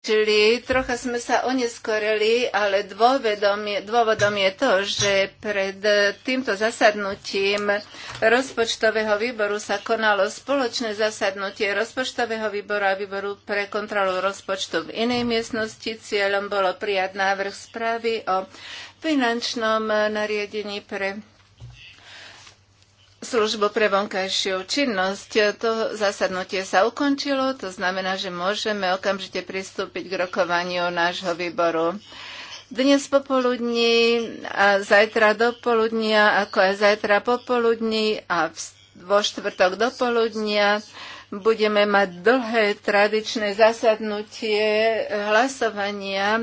Čili trocha sme sa oneskoreli, ale dôvodom je, dôvodom je to, že pred týmto zasadnutím rozpočtového výboru sa konalo spoločné zasadnutie rozpočtového výboru a výboru pre kontrolu rozpočtu v inej miestnosti. Cieľom bolo prijať návrh správy o finančnom nariadení pre službu pre vonkajšiu činnosť. To zasadnutie sa ukončilo, to znamená, že môžeme okamžite pristúpiť k rokovaniu nášho výboru. Dnes popoludní a zajtra do poludnia, ako aj zajtra popoludní a vo štvrtok do poludnia budeme mať dlhé tradičné zasadnutie hlasovania e,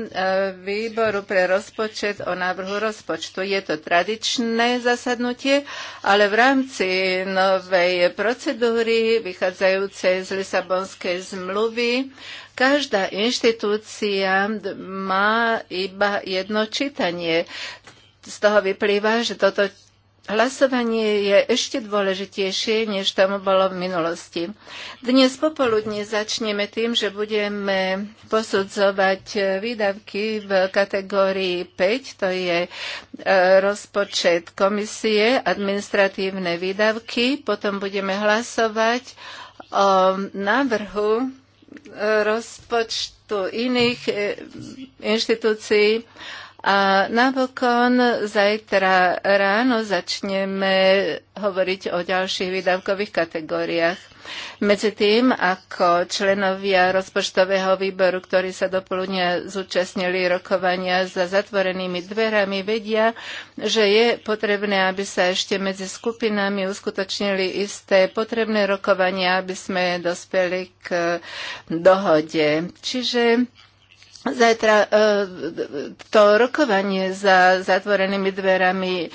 výboru pre rozpočet o návrhu rozpočtu. Je to tradičné zasadnutie, ale v rámci novej procedúry vychádzajúcej z Lisabonskej zmluvy každá inštitúcia má iba jedno čítanie. Z toho vyplýva, že toto Hlasovanie je ešte dôležitejšie, než tomu bolo v minulosti. Dnes popoludne začneme tým, že budeme posudzovať e, výdavky v kategórii 5, to je e, rozpočet komisie, administratívne výdavky. Potom budeme hlasovať o návrhu e, rozpočtu iných inštitúcií a napokon zajtra ráno začneme hovoriť o ďalších výdavkových kategóriách. Medzi tým, ako členovia rozpočtového výboru, ktorí sa poludnia zúčastnili rokovania za zatvorenými dverami, vedia, že je potrebné, aby sa ešte medzi skupinami uskutočnili isté potrebné rokovania, aby sme dospeli k dohode. Čiže Zajtra e, to rokovanie za zatvorenými dverami e,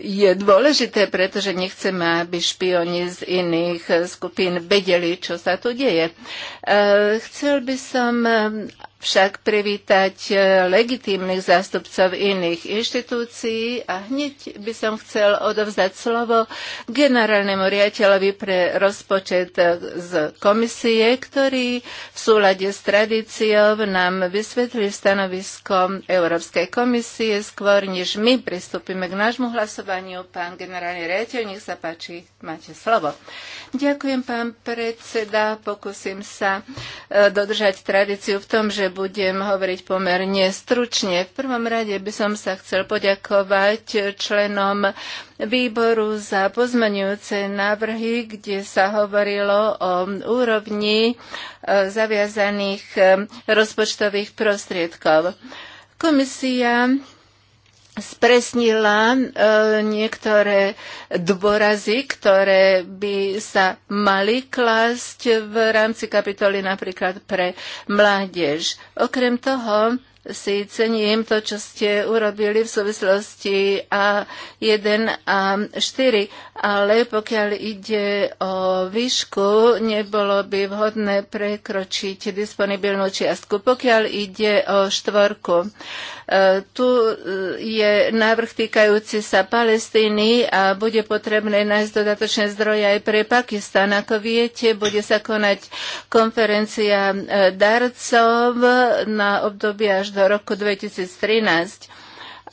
je dôležité, pretože nechceme, aby špioni z iných e, skupín vedeli, čo sa tu deje. Chcel by som však privítať e, legitímnych zástupcov iných inštitúcií a hneď by som chcel odovzdať slovo generálnemu riateľovi pre rozpočet e, z komisie, ktorý v súlade s tradíciou nám vysvetlí stanovisko Európskej komisie skôr, než my pristúpime k nášmu hlasovaniu. Pán generálny riateľ, nech sa páči, máte slovo. Ďakujem, pán predseda. Pokúsim sa e, dodržať tradíciu v tom, že budem hovoriť pomerne stručne. V prvom rade by som sa chcel poďakovať členom výboru za pozmenujúce návrhy, kde sa hovorilo o úrovni e, zaviazaných e, rozpočtových prostriedkov. Komisia spresnila e, niektoré dôrazy, ktoré by sa mali klásť v rámci kapitoly napríklad pre mládež. Okrem toho si cením to, čo ste urobili v súvislosti A1 a 4, ale pokiaľ ide o výšku, nebolo by vhodné prekročiť disponibilnú čiastku. Pokiaľ ide o štvorku, E, tu e, je návrh týkajúci sa Palestíny a bude potrebné nájsť dodatočné zdroje aj pre Pakistan. Ako viete, bude sa konať konferencia e, darcov na obdobie až do roku 2013.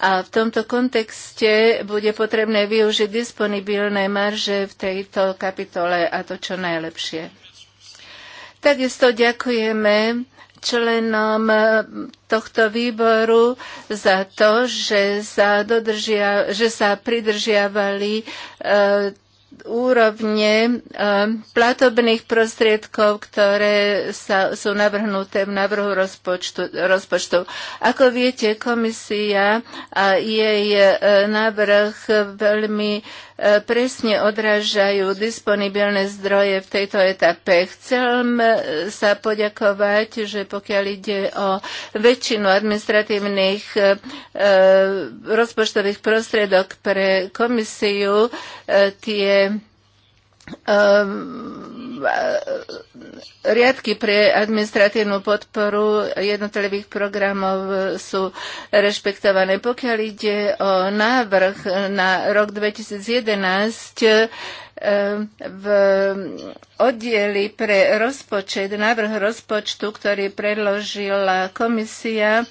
A v tomto kontexte bude potrebné využiť disponibilné marže v tejto kapitole a to čo najlepšie. Takisto ďakujeme členom e, tohto výboru za to, že sa, dodržia, že sa pridržiavali e, úrovne e, platobných prostriedkov, ktoré sa, sú navrhnuté v návrhu rozpočtu, rozpočtu. Ako viete, komisia a jej návrh veľmi presne odrážajú disponibilné zdroje v tejto etape. Chcem e, sa poďakovať, že pokiaľ ide o väčšinu administratívnych e, e, rozpočtových prostriedok pre komisiu, tie Ehm, riadky pre administratívnu podporu jednotlivých programov sú rešpektované. Pokiaľ ide o návrh na rok 2011, ehm, v oddieli pre rozpočet, návrh rozpočtu, ktorý predložila komisia,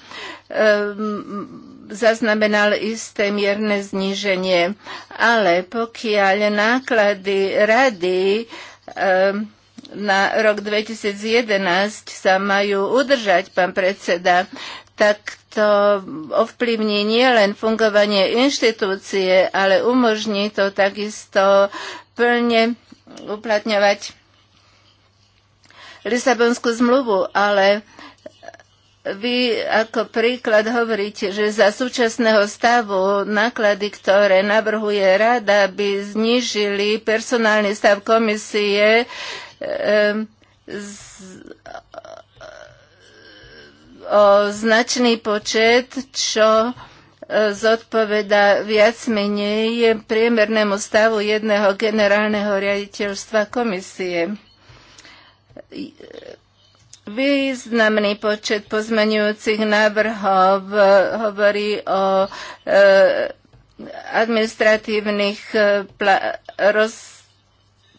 ehm, zaznamenal isté mierne zníženie. Ale pokiaľ náklady rady ehm, na rok 2011 sa majú udržať, pán predseda, tak to ovplyvní nielen fungovanie inštitúcie, ale umožní to takisto plne uplatňovať Lisabonskú zmluvu, ale vy ako príklad hovoríte, že za súčasného stavu náklady, ktoré navrhuje rada, by znížili personálny stav komisie z, o značný počet, čo e, zodpoveda viac menej priemernému stavu jedného generálneho riaditeľstva komisie Významný počet pozmenujúcich návrhov eh, hovorí o eh, administratívnych eh, roz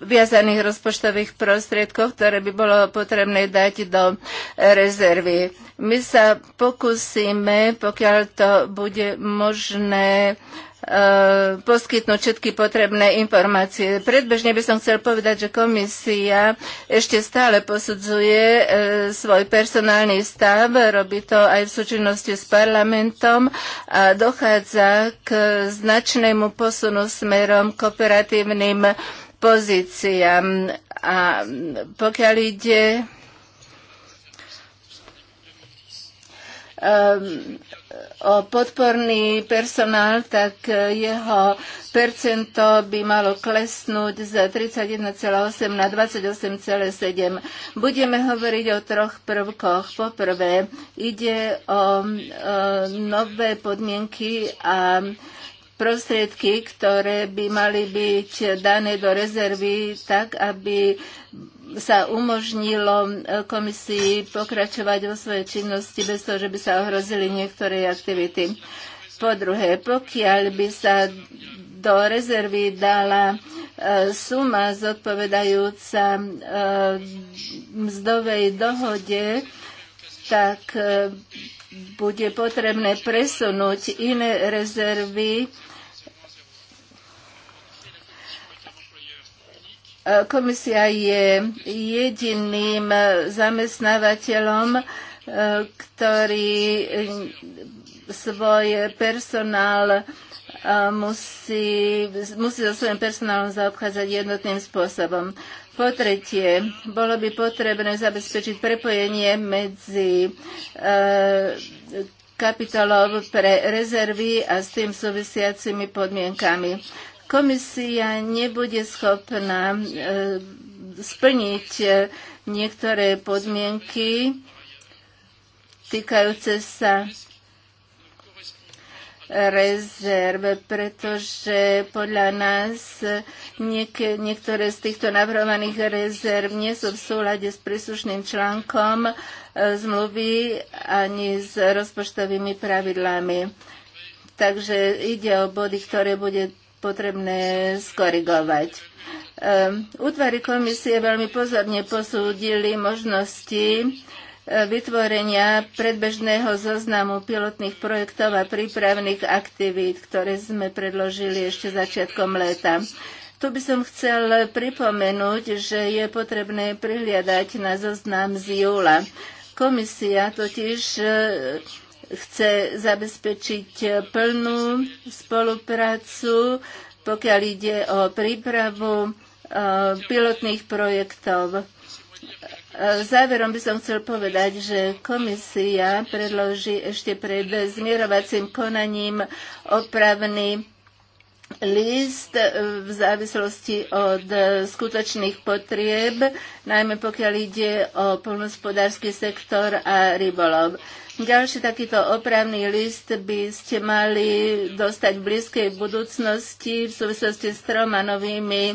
viazaných rozpočtových prostriedkov, ktoré by bolo potrebné dať do rezervy. My sa pokúsime, pokiaľ to bude možné, E, poskytnúť všetky potrebné informácie. Predbežne by som chcel povedať, že komisia ešte stále posudzuje e, svoj personálny stav, robí to aj v súčinnosti s parlamentom a dochádza k značnému posunu smerom k operatívnym pozíciám. A pokiaľ ide um, o podporný personál, tak e, jeho percento by malo klesnúť z 31,8 na 28,7. Budeme hovoriť o troch prvkoch. Poprvé, ide o, o e, nové podmienky a prostriedky, ktoré by mali byť dané do rezervy tak, aby sa umožnilo e, komisii pokračovať vo svojej činnosti bez toho, že by sa ohrozili niektoré aktivity. Po druhé, pokiaľ by sa do rezervy dala e, suma zodpovedajúca e, mzdovej dohode, tak bude potrebné presunúť iné rezervy Komisia je jediným zamestnávateľom, e, ktorý svoj personál e, musí, musí so svojím personálom zaobchádzať jednotným spôsobom. Po tretie, bolo by potrebné zabezpečiť prepojenie medzi e, kapitolov pre rezervy a s tým súvisiacimi podmienkami komisia nebude schopná e, splniť e, niektoré podmienky týkajúce sa rezerv, pretože podľa nás niektoré z týchto navrhovaných rezerv nie sú v súlade s príslušným článkom e, zmluvy ani s rozpočtovými pravidlami. Takže ide o body, ktoré bude potrebné skorigovať. Ehm, útvary komisie veľmi pozorne posúdili možnosti e, vytvorenia predbežného zoznamu pilotných projektov a prípravných aktivít, ktoré sme predložili ešte začiatkom leta. Tu by som chcel pripomenúť, že je potrebné prihliadať na zoznam z júla. Komisia totiž e, chce zabezpečiť plnú spoluprácu, pokiaľ ide o prípravu e, pilotných projektov. E, záverom by som chcel povedať, že komisia predloží ešte pred zmierovacím konaním opravný list e, v závislosti od skutočných potrieb, najmä pokiaľ ide o polnospodársky sektor a rybolov. Ďalší takýto opravný list by ste mali dostať v blízkej budúcnosti v súvislosti s troma novými e,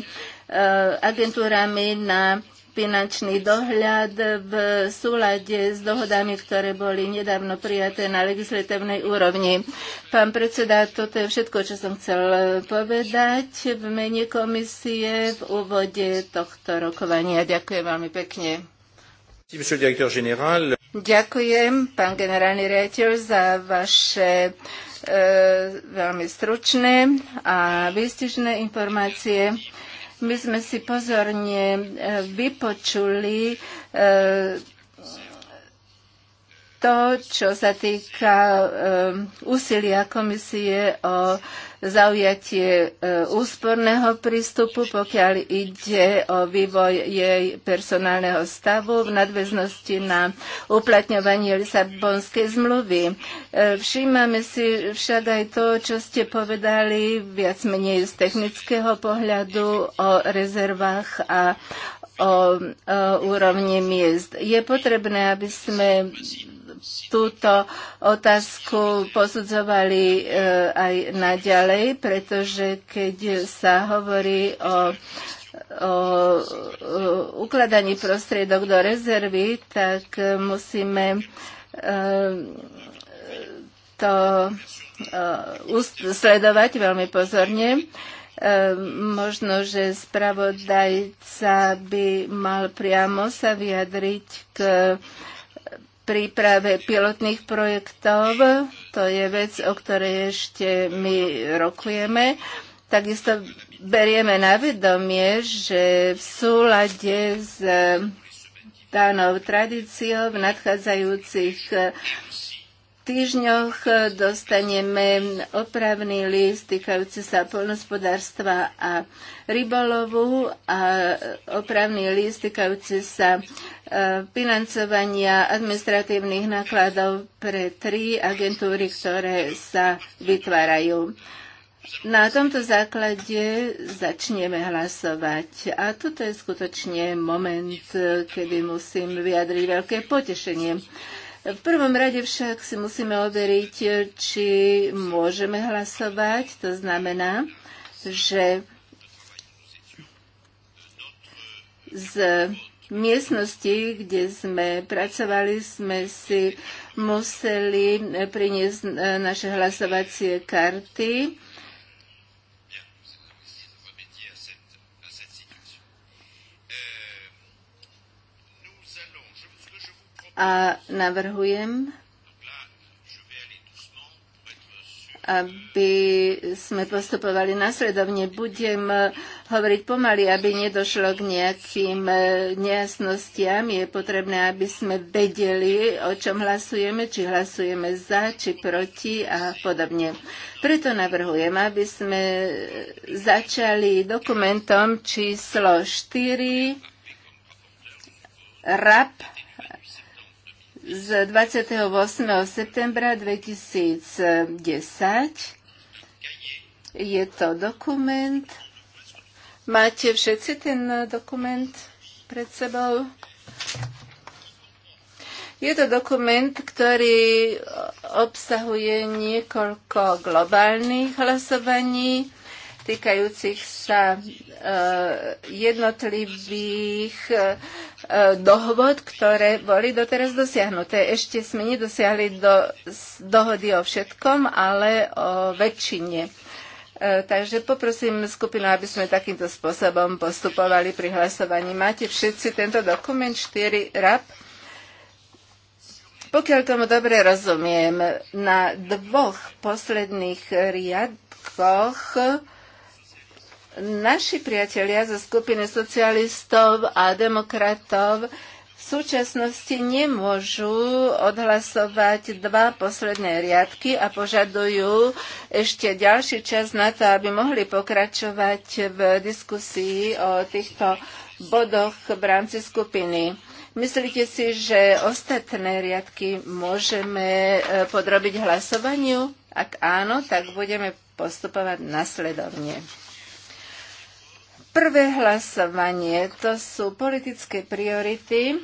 agentúrami na finančný dohľad v súlade s dohodami, ktoré boli nedávno prijaté na legislatívnej úrovni. Pán predseda, toto je všetko, čo som chcel povedať v mene komisie v úvode tohto rokovania. Ďakujem veľmi pekne. Ďakujem, pán generálny riaditeľ, za vaše e, veľmi stručné a výstižné informácie. My sme si pozorne e, vypočuli e, to, čo sa týka um, úsilia komisie o zaujatie uh, úsporného prístupu, pokiaľ ide o vývoj jej personálneho stavu v nadväznosti na uplatňovanie Lisabonskej zmluvy. Uh, všímame si však aj to, čo ste povedali viac menej z technického pohľadu o rezervách a o, o úrovni miest. Je potrebné, aby sme túto otázku posudzovali e, aj naďalej, pretože keď sa hovorí o o ukladaní prostriedok do rezervy, tak musíme e, to e, sledovať veľmi pozorne. Možno, že spravodajca by mal priamo sa vyjadriť k príprave pilotných projektov. To je vec, o ktorej ešte my rokujeme. Takisto berieme na vedomie, že v súlade s danou tradíciou v nadchádzajúcich týždňoch dostaneme opravný list týkajúci sa polnospodárstva a rybolovu a opravný list týkajúci sa eh, financovania administratívnych nákladov pre tri agentúry, ktoré sa vytvárajú. Na tomto základe začneme hlasovať. A toto je skutočne moment, eh, kedy musím vyjadriť veľké potešenie. V prvom rade však si musíme overiť, či môžeme hlasovať. To znamená, že z miestnosti, kde sme pracovali, sme si museli priniesť naše hlasovacie karty a navrhujem, aby sme postupovali následovne. Budem eh, hovoriť pomaly, aby nedošlo k nejakým eh, nejasnostiam. Je potrebné, aby sme vedeli, o čom hlasujeme, či hlasujeme za, či proti a podobne. Preto navrhujem, aby sme eh, začali dokumentom číslo 4 RAP z 28. septembra 2010. Je to dokument. Máte všetci ten dokument pred sebou? Je to dokument, ktorý obsahuje niekoľko globálnych hlasovaní týkajúcich sa e, jednotlivých e, dohod, ktoré boli doteraz dosiahnuté. Ešte sme nedosiahli do, dohody o všetkom, ale o väčšine. E, takže poprosím skupinu, aby sme takýmto spôsobom postupovali pri hlasovaní. Máte všetci tento dokument 4 RAP? Pokiaľ tomu dobre rozumiem, na dvoch posledných riadkoch Naši priatelia zo skupiny socialistov a demokratov v súčasnosti nemôžu odhlasovať dva posledné riadky a požadujú ešte ďalší čas na to, aby mohli pokračovať v diskusii o týchto bodoch v rámci skupiny. Myslíte si, že ostatné riadky môžeme e, podrobiť hlasovaniu? Ak áno, tak budeme postupovať nasledovne. Prvé hlasovanie, to sú politické priority,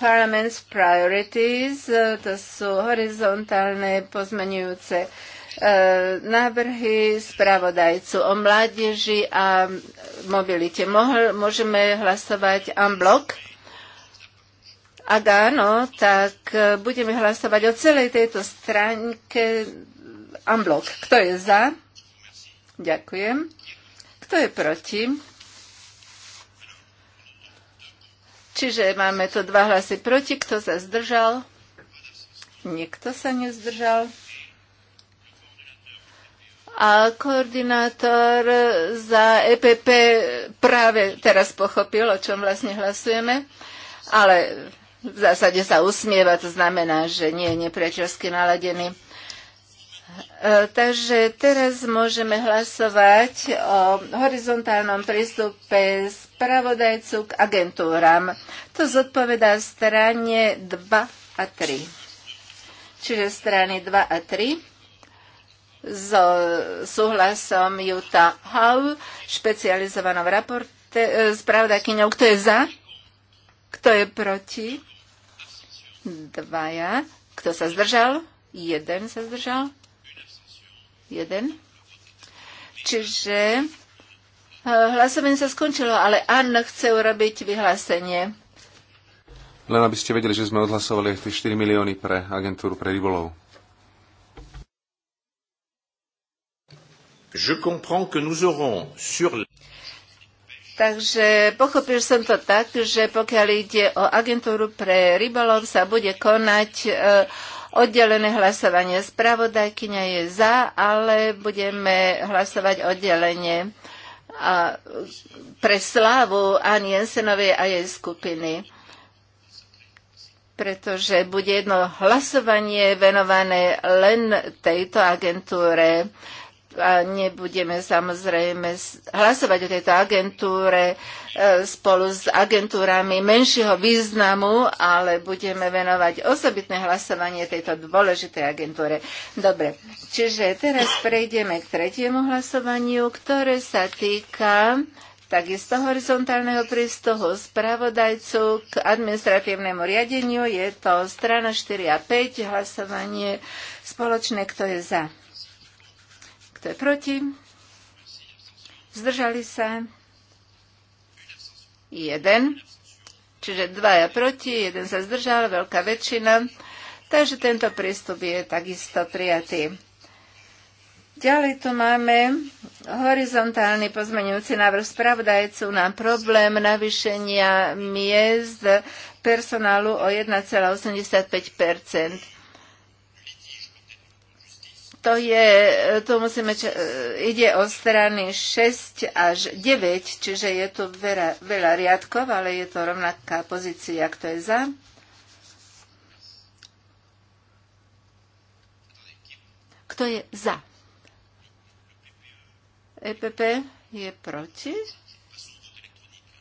Parliament's Priorities, e, to sú horizontálne pozmenujúce e, návrhy spravodajcu o mládeži a mobilite. Mohol, môžeme hlasovať en bloc? Ak áno, tak e, budeme hlasovať o celej tejto stránke en bloc. Kto je za? Ďakujem. Kto je proti? Čiže máme tu dva hlasy proti. Kto sa zdržal? Nikto sa nezdržal. A koordinátor za EPP práve teraz pochopil, o čom vlastne hlasujeme, ale v zásade sa usmieva, to znamená, že nie je nepriateľsky naladený. E, takže teraz môžeme hlasovať o horizontálnom prístupe spravodajcu k agentúram. To zodpovedá strane 2 a 3. Čiže strany 2 a 3 so súhlasom Juta Hau, špecializovanou raporte, e, spravodajkyňou. Kto je za? Kto je proti? Dvaja. Kto sa zdržal? Jeden sa zdržal jeden. Čiže e, hlasovanie sa skončilo, ale Anna chce urobiť vyhlásenie. Len aby ste vedeli, že sme odhlasovali aj tie 4 milióny pre agentúru pre rybolov. Je comprends que nous aurons sur Takže pochopil som to tak, že pokiaľ ide o agentúru pre rybolov, sa bude konať uh, Oddelené hlasovanie. Spravodajkyňa je za, ale budeme hlasovať oddelenie a pre slávu ani Jensenovej a jej skupiny pretože bude jedno hlasovanie venované len tejto agentúre a nebudeme samozrejme hlasovať o tejto agentúre e, spolu s agentúrami menšieho významu, ale budeme venovať osobitné hlasovanie tejto dôležitej agentúre. Dobre, čiže teraz prejdeme k tretiemu hlasovaniu, ktoré sa týka takisto horizontálneho prístohu spravodajcu k administratívnemu riadeniu. Je to strana 4 a 5, hlasovanie spoločné, kto je za. Kto je proti? Zdržali sa? Jeden. Čiže dvaja proti, jeden sa zdržal, veľká väčšina. Takže tento prístup je takisto prijatý. Ďalej tu máme horizontálny pozmeňujúci návrh spravodajcu na problém navýšenia miest personálu o 1,85 to je, to musíme, čo, ide o strany 6 až 9, čiže je tu veľa, veľa riadkov, ale je to rovnaká pozícia, kto je za. Kto je za? EPP je proti.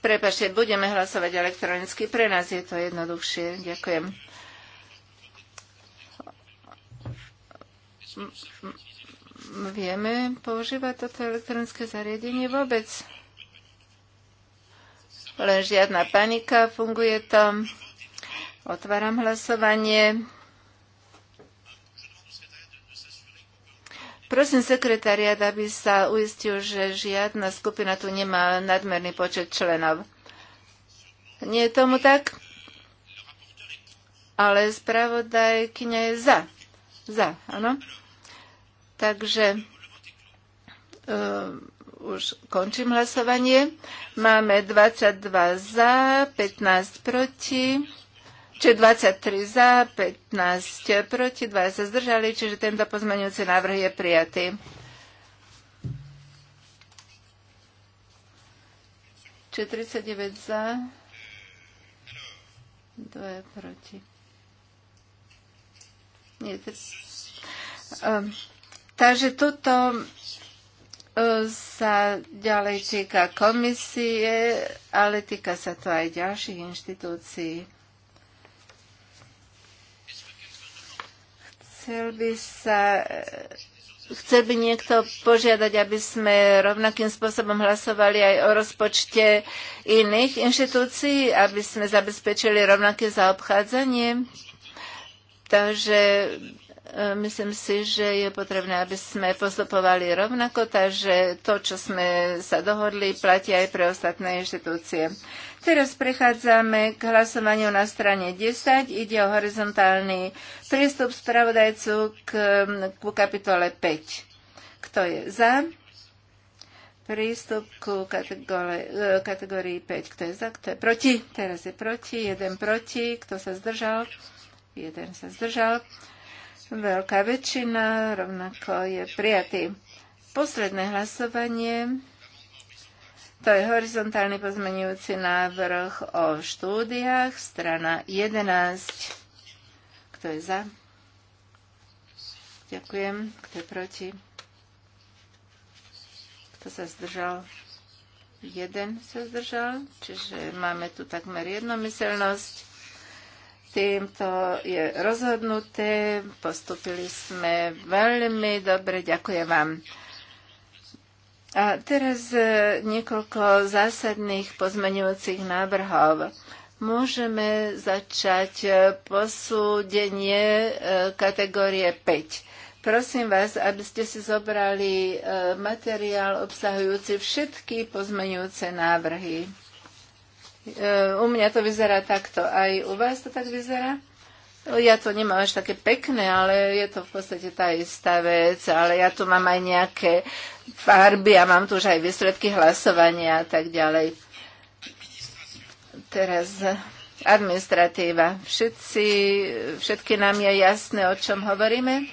Prepašte, budeme hlasovať elektronicky, pre nás je to jednoduchšie. Ďakujem. vieme používať toto elektronické zariadenie vôbec. Len žiadna panika, funguje to. Otváram hlasovanie. Prosím sekretariat, aby sa uistil, že žiadna skupina tu nemá nadmerný počet členov. Nie je tomu tak? Ale spravodajkyňa je za. Za, áno. Takže uh, už končím hlasovanie. Máme 22 za, 15 proti, čiže 23 za, 15 proti, 2 sa zdržali, čiže tento pozmeňujúci návrh je prijatý. Čiže 39 za, 2 proti. Ehm, takže toto e, sa ďalej týka komisie, ale týka sa to aj ďalších inštitúcií. Chcel by sa e, Chce by niekto požiadať, aby sme rovnakým spôsobom hlasovali aj o rozpočte iných inštitúcií, aby sme zabezpečili rovnaké zaobchádzanie? Takže e, myslím si, že je potrebné, aby sme postupovali rovnako, takže to, čo sme sa dohodli, platí aj pre ostatné inštitúcie. Teraz prechádzame k hlasovaniu na strane 10. Ide o horizontálny prístup spravodajcu k, k kapitole 5. Kto je za? Prístup ku e, kategórii 5. Kto je za? Kto je proti? Teraz je proti. Jeden proti. Kto sa zdržal? jeden sa zdržal. Veľká väčšina rovnako je prijatý. Posledné hlasovanie, to je horizontálny pozmenujúci návrh o štúdiách, strana 11. Kto je za? Ďakujem. Kto je proti? Kto sa zdržal? Jeden sa zdržal, čiže máme tu takmer jednomyselnosť. Týmto je rozhodnuté. Postupili sme veľmi dobre. Ďakujem vám. A teraz e, niekoľko zásadných pozmeňujúcich návrhov. Môžeme začať e, posúdenie e, kategórie 5. Prosím vás, aby ste si zobrali materiál obsahujúci všetky pozmeňujúce návrhy. E, u mňa to vyzerá takto. Aj u vás to tak vyzerá? Ja to nemám až také pekné, ale je to v podstate tá istá vec. Ale ja tu mám aj nejaké farby a mám tu už aj výsledky hlasovania a tak ďalej. Teraz administratíva. Všetci, všetky nám je jasné, o čom hovoríme.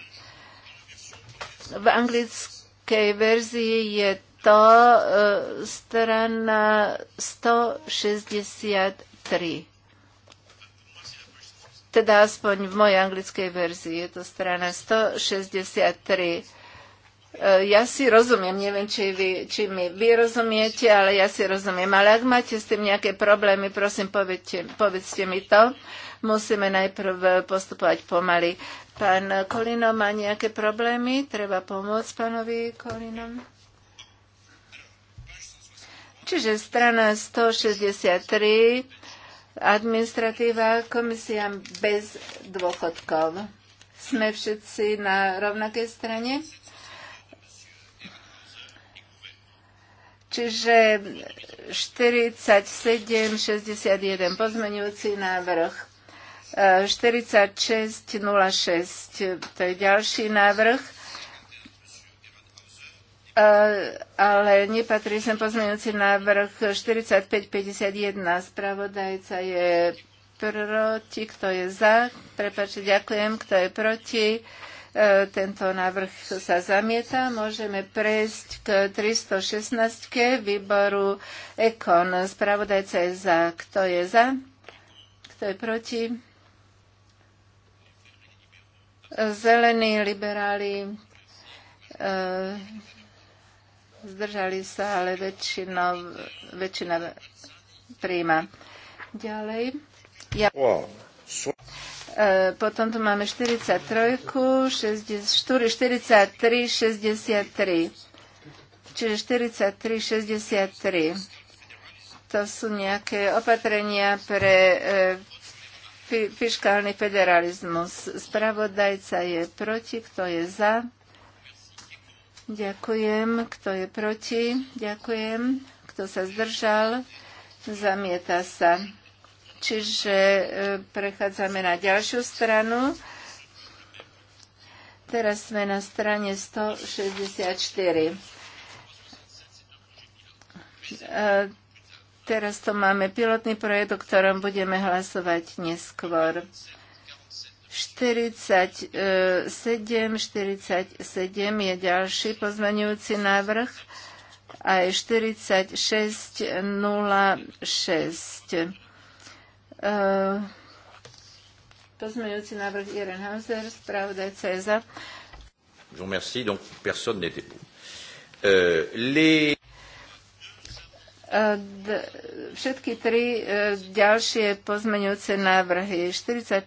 V anglickej verzii je 100, e, strana 163. Teda aspoň v mojej anglickej verzii je to strana 163. E, ja si rozumiem, neviem, či, vy, či mi vy rozumiete, ale ja si rozumiem. Ale ak máte s tým nejaké problémy, prosím, povedzte, povedzte mi to. Musíme najprv postupovať pomaly. Pán Kolino má nejaké problémy? Treba pomôcť pánovi Kolinom? Čiže strana 163, administratíva, komisia bez dôchodkov. Sme všetci na rovnakej strane? Čiže 47, 61 pozmeňujúci návrh. 46, e, 06, to je ďalší návrh ale nepatrí sem pozmeňujúci návrh 4551. Spravodajca je proti, kto je za. Prepačte, ďakujem, kto je proti. E, tento návrh sa zamieta. Môžeme prejsť k 316. výboru EKON. Spravodajca je za. Kto je za? Kto je proti? Zelení liberáli e, zdržali sa, ale väčšinou, väčšina príjma. Ďalej. Ja... E, potom tu máme 43, 60, 4, 43, 63. Čiže 43, 63. To sú nejaké opatrenia pre e, fiskálny federalizmus. Spravodajca je proti, kto je za? Ďakujem. Kto je proti? Ďakujem. Kto sa zdržal? Zamieta sa. Čiže e, prechádzame na ďalšiu stranu. Teraz sme na strane 164. E, teraz to máme pilotný projekt, o ktorom budeme hlasovať neskôr. 47, 47 e, je ďalší pozmeňujúci návrh, aj 46, 06. Pozmeňujúci návrh Irene Hauser, spravodajca je za. Je vous remercie, donc personne n'était pour. Euh, les... E, všetky tri e, ďalšie pozmeňujúce návrhy 46,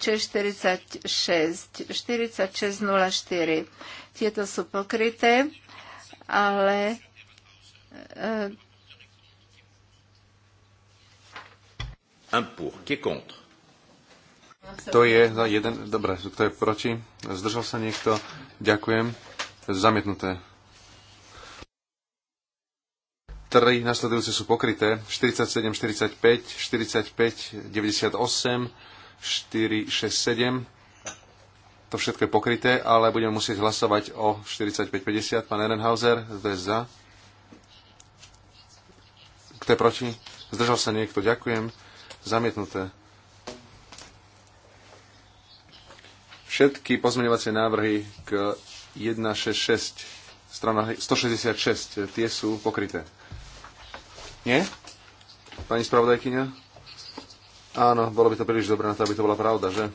46, 46, 04. Tieto sú pokryté, ale e, Un pour, qui contre? To je za jeden, dobre, kto je proti? Zdržal sa niekto? Ďakujem. Zamietnuté. 3 nasledujúce sú pokryté. 47, 45, 45, 98, 4, 6, 7. To všetko je pokryté, ale budeme musieť hlasovať o 45-50. Pán Ehrenhauser, to je za. Kto je proti? Zdržal sa niekto? Ďakujem. Zamietnuté. Všetky pozmeňovacie návrhy k 166, strana 166, tie sú pokryté. Nie? Pani spravodajkyňa? Áno, bolo by to príliš dobré na to, aby to bola pravda, že?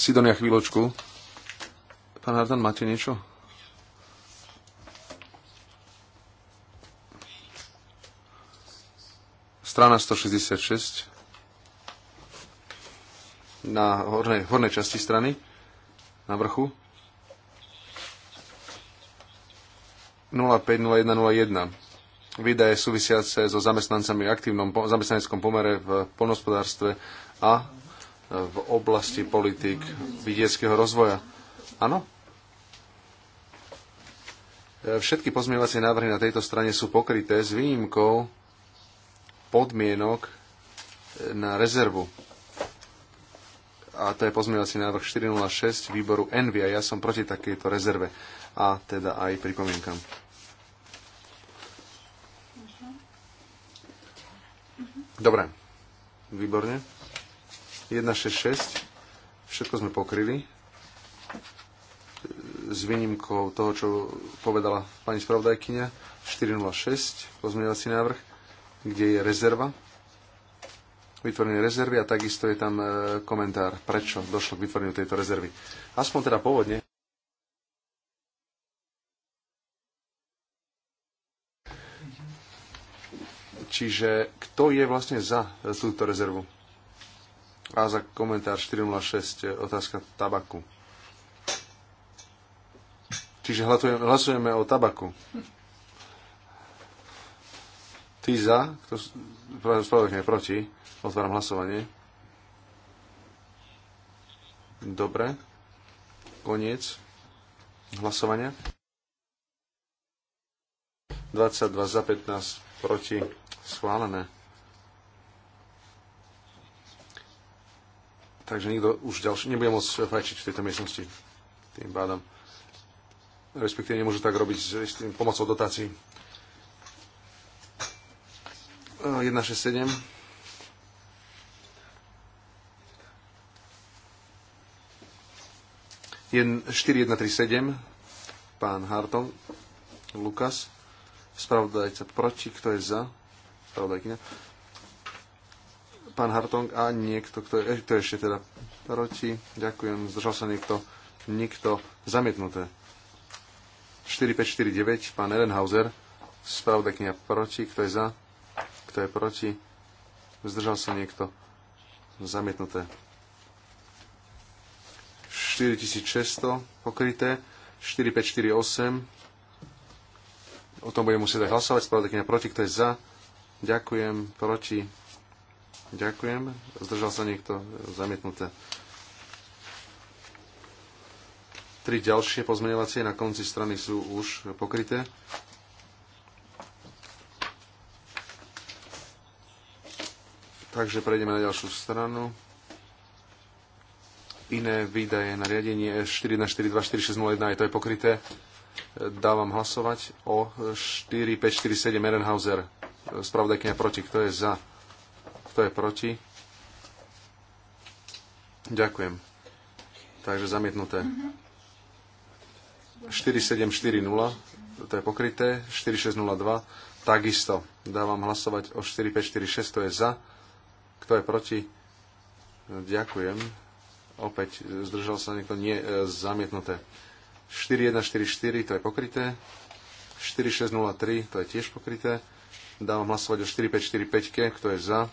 Sidonia, chvíľočku. Pán Hardan, máte niečo? Strana 166 na hornej, hornej časti strany, na vrchu. 050101. Výdaje súvisiace so zamestnancami v aktívnom zamestnaneckom pomere v polnospodárstve a v oblasti politik vidieckého rozvoja. Áno? Všetky pozmievacie návrhy na tejto strane sú pokryté s výnimkou podmienok na rezervu a to je pozmeňovací návrh 406 výboru Envy a ja som proti takejto rezerve a teda aj pripomienkam. Dobre, výborne. 166, všetko sme pokryli s výnimkou toho, čo povedala pani spravodajkyňa, 406, pozmeňovací návrh, kde je rezerva vytvorenie rezervy a takisto je tam e, komentár, prečo došlo k vytvoreniu tejto rezervy. Aspoň teda pôvodne. Čiže kto je vlastne za túto rezervu? A za komentár 406, e, otázka tabaku. Čiže hlasujeme, hlasujeme o tabaku. Ty za, kto spravodajkňa je proti, otváram hlasovanie. Dobre. Koniec hlasovania. 22 za 15 proti schválené. Takže nikto už ďalší nebude môcť fajčiť v tejto miestnosti. Tým pádom. Respektíve nemôžu tak robiť s pomocou dotácií. 167. 4137. Pán Hartov. Lukas. Spravodajca proti. Kto je za? Spravodajkyňa. Pán Hartong a niekto, kto je, eh, kto je ešte teda proti. Ďakujem. Zdržal sa niekto. Nikto. Zamietnuté. 4549. Pán Ellenhauser. Spravodajkyňa proti. Kto je za? Kto je proti? Zdržal sa niekto? Zamietnuté. 4600 pokryté. 4548. O tom budem musieť aj hlasovať. Spravodajkynia proti. Kto je za? Ďakujem. Proti. Ďakujem. Zdržal sa niekto? Zamietnuté. Tri ďalšie pozmeňovacie na konci strany sú už pokryté. Takže prejdeme na ďalšiu stranu. Iné výdaje na riadenie 41424601 je to je pokryté. Dávam hlasovať o 4547 Merenhauser. Spravodajkynia proti. Kto je za? Kto je proti? Ďakujem. Takže zamietnuté. 4740, to je pokryté. 4602, takisto. Dávam hlasovať o 4546, to je za. Kto je proti? Ďakujem. Opäť zdržal sa niekto nie e, zamietnuté. 4144, to je pokryté. 4603, to je tiež pokryté. Dávam hlasovať o 4545, kto je za.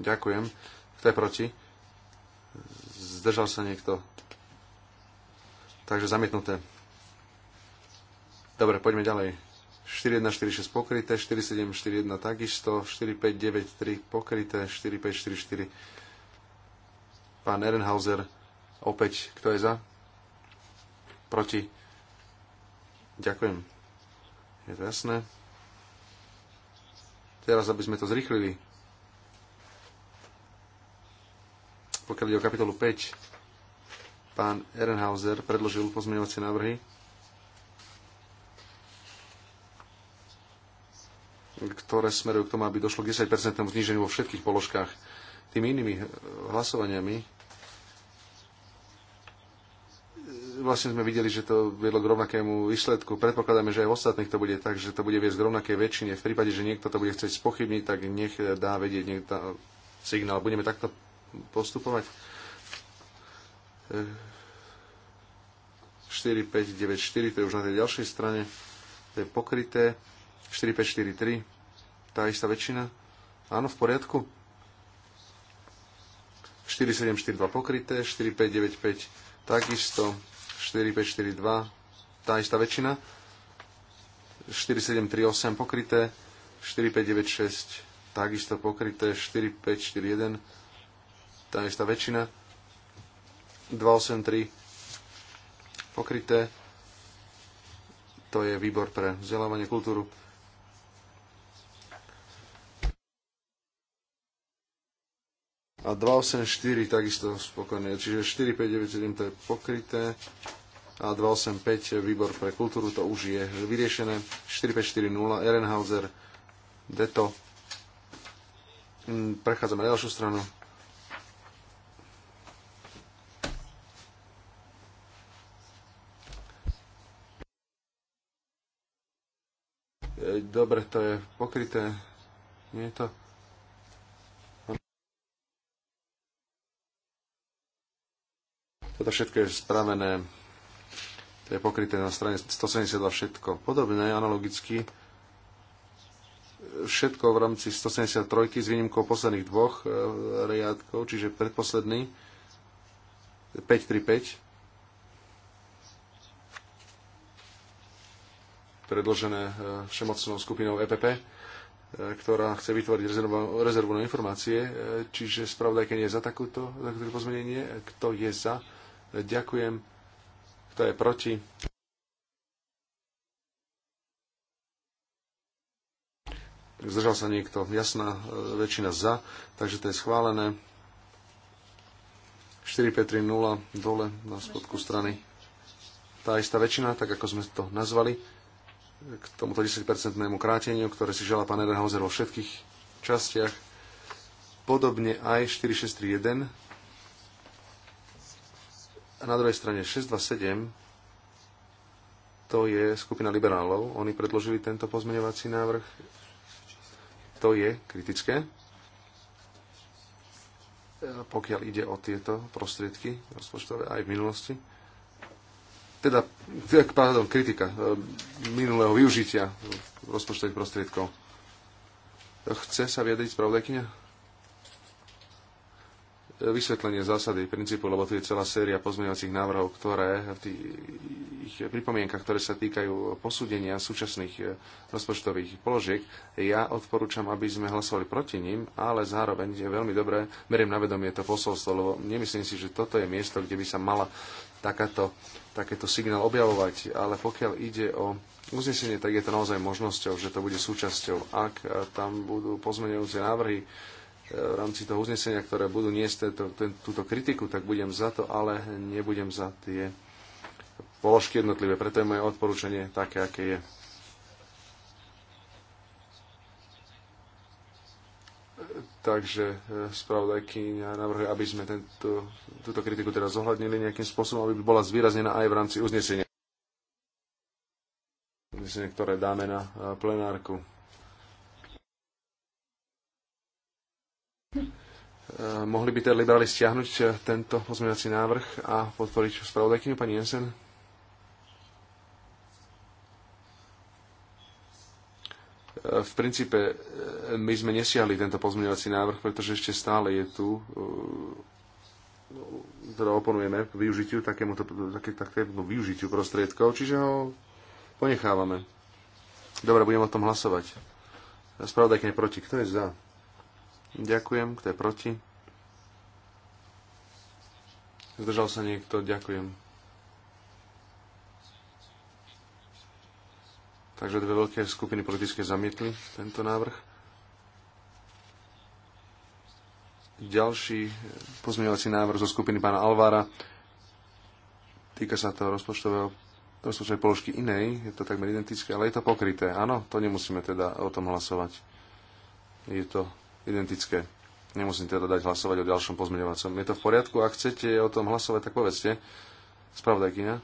Ďakujem. Kto je proti? Zdržal sa niekto. Takže zamietnuté. Dobre, poďme ďalej. 4146 pokryté, 4741 takisto, 4593 pokryté, 4544. Pán Ehrenhauser, opäť, kto je za? Proti? Ďakujem. Je to jasné. Teraz, aby sme to zrýchlili, pokiaľ ide o kapitolu 5, pán Ehrenhauser predložil pozmeňovacie návrhy ktoré smerujú k tomu, aby došlo k 10% zníženiu vo všetkých položkách. Tými inými e, hlasovaniami e, vlastne sme videli, že to viedlo k rovnakému výsledku. Predpokladáme, že aj v ostatných to bude tak, že to bude viesť k rovnakej väčšine. V prípade, že niekto to bude chcieť spochybniť, tak nech dá vedieť nech dá signál. Budeme takto postupovať. 4594, e, to je už na tej ďalšej strane, to je pokryté. 4543, tá istá väčšina? Áno, v poriadku. 4742 pokryté, 4595 takisto, 4542 tá istá väčšina, 4738 pokryté, 4596 takisto pokryté, 4541 tá istá väčšina, 283 pokryté, to je výbor pre vzdelávanie kultúru, A 284 takisto spokojné, čiže 4597 to je pokryté a 285 výbor pre kultúru to už je vyriešené. 4540 Ehrenhauser Deto. Mm, prechádzame na ďalšiu stranu. Dobre, to je pokryté. Nie je to Toto všetko je spravené, to je pokryté na strane 172 všetko. Podobné, analogicky, všetko v rámci 173 s výnimkou posledných dvoch e, riadkov, čiže predposledný 535 predložené e, všemocnou skupinou EPP, e, ktorá chce vytvoriť rezervu, na informácie. Čiže spravodajka nie je za takúto, za takúto pozmenenie. Kto je za? Ďakujem. Kto je proti? Zdržal sa niekto. Jasná e, väčšina za, takže to je schválené. 0 dole na spodku strany. Tá istá väčšina, tak ako sme to nazvali, k tomuto 10-percentnému kráteniu, ktoré si žela pán Edenhauser vo všetkých častiach. Podobne aj 4631 na druhej strane 627, to je skupina liberálov, oni predložili tento pozmeňovací návrh, to je kritické, e, pokiaľ ide o tieto prostriedky rozpočtové aj v minulosti. Teda, pardon, kritika e, minulého využitia rozpočtových prostriedkov. Chce sa vyjadriť spravodajkynia? vysvetlenie zásady princípu, lebo tu je celá séria pozmeňovacích návrhov, ktoré v tých pripomienkach, ktoré sa týkajú posúdenia súčasných e, rozpočtových položiek, ja odporúčam, aby sme hlasovali proti ním, ale zároveň je veľmi dobré, beriem na vedomie to posolstvo, lebo nemyslím si, že toto je miesto, kde by sa mala takáto, takéto signál objavovať, ale pokiaľ ide o uznesenie, tak je to naozaj možnosťou, že to bude súčasťou. Ak e, tam budú pozmeňujúce návrhy, v rámci toho uznesenia, ktoré budú niesť tento, ten, túto kritiku, tak budem za to, ale nebudem za tie položky jednotlivé. Preto je moje odporúčanie také, aké je. Takže eh, spravodajkyňa navrhuje, aby sme tento, túto kritiku teda zohľadnili nejakým spôsobom, aby bola zvýraznená aj v rámci uznesenia, uznesenia ktoré dáme na eh, plenárku. Eh, mohli by teda liberáli stiahnuť eh, tento pozmeňovací návrh a podporiť spravodajkyniu pani Jensen? Eh, v princípe my sme nesiahli tento pozmeňovací návrh, pretože ešte stále je tu no, teda oponujeme k využitiu takémuto, také, takému využitiu prostriedkov, čiže ho ponechávame. Dobre, budeme o tom hlasovať. Spravodajka proti. Kto je za? Ďakujem. Kto je proti? Zdržal sa niekto? Ďakujem. Takže dve veľké skupiny politické zamietli tento návrh. Ďalší pozmeňovací návrh zo skupiny pána Alvára týka sa toho rozpočtového rozpočtovej položky inej, je to takmer identické, ale je to pokryté. Áno, to nemusíme teda o tom hlasovať. Je to identické. Nemusím teda dať hlasovať o ďalšom pozmeňovacom. Je to v poriadku? Ak chcete o tom hlasovať, tak povedzte. Spravodajkyňa.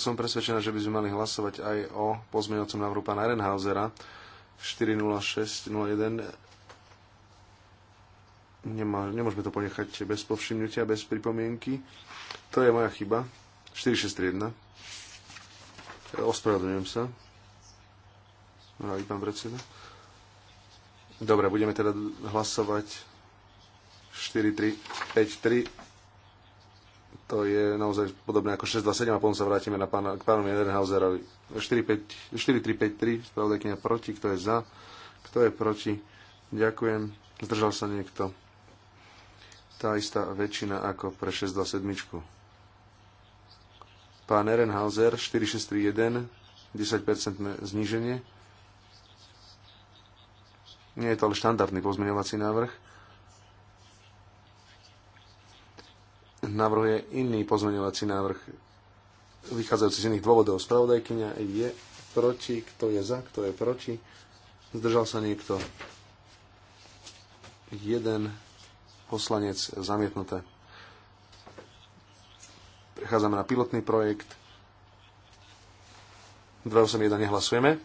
Som presvedčená, že by sme mali hlasovať aj o pozmeňovacom návrhu pána Ehrenhausera 40601. Nemá, nemôžeme to ponechať bez povšimnutia, bez pripomienky. To je moja chyba. 461. Ospravedlňujem sa. Rádi pán predseda. Dobre, budeme teda hlasovať 4, 3, 5, 3. To je naozaj podobné ako 6, 2, 7 a potom sa vrátime na pána, k pánu Jedenhauserovi. 4, 5, 4, 3, 5, 3, spravodajkynia proti, kto je za, kto je proti. Ďakujem. Zdržal sa niekto. Tá istá väčšina ako pre 6, 2, 7. Pán Ehrenhauser 4631, 10% zníženie. Nie je to ale štandardný pozmeňovací návrh. Navrhuje iný pozmeňovací návrh, vychádzajúci z iných dôvodov. Spravodajkyňa je proti, kto je za, kto je proti. Zdržal sa niekto. Jeden poslanec zamietnuté. Prechádzame na pilotný projekt. 281 nehlasujeme.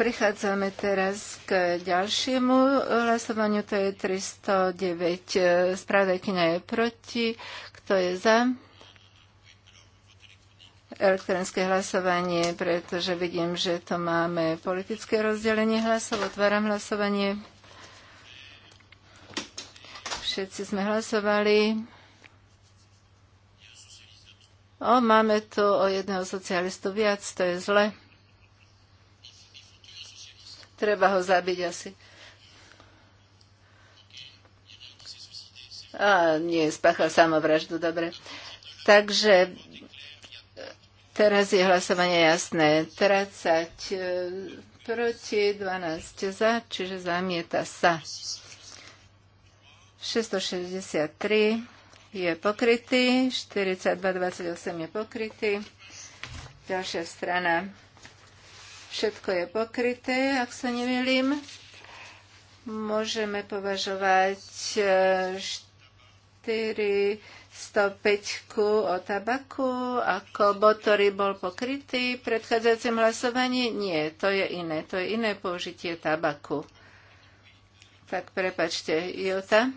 Prechádzame teraz k ďalšiemu hlasovaniu, to je 309. Spravodajkyňa je proti. Kto je za? Elektronické hlasovanie, pretože vidím, že to máme politické rozdelenie hlasov. Otváram hlasovanie. Všetci sme hlasovali. O, máme tu o jedného socialistu viac, to je zle. Treba ho zabiť asi. A nie, spáchal samovraždu, dobre. Takže teraz je hlasovanie jasné. 30 e, proti, 12 za, čiže zamieta sa. 663 je pokrytý, 4228 je pokrytý. Ďalšia strana. Všetko je pokryté, ak sa nemýlim. Môžeme považovať 405 e, o tabaku ako bod, ktorý bol pokrytý v predchádzajúcom hlasovaní. Nie, to je iné. To je iné použitie tabaku. Tak prepačte, Jota.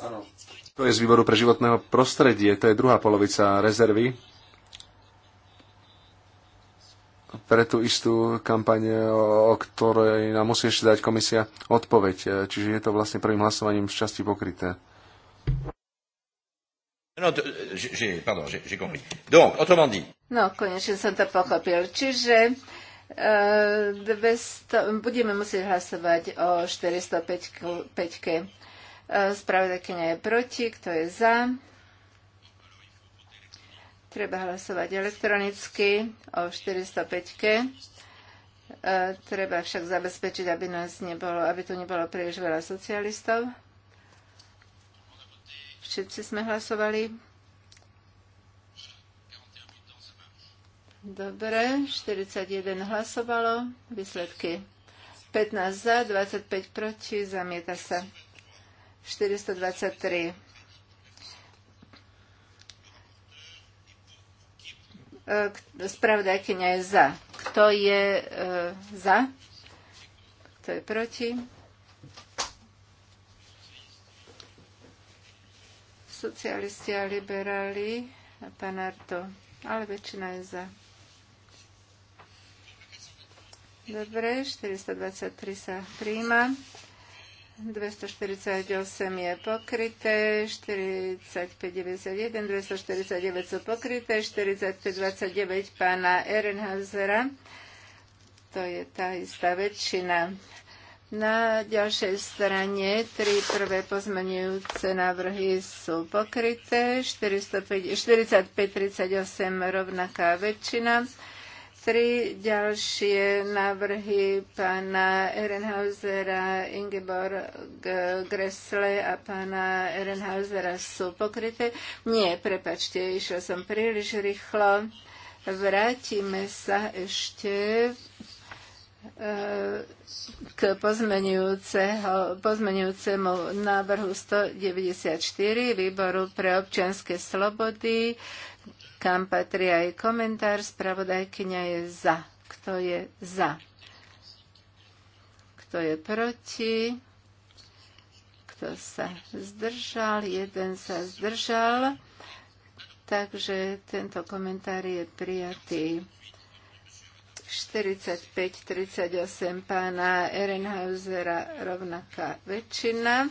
Áno. To je z výboru pre životného prostredie, to je druhá polovica rezervy pre tú istú kampaň, o ktorej nám musí ešte dať komisia odpoveď. E, Čiže je to vlastne prvým hlasovaním z časti pokryté. No, pardon, Donc, autrement dit. No, konečne som to pochopil. Čiže e, budeme musieť hlasovať o 405-ke. Spravodajkynia je proti, kto je za? Treba hlasovať elektronicky o 405. ke e, treba však zabezpečiť, aby, nás nebolo, aby tu nebolo príliš veľa socialistov. Všetci sme hlasovali. Dobre, 41 hlasovalo. Výsledky 15 za, 25 proti, zamieta sa. 423. Spravodajkyňa je za. Kto je e, za? Kto je proti? Socialisti a liberáli a pán Arto. Ale väčšina je za. Dobre, 423 sa príjma. 248 je pokryté, 45,91, 249 sú pokryté, 45,29 pána Ehrenhausera, to je tá istá väčšina. Na ďalšej strane tri prvé pozmenujúce návrhy sú pokryté, 45, 45,38 rovnaká väčšina. Tri ďalšie návrhy pána Ehrenhausera, Ingeborg Gressle a pána Ehrenhausera sú pokryté. Nie, prepačte, išla som príliš rýchlo. Vrátime sa ešte eh, k pozmenujúcemu návrhu 194 Výboru pre občianske slobody kam patrí aj komentár. Spravodajkyňa je za. Kto je za? Kto je proti? Kto sa zdržal? Jeden sa zdržal. Takže tento komentár je prijatý. 45-38 pána Ehrenhausera rovnaká väčšina.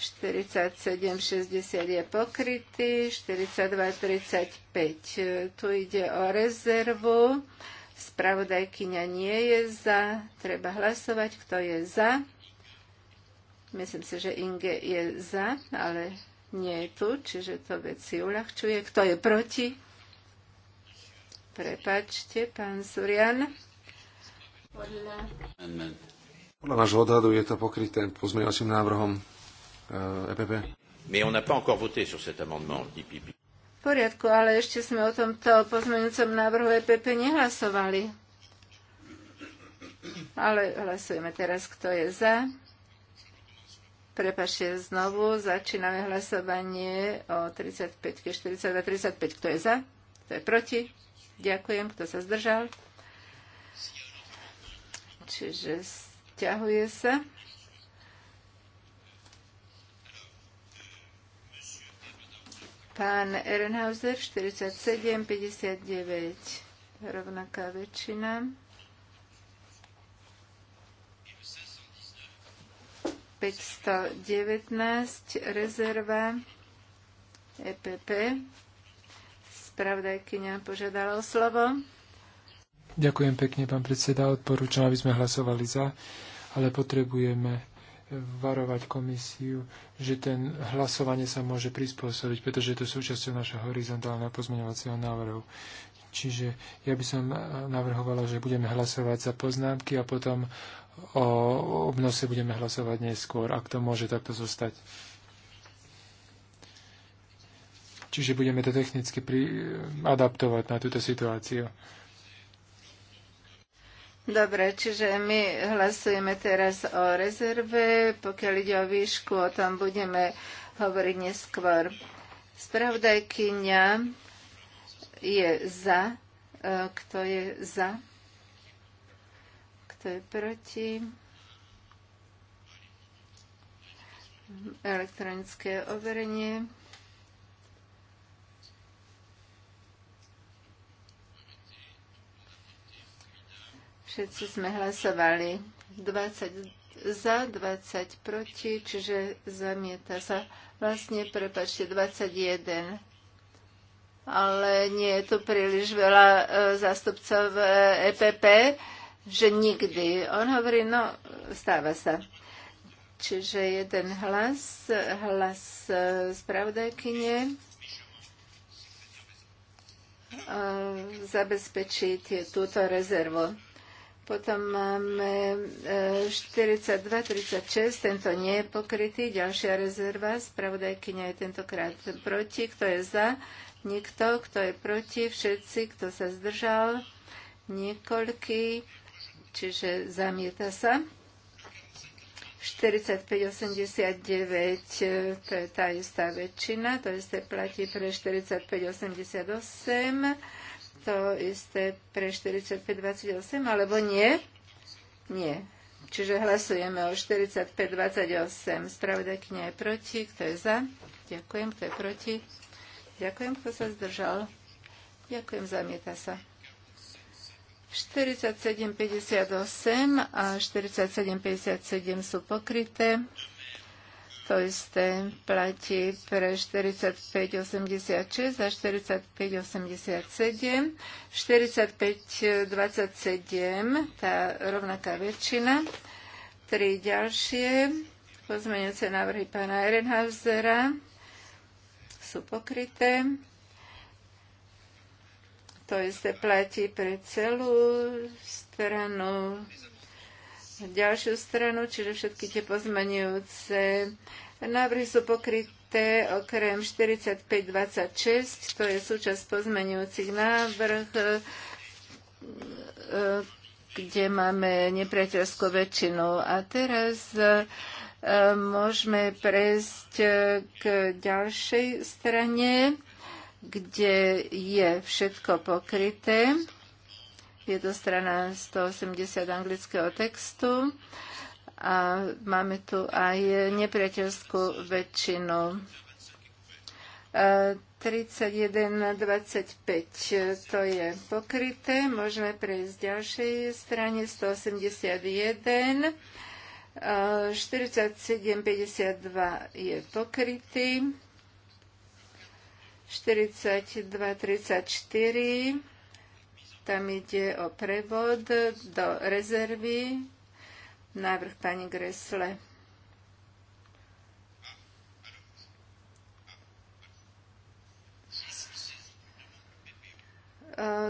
47,60 je pokrytý, 42,35. Tu ide o rezervu. Spravodajkyňa nie je za. Treba hlasovať, kto je za. Myslím si, že Inge je za, ale nie je tu, čiže to veci uľahčuje. Kto je proti? Prepačte, pán Surian. Podľa, Podľa vášho odhadu je to pokryté pozmeňovacím návrhom EPP. Eh, e Mais on n'a pas encore voté sur cet amendement IPP. V poriadku, ale ešte sme o tomto pozmeňujúcom návrhu EPP nehlasovali. Ale hlasujeme teraz, kto je za. Prepašte znovu, začíname hlasovanie o 35, 40 a 35. Kto je za? Kto je proti? Ďakujem, kto sa zdržal. Čiže stiahuje sa. Pán Ehrenhauser 47, 59. Rovnaká väčšina. 519 rezerva EPP. Spravodajkyňa požiadala o slovo. Ďakujem pekne, pán predseda. Odporúčam, aby sme hlasovali za, ale potrebujeme varovať komisiu, že ten hlasovanie sa môže prispôsobiť, pretože je to súčasťou našeho horizontálneho pozmeňovacieho návrhu. Čiže ja by som navrhovala, že budeme hlasovať za poznámky a potom o obnose budeme hlasovať neskôr, ak to môže takto zostať. Čiže budeme to technicky pri, adaptovať na túto situáciu. Dobre, čiže my hlasujeme teraz o rezerve. Pokiaľ ide o výšku, o tom budeme hovoriť neskôr. Spravodajkyňa je za. E, kto je za? Kto je proti? Elektronické overenie. Všetci sme hlasovali 20 za, 20 proti, čiže zamieta sa. Vlastne, prepačte, 21. Ale nie je tu príliš veľa e, zastupcov e, EPP, že nikdy. On hovorí, no, stáva sa. Čiže jeden hlas, hlas e, spravodajkyne e, zabezpečí tie, túto rezervu. Potom máme 42-36, e, tento nie je pokrytý. Ďalšia rezerva, spravodajkynia je tentokrát proti. Kto je za? Nikto. Kto je proti? Všetci. Kto sa zdržal? Niekoľký. Čiže zamieta sa. 89, e, to je tá istá väčšina, to isté platí pre 88 to isté pre 4528 alebo nie? Nie. Čiže hlasujeme o 4528. Spravodajkňa je proti. Kto je za? Ďakujem. Kto je proti? Ďakujem. Kto sa zdržal? Ďakujem. Zamieta sa. 47,58 a 47,57 sú pokryté. To isté platí pre 4586 a 4587. 4527, tá rovnaká väčšina. Tri ďalšie pozmeňujúce návrhy pána Ehrenhausera sú pokryté. To isté platí pre celú stranu ďalšiu stranu, čiže všetky tie pozmenujúce návrhy sú pokryté okrem 4526, to je súčasť pozmenujúcich návrh, e, kde máme nepriateľskú väčšinu. A teraz e, môžeme prejsť k ďalšej strane, kde je všetko pokryté. Je to strana 180 anglického textu a máme tu aj nepriateľskú väčšinu. 31.25 to je pokryté. Môžeme prejsť k ďalšej strane 181. 47.52 je pokrytý. 42.34 tam ide o prevod do rezervy. Návrh pani Gresle.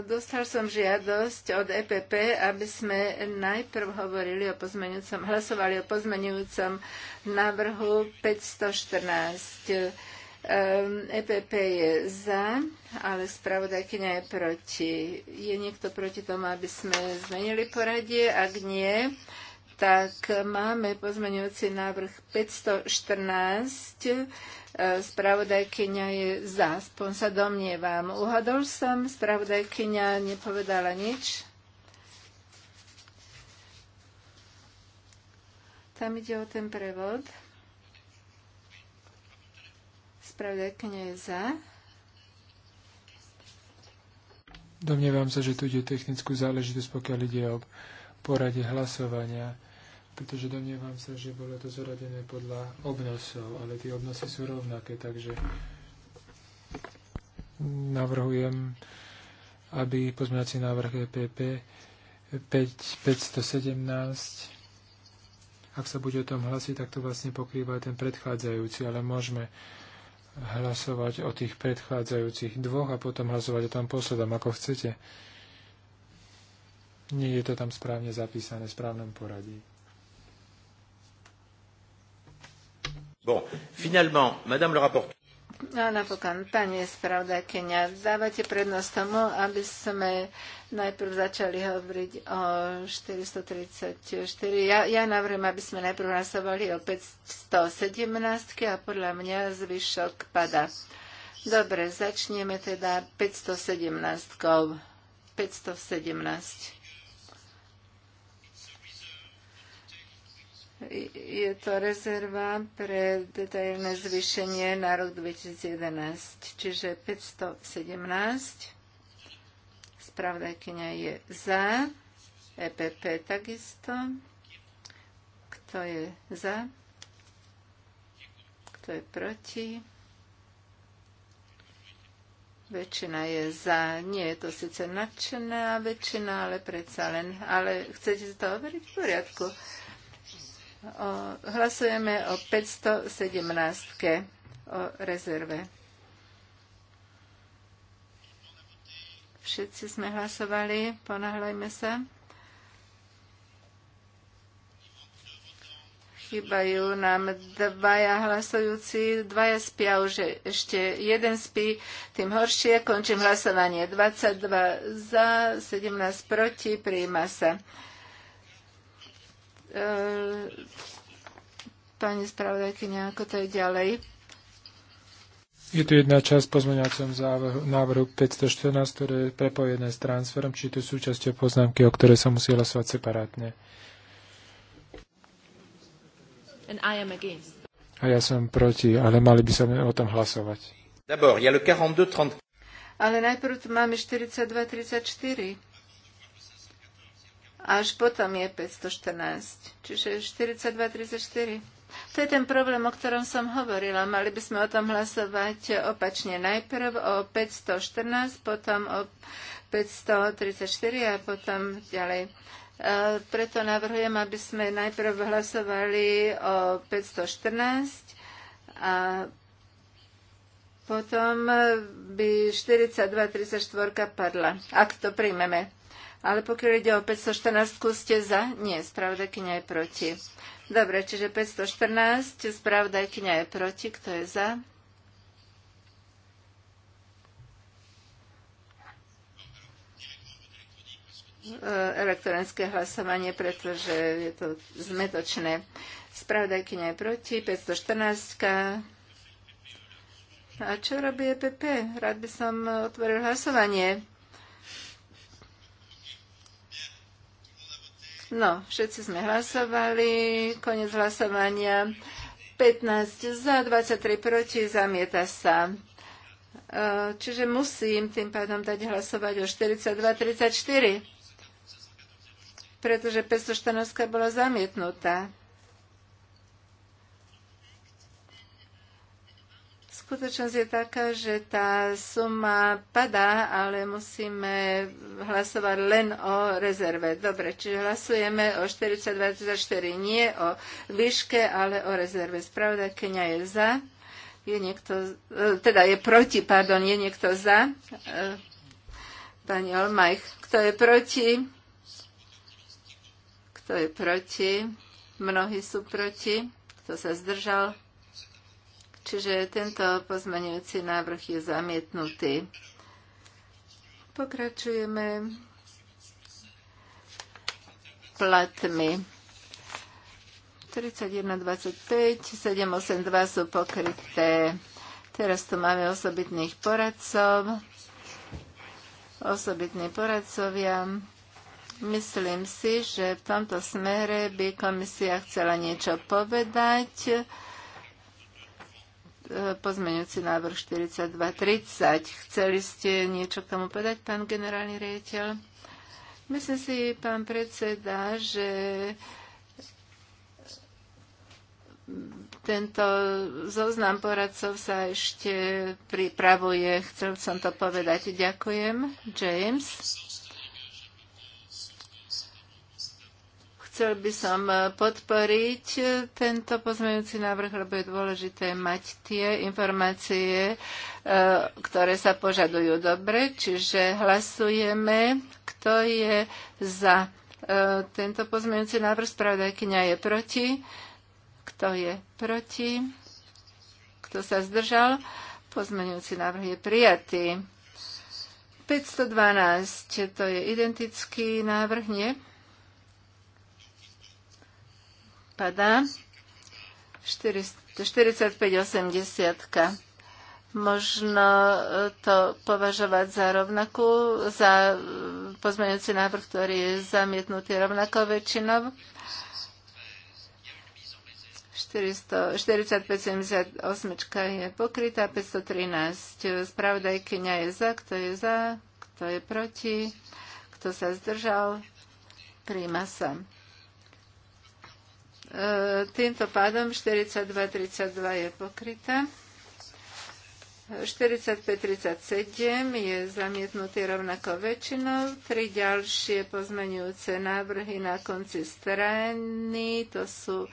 Dostal som žiadosť od EPP, aby sme najprv hovorili o pozmeňujúcom, hlasovali o pozmeňujúcom návrhu 514 EPP ehm, e je za, ale spravodajkynia je proti. Je niekto proti tomu, aby sme zmenili poradie? Ak nie, tak máme pozmeňujúci návrh 514. Ehm, spravodajkynia je za, aspoň sa domnievam. Uhadol som, spravodajkynia nepovedala nič. Tam ide o ten prevod. Spravodajkne kniaza. Domnievam sa, že tu ide technickú záležitosť, pokiaľ ide o porade hlasovania, pretože domnievam sa, že bolo to zoradené podľa obnosov, ale tie obnosy sú rovnaké, takže navrhujem, aby pozmeňací návrh EPP 5, 517, ak sa bude o tom hlasiť, tak to vlastne pokrýva aj ten predchádzajúci, ale môžeme hlasovať o tých predchádzajúcich dvoch a potom hlasovať o tom poslednom, ako chcete. Nie je to tam správne zapísané v správnom poradí. Bon, finalement, madame le rapporteur. A napokon, pani kenia. dávate prednosť tomu, aby sme najprv začali hovoriť o 434. Ja, ja navrhujem, aby sme najprv hlasovali o 517 a podľa mňa zvyšok pada. Dobre, začneme teda 517. 517. Je to rezerva pre detailné zvýšenie na rok 2011, čiže 517. Spravdajkyňa je za, EPP takisto. Kto je za? Kto je proti? Väčšina je za. Nie je to síce nadšená väčšina, ale predsa len. Ale chcete to overiť v poriadku? Hlasujeme o 517 o rezerve. Všetci sme hlasovali, ponáhľajme sa. Chýbajú nám dvaja hlasujúci, dvaja spia už e, ešte jeden spí, tým horšie. Končím hlasovanie. 22 za, 17 proti, prijíma sa. E, pani spravodajky, nejako to je ďalej. Je tu jedna časť pozmeňovacom návrhu 514, ktoré je prepojené s transferom, či to súčasťou poznámky, o ktoré sa musí hlasovať separátne. A ja som proti, ale mali by sa o tom hlasovať. Ale najprv tu máme 42-34 až potom je 514. Čiže 42, 34. To je ten problém, o ktorom som hovorila. Mali by sme o tom hlasovať opačne. Najprv o 514, potom o 534 a potom ďalej. E, preto navrhujem, aby sme najprv hlasovali o 514 a potom by 42-34 padla, ak to príjmeme. Ale pokiaľ ide o 514, ste za? Nie, spravodajkynia je proti. Dobre, čiže 514, spravodajkynia je proti. Kto je za? E, elektronické hlasovanie, pretože je to zmetočné. Spravodajkynia je proti, 514. A čo robí EPP? Rád by som otvoril hlasovanie. No, všetci sme hlasovali, konec hlasovania. 15 za, 23 proti, zamieta sa. E, čiže musím tým pádom dať hlasovať o 42-34, pretože 514 bola zamietnutá. Skutočnosť je taká, že tá suma padá, ale musíme hlasovať len o rezerve. Dobre, čiže hlasujeme o 42,4, nie o výške, ale o rezerve. Spravda, Kenia je za. Je niekto, e, teda je proti, pardon, je niekto za. E, pani Olmajch, kto je proti? Kto je proti? Mnohí sú proti. Kto sa zdržal? Čiže tento pozmeňujúci návrh je zamietnutý. Pokračujeme platmi. 31.25, 7.82 sú pokryté. Teraz tu máme osobitných poradcov, osobitní poradcovia. Myslím si, že v tomto smere by komisia chcela niečo povedať pozmeňujúci návrh 4230. Chceli ste niečo k tomu povedať, pán generálny riaditeľ? Myslím si, pán predseda, že tento zoznam poradcov sa ešte pripravuje. Chcel som to povedať. Ďakujem. James. Chcel by som eh, podporiť eh, tento pozmeňujúci návrh, lebo je dôležité mať tie informácie, eh, ktoré sa požadujú dobre. Čiže hlasujeme, kto je za tento pozmeňujúci návrh. Spravodajkynia je proti. Kto je proti? Kto sa zdržal? Pozmeňujúci návrh je prijatý. 512, to je identický návrh, nie? 45 45,80. Možno e, to považovať za rovnakú, za e, pozmeňujúci návrh, ktorý je zamietnutý rovnakou väčšinou. 45,78 je pokrytá, 513. Spravodajkynia je za, kto je za, kto je proti, kto sa zdržal, príjma sa. E, týmto pádom 42.32 je pokrytá. 45.37 je zamietnutý rovnako väčšinou. Tri ďalšie pozmenujúce návrhy na konci strany, to sú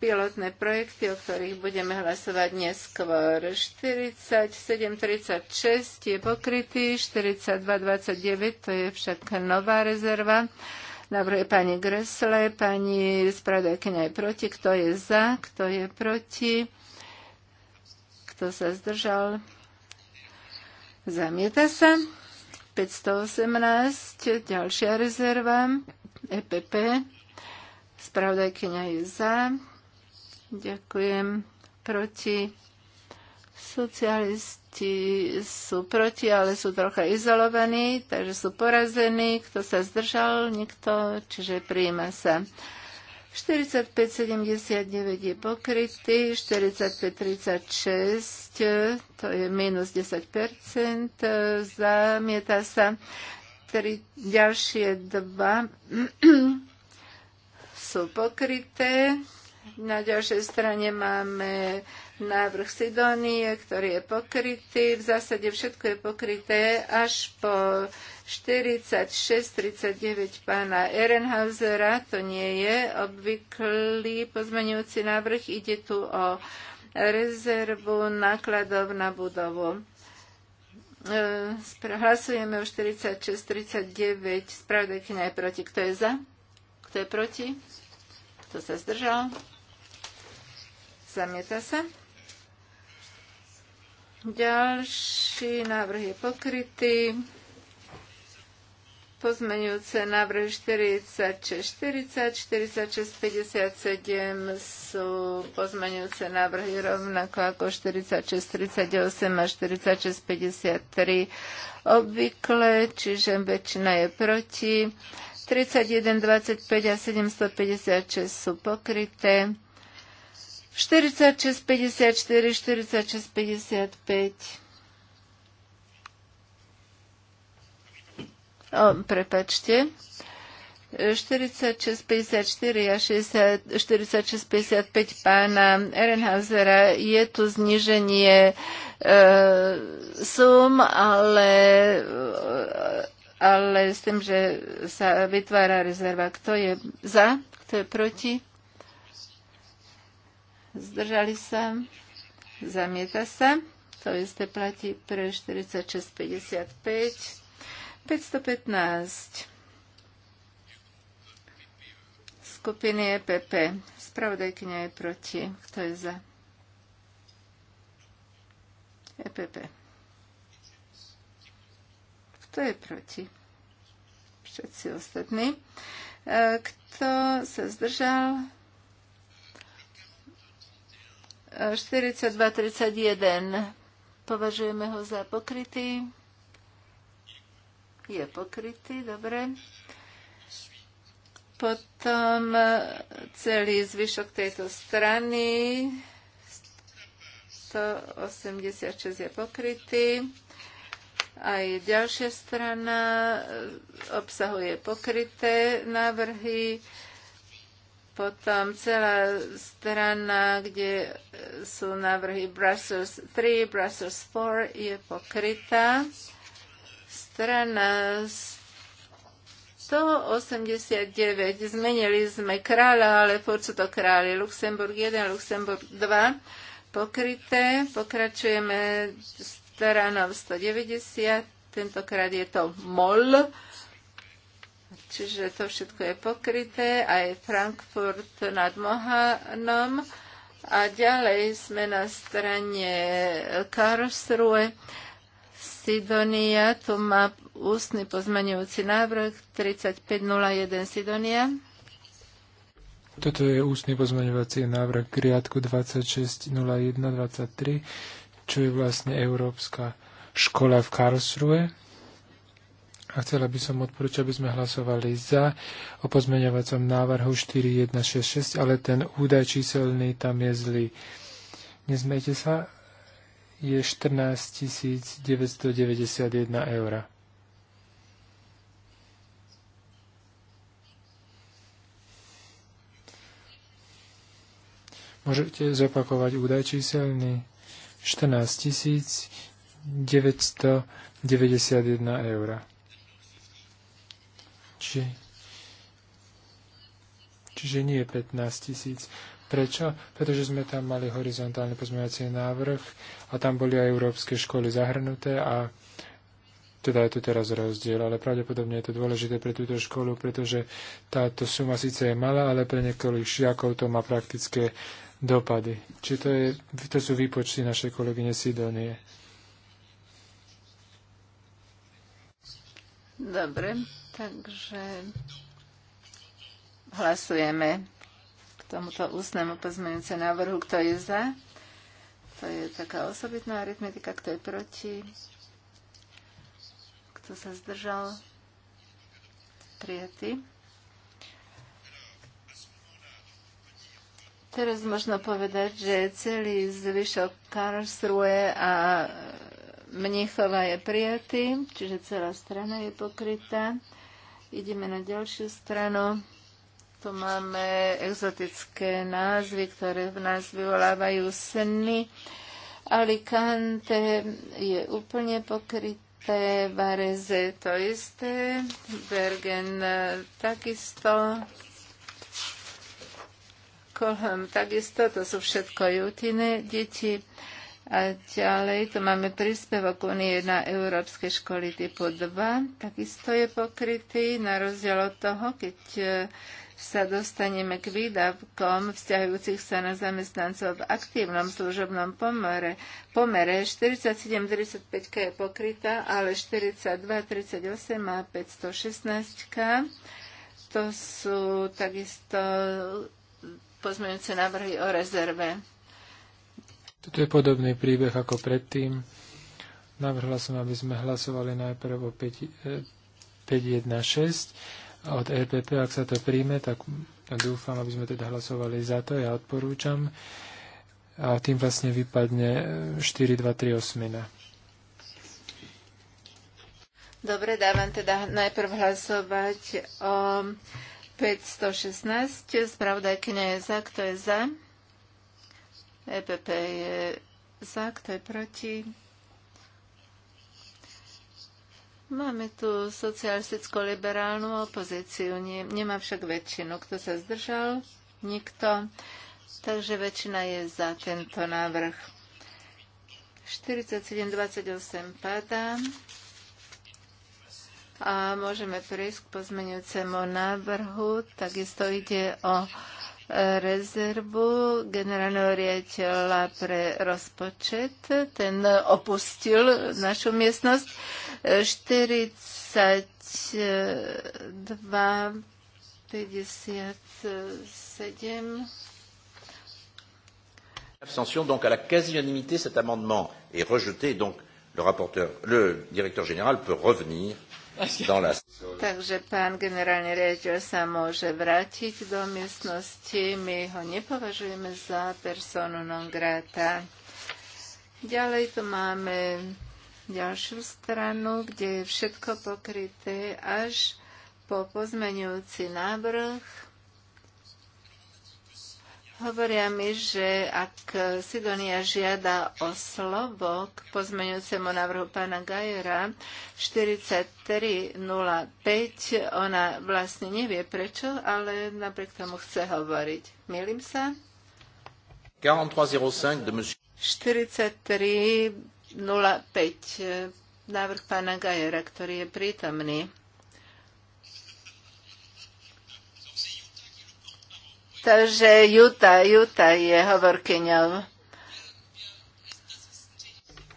pilotné projekty, o ktorých budeme hlasovať neskôr. 47.36 je pokrytý, 42.29 to je však nová rezerva. Navrhuje pani Gresle, pani spravodajkyňa je proti. Kto je za? Kto je proti? Kto sa zdržal? Zamieta sa. 518, ďalšia rezerva, EPP. Spravodajkyňa je za. Ďakujem. Proti. Socialist Ti sú proti, ale sú trocha izolovaní, takže sú porazení. Kto sa zdržal, nikto, čiže príjma sa. 45,79 je pokrytý, 45,36 to je minus 10%, zamieta sa. Tri, ďalšie dva sú pokryté. Na ďalšej strane máme návrh Sidonie, ktorý je pokrytý. V zásade všetko je pokryté až po 46-39 pána Ehrenhausera. To nie je obvyklý pozmeňujúci návrh. Ide tu o rezervu nákladov na budovu. E, hlasujeme o 46-39. Spravodajkyňa je proti. Kto je za? Kto je proti? Kto sa zdržal? Zamieta sa. Ďalší návrh je pokrytý. Pozmeňujúce návrhy 46, 40, 46, 57 sú pozmeňujúce návrhy rovnako ako 46, 38 a 46, 53 obvykle, čiže väčšina je proti. 31, 25 a 756 sú pokryté. 46, 54, 46, 55. O, prepačte. 46,54 a 46,55 pána Ehrenhausera je tu zniženie e, sum, ale, e, ale s tým, že sa vytvára rezerva. Kto je za? Kto je proti? zdržali sa, zamieta sa. To isté platí pre 46,55. 515 skupiny EPP. Spravodajkynia je proti. Kto je za? EPP. Kto je proti? Všetci ostatní. E, kto sa zdržal? 42.31. Považujeme ho za pokrytý. Je pokrytý, dobre. Potom e, celý zvyšok tejto strany. 186 je pokrytý. Aj ďalšia strana e, obsahuje pokryté návrhy. Potom celá strana, kde sú návrhy Brussels 3, Brussels 4 je pokrytá. Strana 189. Zmenili sme kráľa, ale počú to králi. Luxemburg 1, Luxemburg 2 pokryté. Pokračujeme stranou 190. Tentokrát je to MOL Čiže to všetko je pokryté, aj Frankfurt nad Mohanom. A ďalej sme na strane Karlsruhe. Sidonia, tu má ústny pozmenujúci návrh 3501 Sidonia. Toto je ústny pozmeňovací návrh k riadku 260123, čo je vlastne Európska škola v Karlsruhe. A chcela by som odporúčať, aby sme hlasovali za o pozmeňovacom návrhu 4166, ale ten údaj číselný tam je zlý. Nezmejte sa, je 14 991 eur. Môžete zopakovať údaj číselný 14 991 eur. Či, čiže nie 15 tisíc. Prečo? Pretože sme tam mali horizontálny pozmeňovací návrh a tam boli aj európske školy zahrnuté a teda je tu teraz rozdiel, ale pravdepodobne je to dôležité pre túto školu, pretože táto suma síce je malá, ale pre niektorých žiakov to má praktické dopady. Či to, je, to sú výpočty našej kolegyne Sidonie. Dobre. Takže hlasujeme k tomuto ústnemu pozmeňujúce návrhu. Kto je za? To je taká osobitná aritmetika. Kto je proti? Kto sa zdržal? Prijatý. Teraz možno povedať, že celý zvyšok Karlsruhe a Mnichova je prijatý, čiže celá strana je pokrytá. Ideme na ďalšiu stranu. Tu máme exotické názvy, ktoré v nás vyvolávajú sny. Alicante je úplne pokryté, Vareze to isté, Bergen takisto, Kolham takisto, to sú všetko jutiny deti. A ďalej tu máme príspevok Unie na Európske školy typu 2. Takisto je pokrytý na rozdiel od toho, keď e, sa dostaneme k výdavkom vzťahujúcich sa na zamestnancov v aktívnom služobnom pomere. pomere 47,35 k je pokrytá, ale 42,38 38 a 516 to sú takisto pozmeňujúce návrhy o rezerve. Toto je podobný príbeh ako predtým. Navrhla som, aby sme hlasovali najprv o 5.1.6 e, od EPP. Ak sa to príjme, tak dúfam, aby sme teda hlasovali za to. Ja odporúčam. A tým vlastne vypadne 4.2.3.8. E, Dobre, dávam teda najprv hlasovať o 516. kňa je za. Kto je za? EPP je za, kto je proti. Máme tu socialisticko-liberálnu opozíciu, Nie, nemá však väčšinu. Kto sa zdržal? Nikto. Takže väčšina je za tento návrh. 47,28 padá. A môžeme prísť k pozmeňujúcemu návrhu. Takisto ide o rezervu generálneho riaditeľa pre rozpočet. Ten opustil našu miestnosť. 42 57 Abstention, donc à la quasi-unanimité, cet amendement est rejeté, donc le rapporteur, le directeur général peut revenir dans la... Takže pán generálny riaditeľ sa môže vrátiť do miestnosti. My ho nepovažujeme za personu non grata. Ďalej tu máme ďalšiu stranu, kde je všetko pokryté až po pozmenujúci návrh Hovoria mi, že ak Sidonia žiada o slovo k pozmeňujúcemu návrhu pána Gajera 43.05, ona vlastne nevie prečo, ale napriek tomu chce hovoriť. Milím sa? 43.05 de monsieur... 43.05 návrh pána Gajera, ktorý je prítomný. Takže Juta, Juta je hovorkyňou.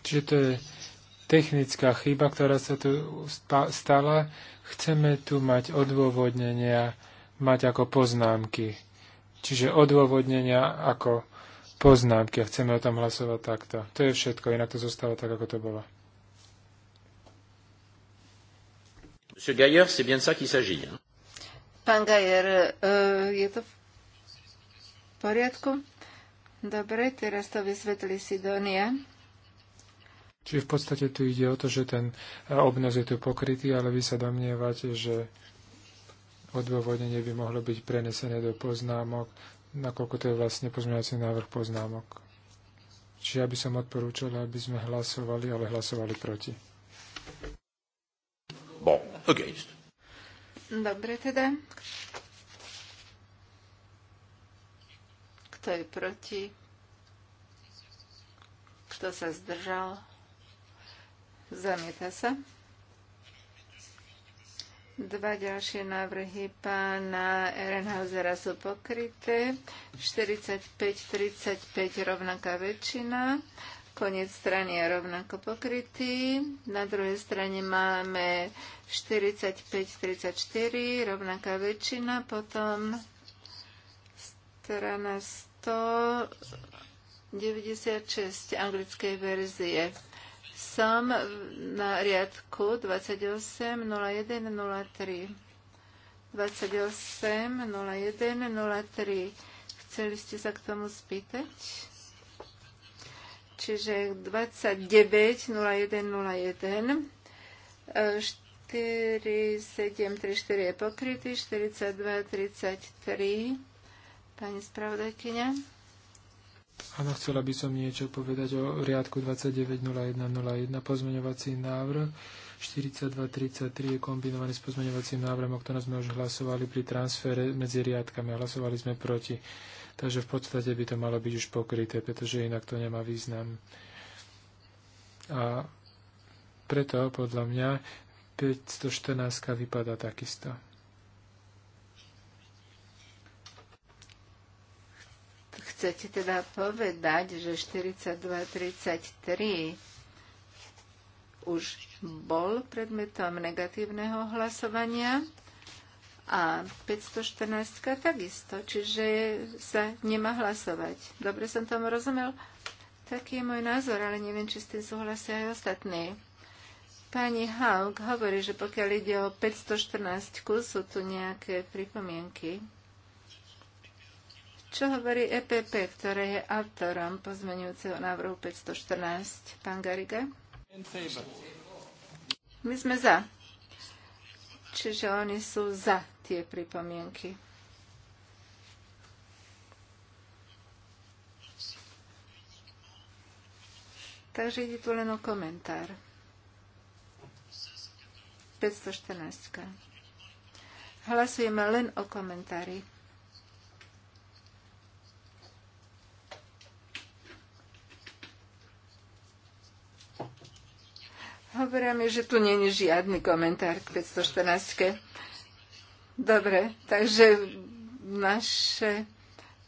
Čiže to je technická chyba, ktorá sa tu stala. Chceme tu mať odôvodnenia, mať ako poznámky. Čiže odôvodnenia ako poznámky a chceme o tom hlasovať takto. To je všetko, inak to zostáva tak, ako to bolo. Pán Gajer, je to v poriadku? Dobre, teraz to vysvetlí Sidonia. Čiže v podstate tu ide o to, že ten e, obnos je tu pokrytý, ale vy sa domnievate, že odôvodnenie by mohlo byť prenesené do poznámok, nakoľko to je vlastne pozmeňovací návrh poznámok. Čiže ja by som odporúčal, aby sme hlasovali, ale hlasovali proti. Bon, against. Dobre teda. Kto je proti? Kto sa zdržal? Zamieta sa. Dva ďalšie návrhy pána Ehrenhausera sú pokryté. 45-35 rovnaká väčšina. Koniec strany je rovnako pokrytý. Na druhej strane máme 45-34 rovnaká väčšina. Potom strana 100. 196 anglickej verzie. Som na riadku 28.01.03. 28.01.03. Chceli ste sa k tomu spýtať? Čiže 29.01.01. 4734 je pokrytý, 4233 pani spravodajkyňa. Áno, chcela by som niečo povedať o riadku 290101 pozmeňovací návrh. 4233 je kombinovaný s pozmeňovacím návrhom, o ktorom sme už hlasovali pri transfere medzi riadkami. Hlasovali sme proti. Takže v podstate by to malo byť už pokryté, pretože inak to nemá význam. A preto podľa mňa 514 vypadá takisto. Chcete teda povedať, že 42.33 už bol predmetom negatívneho hlasovania a 514 takisto, čiže sa nemá hlasovať. Dobre som tomu rozumel? Taký je môj názor, ale neviem, či s tým súhlasia aj ostatní. Pani Haug hovorí, že pokiaľ ide o 514, sú tu nejaké pripomienky. Čo hovorí EPP, ktoré je autorom pozmenujúceho návrhu 514? Pán Gariga? My sme za. Čiže oni sú za tie pripomienky. Takže ide tu len o komentár. 514. Hlasujeme len o komentári. Hovoria mi, že tu není žiadny komentár k 514. Dobre, takže naše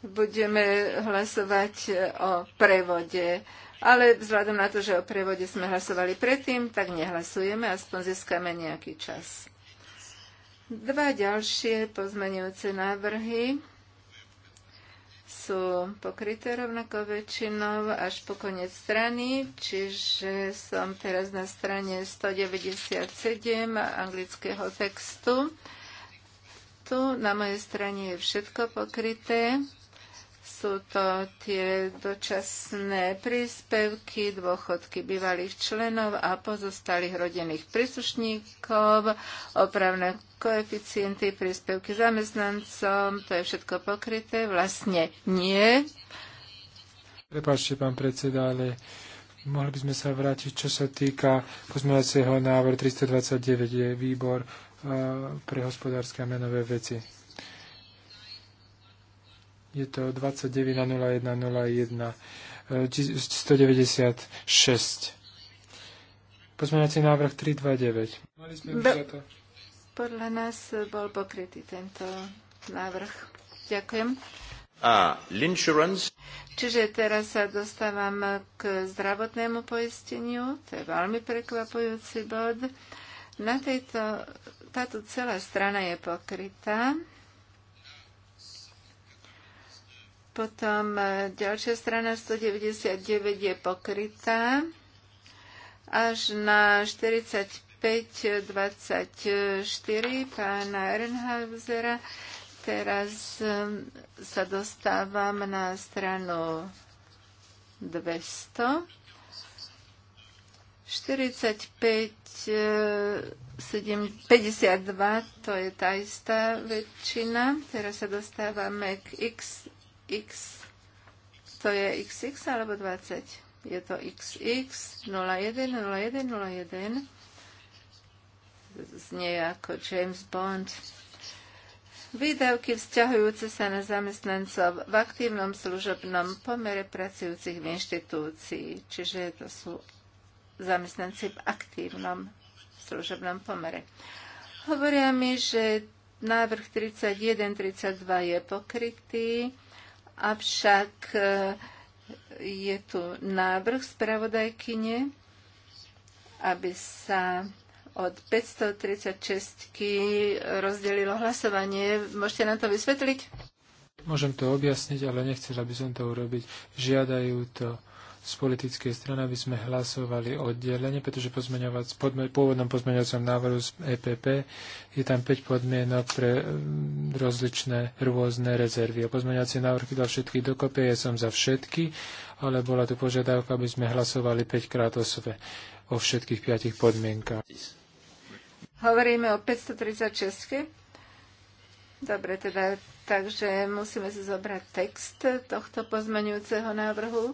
budeme hlasovať o prevode. Ale vzhľadom na to, že o prevode sme hlasovali predtým, tak nehlasujeme, aspoň získame nejaký čas. Dva ďalšie pozmenujúce návrhy sú pokryté rovnako väčšinou až po konec strany, čiže som teraz na strane 197 anglického textu. Tu na mojej strane je všetko pokryté. Sú to tie dočasné príspevky, dôchodky bývalých členov a pozostalých rodinných príslušníkov, opravné koeficienty, príspevky zamestnancom, to je všetko pokryté. Vlastne nie. Prepačte, pán predseda, ale mohli by sme sa vrátiť, čo sa týka pozmeňovacieho návrhu 329, je výbor eh, pre hospodárske a menové veci je to 29.01.01 196. Pozmeňovací návrh 329. Mali sme Be- to. Podľa nás bol pokrytý tento návrh. Ďakujem. A insurance. Čiže teraz sa dostávam k zdravotnému poisteniu. To je veľmi prekvapujúci bod. Na tejto, táto celá strana je pokrytá. Potom e, ďalšia strana 199 je pokrytá až na 45.24 pána Ehrenhausera. Teraz e, sa dostávam na stranu 200. 45, 52, to je tá istá väčšina. Teraz sa dostávame k X X, to je XX alebo 20? Je to XX 01 01 01. Znie ako James Bond. Výdavky vzťahujúce sa na zamestnancov v aktívnom služobnom pomere pracujúcich v inštitúcii, čiže to sú zamestnanci v aktívnom služobnom pomere. Hovoria mi, že návrh 31-32 je pokrytý Avšak e, je tu návrh spravodajkyne, aby sa od 536 rozdelilo hlasovanie. Môžete nám to vysvetliť? Môžem to objasniť, ale nechcem, aby som to urobiť. Žiadajú to z politickej strany, aby sme hlasovali oddelenie, pretože pozmeňovac, podme, pôvodnom pozmeňovacom návrhu z EPP je tam 5 podmienok pre mm, rozličné rôzne rezervy. O pozmeňovacie návrhy dal všetky dokopy, ja som za všetky, ale bola tu požiadavka, aby sme hlasovali 5 krát o sebe, o všetkých 5 podmienkach. Hovoríme o 536. Dobre, teda, takže musíme si zobrať text tohto pozmeňujúceho návrhu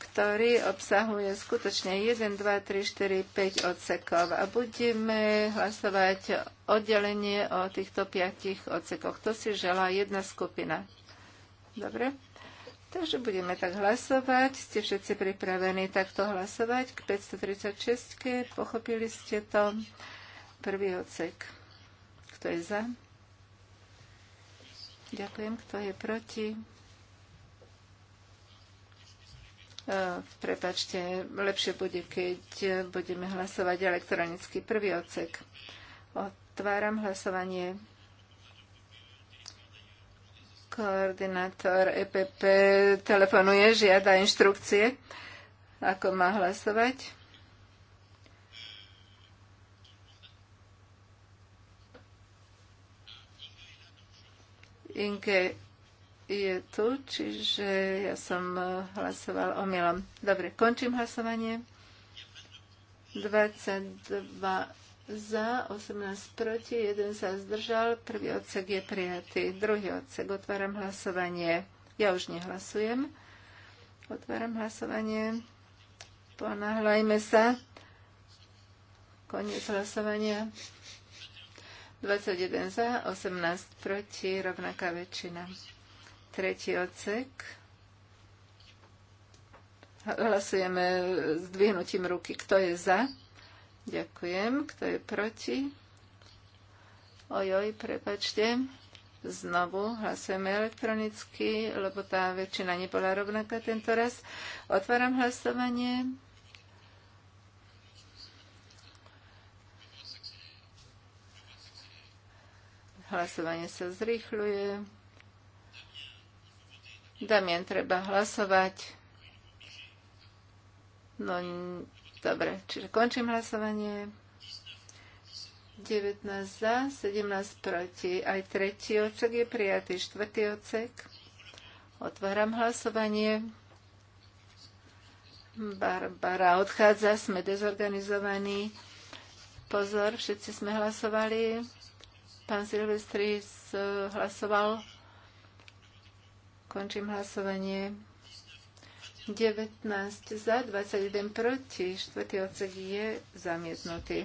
ktorý obsahuje skutočne 1, 2, 3, 4, 5 odsekov. A budeme hlasovať oddelenie o týchto piatich odsekoch. To si želá jedna skupina. Dobre? Takže budeme tak hlasovať. Ste všetci pripravení takto hlasovať k 536. Pochopili ste to. Prvý odsek. Kto je za? Ďakujem. Kto je proti? Prepačte, lepšie bude, keď budeme hlasovať elektronicky. Prvý odsek. Otváram hlasovanie. Koordinátor EPP telefonuje, žiada inštrukcie, ako má hlasovať. Inke je tu, čiže ja som e, hlasoval omylom. Dobre, končím hlasovanie. 22 za, 18 proti, 1 sa zdržal. Prvý odsek je prijatý. Druhý odsek. Otváram hlasovanie. Ja už nehlasujem. Otváram hlasovanie. Ponáhľajme sa. Koniec hlasovania. 21 za, 18 proti, rovnaká väčšina. Tretí odsek. Hlasujeme s dvihnutím ruky. Kto je za? Ďakujem. Kto je proti? Ojoj, prepačte. Znovu hlasujeme elektronicky, lebo tá väčšina nebola rovnaká tento raz. Otváram hlasovanie. Hlasovanie sa zrýchľuje. Damien, treba hlasovať. No, dobre, čiže končím hlasovanie. 19 za, 17 proti. Aj tretí odsek je prijatý. Štvrtý odsek. Otváram hlasovanie. Barbara odchádza, sme dezorganizovaní. Pozor, všetci sme hlasovali. Pán Silvestri eh, hlasoval Končím hlasovanie. 19 za, 21 proti. Štvrtý odsek je zamietnutý.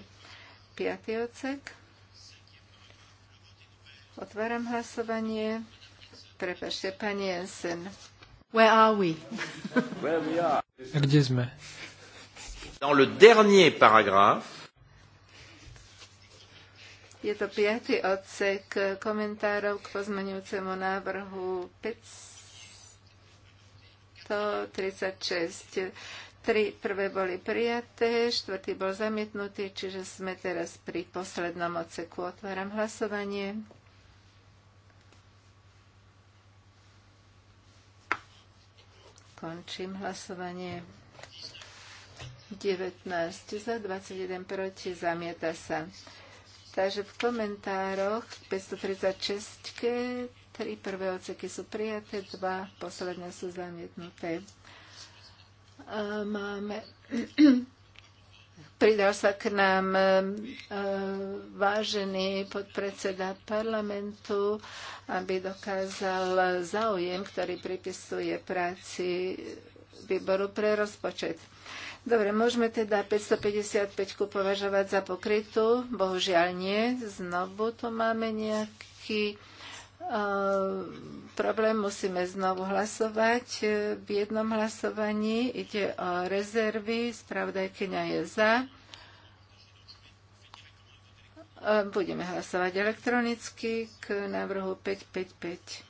Piatý odsek. Otváram hlasovanie. Prepašte, pani Jensen. Where are we? Where we are. A kde sme? Dans le dernier paragraphe. Je to piatý odsek komentárov k pozmenujúcemu návrhu 5. 136. Tri prvé boli prijaté, štvrtý bol zamietnutý, čiže sme teraz pri poslednom odseku. Otváram hlasovanie. Končím hlasovanie. 19 za, 21 proti, zamieta sa. Takže v komentároch 536 Tri prvé oceky sú prijaté, dva posledné sú zamietnuté. E, máme Pridal sa k nám e, vážený podpredseda parlamentu, aby dokázal záujem, ktorý pripisuje práci výboru pre rozpočet. Dobre, môžeme teda 555 považovať za pokrytú? Bohužiaľ nie. Znovu tu máme nejaký Ehm, problém musíme znovu hlasovať. E, v jednom hlasovaní ide o rezervy, spravodajkyňa je za. Ehm, budeme hlasovať elektronicky k návrhu 555.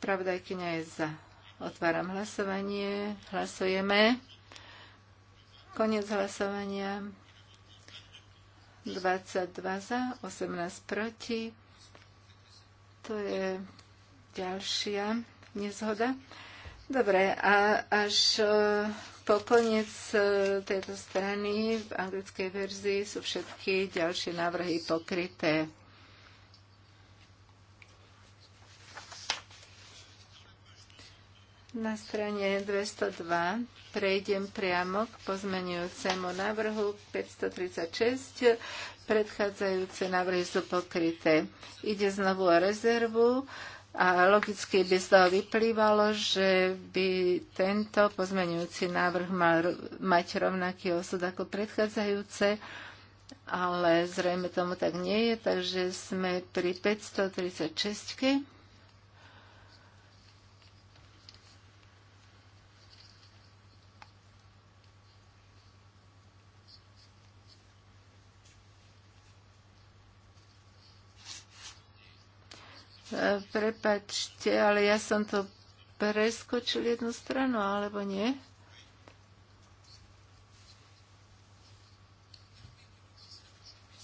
Spravodajkyňa je za. Otváram hlasovanie. Hlasujeme. Konec hlasovania. 22 za, 18 proti to je ďalšia nezhoda. Dobre, a až e, po koniec e, tejto strany v anglickej verzii sú všetky ďalšie návrhy pokryté. Na strane 202 prejdem priamo k pozmenujúcemu návrhu 536. Predchádzajúce návrhy sú pokryté. Ide znovu o rezervu a logicky by z toho vyplývalo, že by tento pozmenujúci návrh mal mať rovnaký osud ako predchádzajúce, ale zrejme tomu tak nie je, takže sme pri 536. Prepačte, ale ja som to preskočil jednu stranu, alebo nie?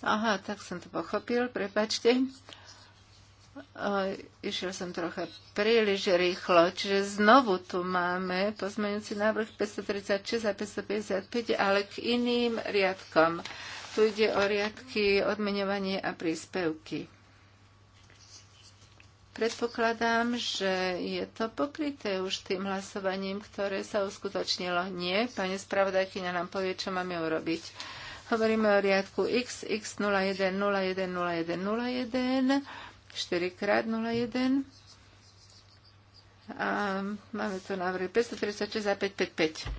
Aha, tak som to pochopil, prepačte. Išiel som trocha príliš rýchlo, čiže znovu tu máme pozmeňujúci návrh 536 a 555, ale k iným riadkom. Tu ide o riadky odmeňovanie a príspevky. Predpokladám, že je to pokryté už tým hlasovaním, ktoré sa uskutočnilo. Nie, pani spravodajkyňa nám povie, čo máme urobiť. Hovoríme o riadku XX01010101, 4x01. A máme tu návrh 536 a 555.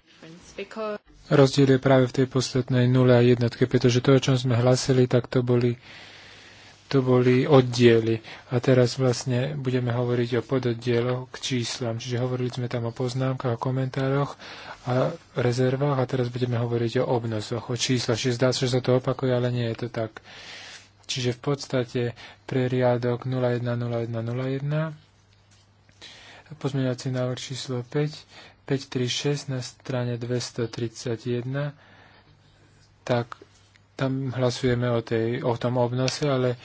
Rozdiel je práve v tej poslednej 0 a jednotke, pretože to, o čom sme hlasili, tak to boli to boli oddiely. A teraz vlastne budeme hovoriť o pododdieloch k číslam. Čiže hovorili sme tam o poznámkach, o komentároch a rezervách a teraz budeme hovoriť o obnosoch, o číslach. Čiže zdá sa, že sa to opakuje, ale nie je to tak. Čiže v podstate pre riadok 010101 pozmeňovací návrh číslo 5, 536 na strane 231, tak tam hlasujeme o, tej, o tom obnose, ale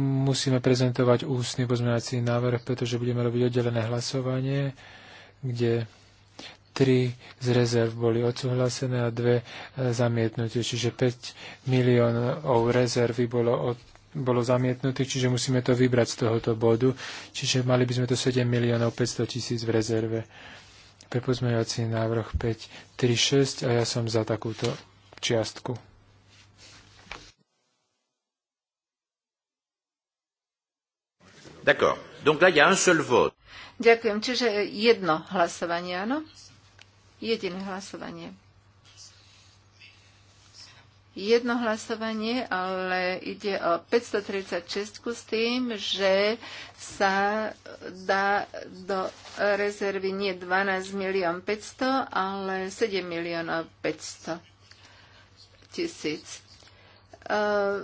musíme prezentovať ústny pozmeňací návrh, pretože budeme robiť oddelené hlasovanie, kde tri z rezerv boli odsúhlasené a dve e, zamietnutie, čiže 5 miliónov rezervy bolo, od, bolo zamietnutých, čiže musíme to vybrať z tohoto bodu, čiže mali by sme to 7 miliónov 500 tisíc v rezerve. Pre pozmeňovací návrh 5, 3, 6 a ja som za takúto čiastku. D'accord. Donc là, il y a un seul vote. Ďakujem. Čiže jedno hlasovanie, áno? Jediné hlasovanie. Jedno hlasovanie, ale ide o 536 s tým, že sa dá do rezervy nie 12 milión 500, ale 7 miliónov 500 tisíc. Uh,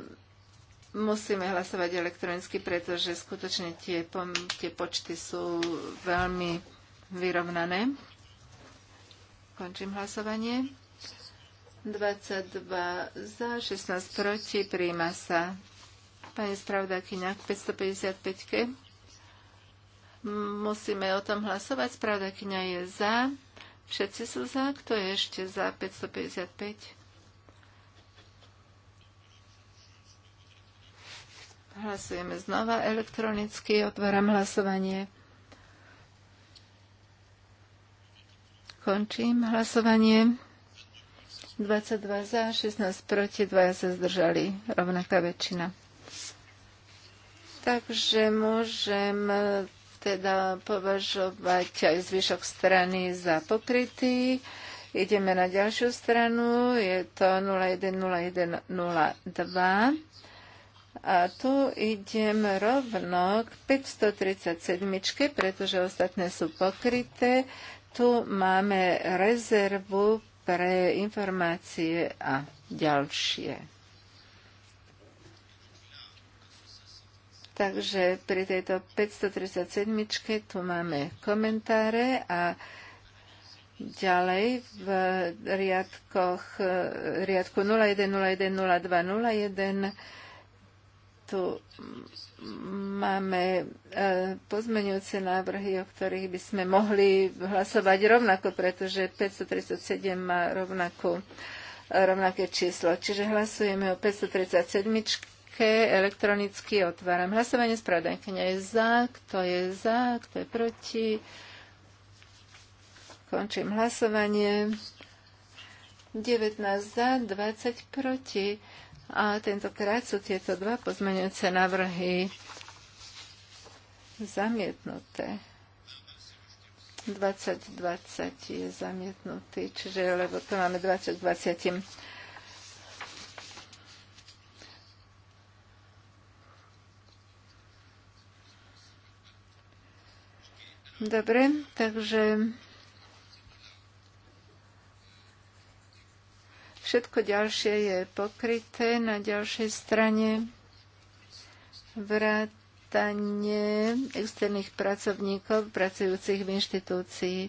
musíme hlasovať elektronicky, pretože skutočne tie, tie počty sú veľmi vyrovnané. Končím hlasovanie. 22 za, 16 proti, príjma sa. Pani spravodajkyňa k 555-ke. Musíme o tom hlasovať. Spravodajkyňa je za. Všetci sú za. Kto je ešte za 555? Hlasujeme znova elektronicky. Otváram hlasovanie. Končím hlasovanie. 22 za, 16 proti, 2 sa zdržali. Rovnaká väčšina. Takže môžem teda považovať aj zvyšok strany za pokrytý. Ideme na ďalšiu stranu, je to 010102. A tu idem rovno k 537, pretože ostatné sú pokryté. Tu máme rezervu pre informácie a ďalšie. Takže pri tejto 537 tu máme komentáre a ďalej v riadkoch, riadku 01010201 tu máme e, pozmeňujúce návrhy, o ktorých by sme mohli hlasovať rovnako, pretože 537 má rovnako, rovnaké číslo. Čiže hlasujeme o 537 elektronicky otváram. Hlasovanie spravodajkynia je za, kto je za, kto je proti. Končím hlasovanie. 19 za, 20 proti. A tentokrát sú tieto dva pozmeňujúce návrhy zamietnuté. 2020 je zamietnutý, čiže lebo to máme 2020. Dobre, takže Všetko ďalšie je pokryté na ďalšej strane vrátanie externých pracovníkov pracujúcich v inštitúcii.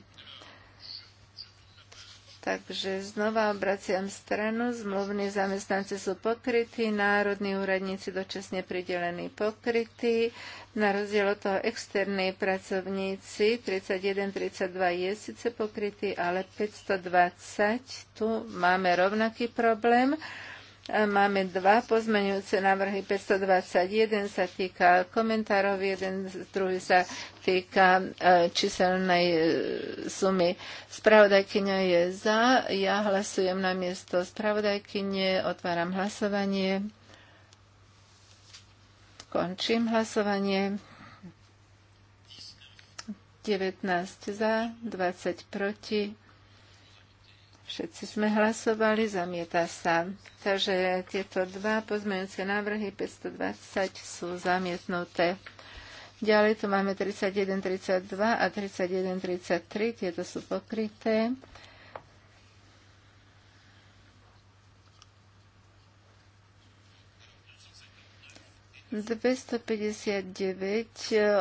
Takže znova obraciam stranu, zmluvní zamestnanci sú pokrytí, národní úradníci dočasne pridelení pokrytí, na rozdiel od toho externí pracovníci 31-32 je síce pokrytý, ale 520 tu máme rovnaký problém. Máme dva pozmeňujúce návrhy. 521 sa týka komentárov, jeden druhý sa týka e, číselnej e, sumy. Spravodajkyňa je za, ja hlasujem na miesto spravodajkyne, otváram hlasovanie. Končím hlasovanie. 19 za, 20 proti Všetci sme hlasovali, zamieta sa. Takže tieto dva pozmeňujúce návrhy 520 sú zamietnuté. Ďalej tu máme 31, 32 a 31, 33, tieto sú pokryté. 259,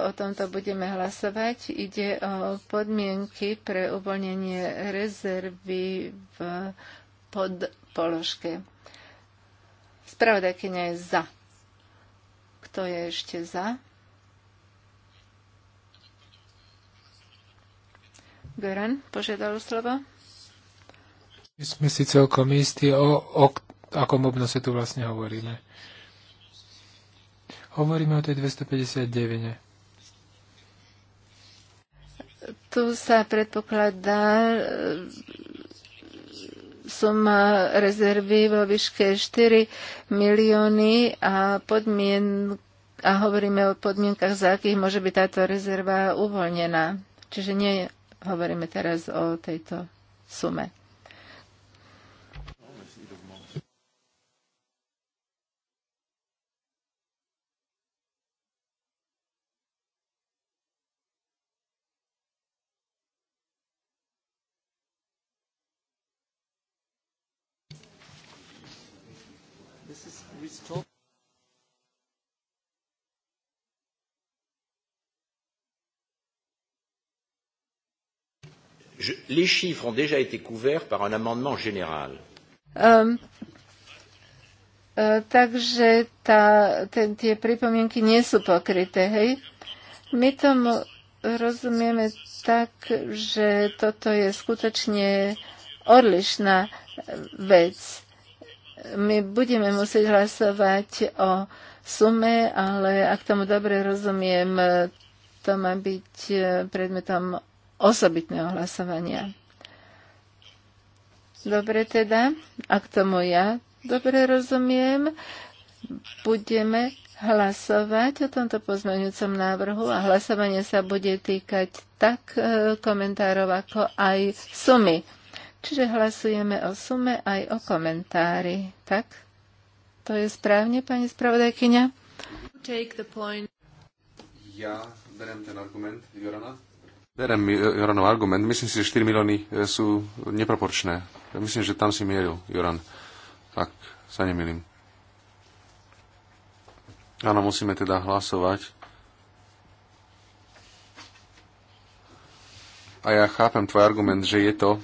o tomto budeme hlasovať. Ide o podmienky pre uvoľnenie rezervy v podpoložke. Spravodajkynia je za. Kto je ešte za? Goran požiadal slovo. My sme si celkom istí, o, o akom obnose tu vlastne hovoríme. Hovoríme o tej 259. Tu sa predpokladá e, suma rezervy vo výške 4 milióny a podmien a hovoríme o podmienkach, za akých môže byť táto rezerva uvoľnená. Čiže nie hovoríme teraz o tejto sume. Je, les chiffres ont déjà été couverts par un amendement général. Um, uh, takže tá, ten, tie pripomienky nie sú pokryté, hej? My tomu rozumieme tak, že toto je skutočne odlišná vec. My budeme musieť hlasovať o sume, ale ak tomu dobre rozumiem, to má byť eh, predmetom osobitného hlasovania. Dobre teda, ak tomu ja dobre rozumiem, budeme hlasovať o tomto pozmeňujúcom návrhu a hlasovanie sa bude týkať tak e, komentárov, ako aj sumy. Čiže hlasujeme o sume aj o komentári. Tak? To je správne, pani spravodajkyňa? Ja berem ten argument Jorana Berem eh, Joranov argument. Myslím si, že 4 milióny eh, sú neproporčné. Myslím, že tam si mieril, Joran, Tak sa nemýlim. Áno, musíme teda hlasovať. A ja chápem tvoj argument, že je to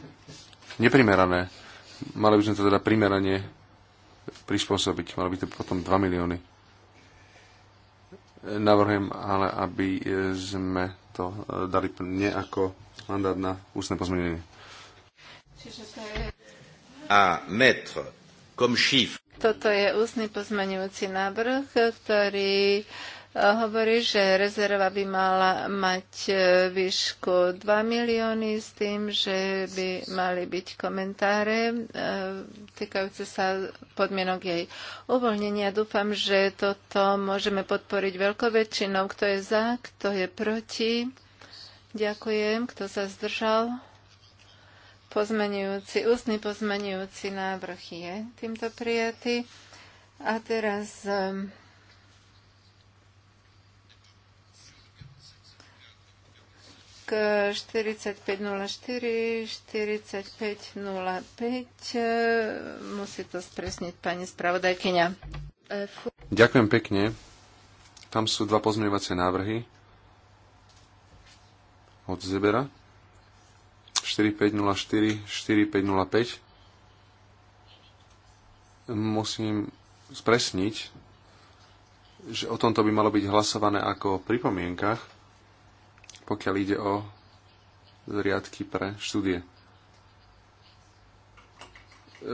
neprimerané. Mali by sme to teda primerane prispôsobiť. Mali by to potom 2 milióny. Navrhujem ale, aby e, sme to e, dali nie ako mandát na ústne pozmenenie. A metro, kom šif. Toto je ústny pozmenujúci návrh, ktorý hovorí, že rezerva by mala mať e, výšku 2 milióny s tým, že by mali byť komentáre e, týkajúce sa podmienok jej uvoľnenia. Dúfam, že toto môžeme podporiť veľkou väčšinou. Kto je za, kto je proti? Ďakujem. Kto sa zdržal? Pozmenujúci, ústny pozmenujúci návrh je týmto prijatý. A teraz e, 4504, 4505, musí to spresniť pani spravodajkyňa. Ďakujem pekne. Tam sú dva pozmeňovacie návrhy od Zebera. 4504, 4505. Musím spresniť, že o tomto by malo byť hlasované ako o pripomienkach pokiaľ ide o zriadky pre štúdie.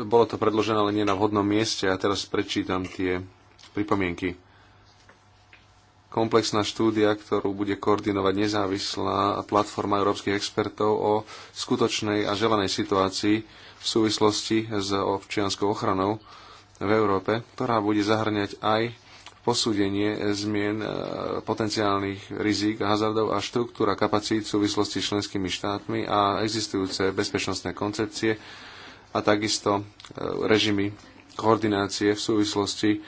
Bolo to predložené, ale nie na vhodnom mieste a teraz prečítam tie pripomienky. Komplexná štúdia, ktorú bude koordinovať nezávislá platforma európskych expertov o skutočnej a želanej situácii v súvislosti s občianskou ochranou v Európe, ktorá bude zahrňať aj posúdenie eh, zmien eh, potenciálnych rizik a hazardov a štruktúra kapacít v súvislosti s členskými štátmi a existujúce bezpečnostné koncepcie a takisto eh, režimy koordinácie v súvislosti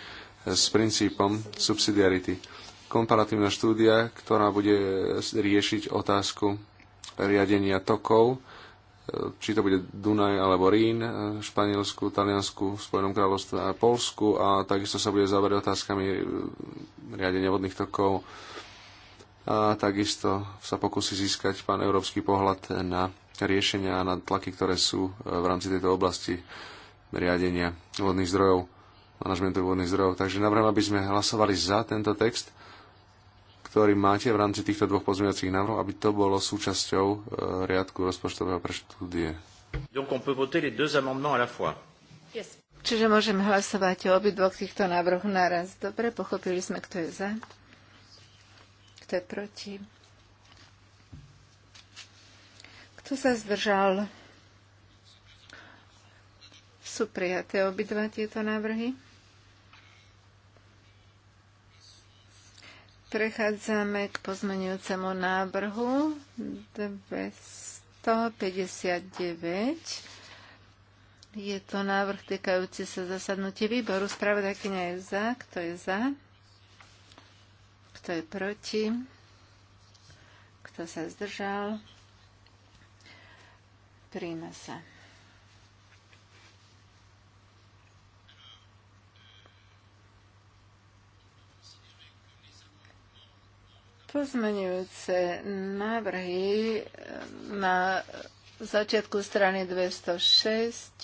s princípom subsidiarity. Komparatívna štúdia, ktorá bude riešiť otázku riadenia tokov E, či to bude Dunaj alebo Rín, e, Španielsku, Taliansku, Spojenom kráľovstve a Polsku a takisto sa bude zaberať otázkami e, riadenia vodných tokov a takisto sa pokusí získať pán európsky pohľad na riešenia a na tlaky, ktoré sú v rámci tejto oblasti riadenia vodných zdrojov, manažmentu vodných zdrojov. Takže navrhujem, aby sme hlasovali za tento text ktorý máte v rámci týchto dvoch pozmeňovacích návrhov, aby to bolo súčasťou e, riadku rozpočtového preštúdie. Donc on peut voter les deux amendements à la fois. Yes. Čiže môžeme hlasovať o obidvoch týchto návrhoch naraz. Dobre, pochopili sme, kto je za, kto je proti. Kto sa zdržal? Sú prijaté obidva tieto návrhy. prechádzame k pozmenujúcemu návrhu 259. Je to návrh týkajúci sa zasadnutie výboru. Spravodajkynia je za. Kto je za? Kto je proti? Kto sa zdržal? Príjma sa. Pozmenujúce návrhy eh, na začiatku strany 206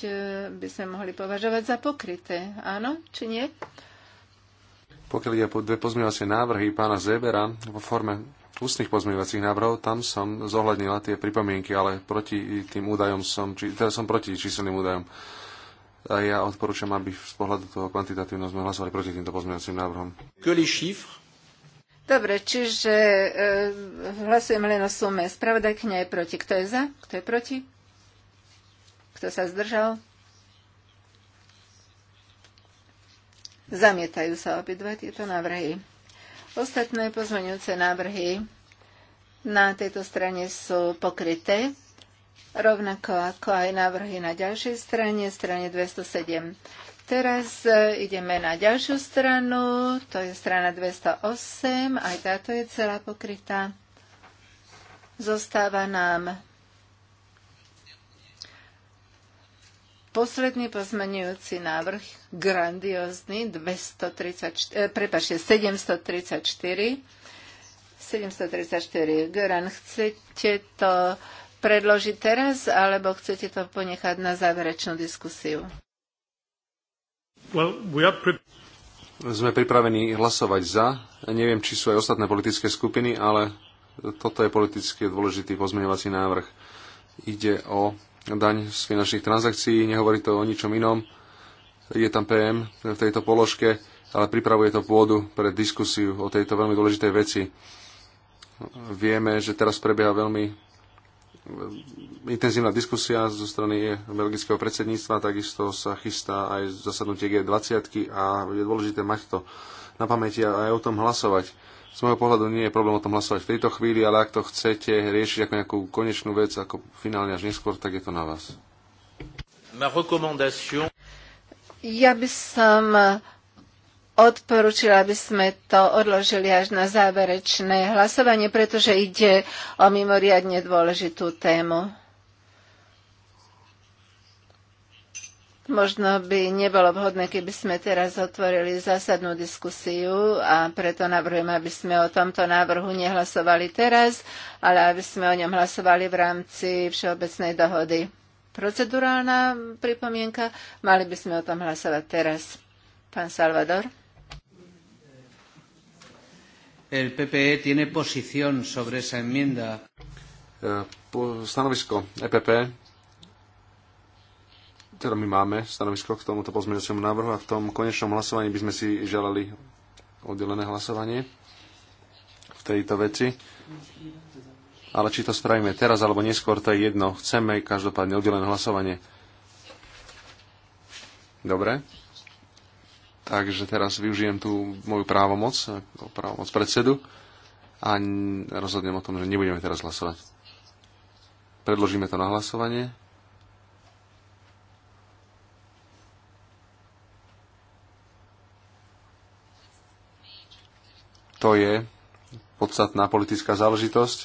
eh, by sme mohli považovať za pokryté. Áno, či nie? Pokiaľ ide po dve pozmeňovacie návrhy pána Zebera vo forme ústnych pozmenovacích návrhov, tam som zohľadnila tie pripomienky, ale proti tým údajom som, či, teda som proti číselným údajom. A ja odporúčam, aby z pohľadu toho kvantitatívneho sme hlasovali proti týmto pozmeňovacím návrhom. Que les chiffres Dobre, čiže e, hlasujeme len o sume. Spravodajkňa je proti. Kto je za? Kto je proti? Kto sa zdržal? Zamietajú sa obidva tieto návrhy. Ostatné pozmeňujúce návrhy na tejto strane sú pokryté, rovnako ako aj návrhy na ďalšej strane, strane 207. Teraz e, ideme na ďalšiu stranu, to je strana 208, aj táto je celá pokrytá. Zostáva nám posledný pozmenujúci návrh, grandiózny, 234, prepáčte, 734. 734. Goran, chcete to predložiť teraz, alebo chcete to ponechať na záverečnú diskusiu? Sme pripravení hlasovať za. Neviem, či sú aj ostatné politické skupiny, ale toto je politicky dôležitý pozmeňovací návrh. Ide o daň z finančných transakcií, nehovorí to o ničom inom. Je tam PM v tejto položke, ale pripravuje to pôdu pre diskusiu o tejto veľmi dôležitej veci. Vieme, že teraz prebieha veľmi intenzívna diskusia zo strany belgického predsedníctva, takisto sa chystá aj zasadnutie G20 a je dôležité mať to na pamäti a aj o tom hlasovať. Z môjho pohľadu nie je problém o tom hlasovať v tejto chvíli, ale ak to chcete riešiť ako nejakú konečnú vec, ako finálne až neskôr, tak je to na vás. Ja by som odporúčila, aby sme to odložili až na záverečné hlasovanie, pretože ide o mimoriadne dôležitú tému. Možno by nebolo vhodné, keby sme teraz otvorili zásadnú diskusiu a preto navrhujem, aby sme o tomto návrhu nehlasovali teraz, ale aby sme o ňom hlasovali v rámci všeobecnej dohody. Procedurálna pripomienka, mali by sme o tom hlasovať teraz. Pán Salvador el PPE tiene posición sobre esa enmienda. Eh, stanovisko EPP, teda my máme stanovisko k tomuto pozmeňujúcemu návrhu a v tom konečnom hlasovaní by sme si želali oddelené hlasovanie v tejto veci. Ale či to spravíme teraz alebo neskôr, to je jedno. Chceme každopádne oddelené hlasovanie. Dobre. Takže teraz využijem tú moju právomoc, právomoc predsedu a rozhodnem o tom, že nebudeme teraz hlasovať. Predložíme to na hlasovanie. To je podstatná politická záležitosť.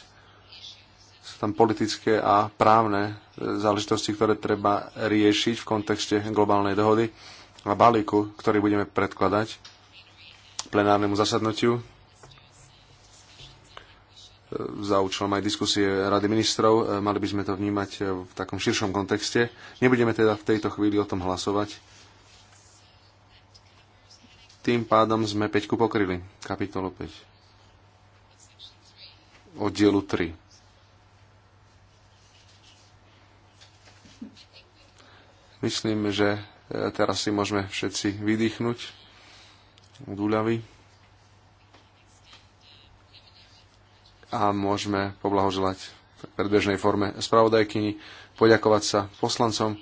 Sú tam politické a právne záležitosti, ktoré treba riešiť v kontexte globálnej dohody balíku, ktorý budeme predkladať plenárnemu zasadnutiu za účelom aj diskusie Rady ministrov. E, mali by sme to vnímať e, v takom širšom kontexte. Nebudeme teda v tejto chvíli o tom hlasovať. Tým pádom sme Peťku pokryli. Kapitolu 5. Oddielu 3. Myslím, že Teraz si môžeme všetci vydýchnuť od úľavy. A môžeme poblahoželať v predbežnej forme spravodajkyni, poďakovať sa poslancom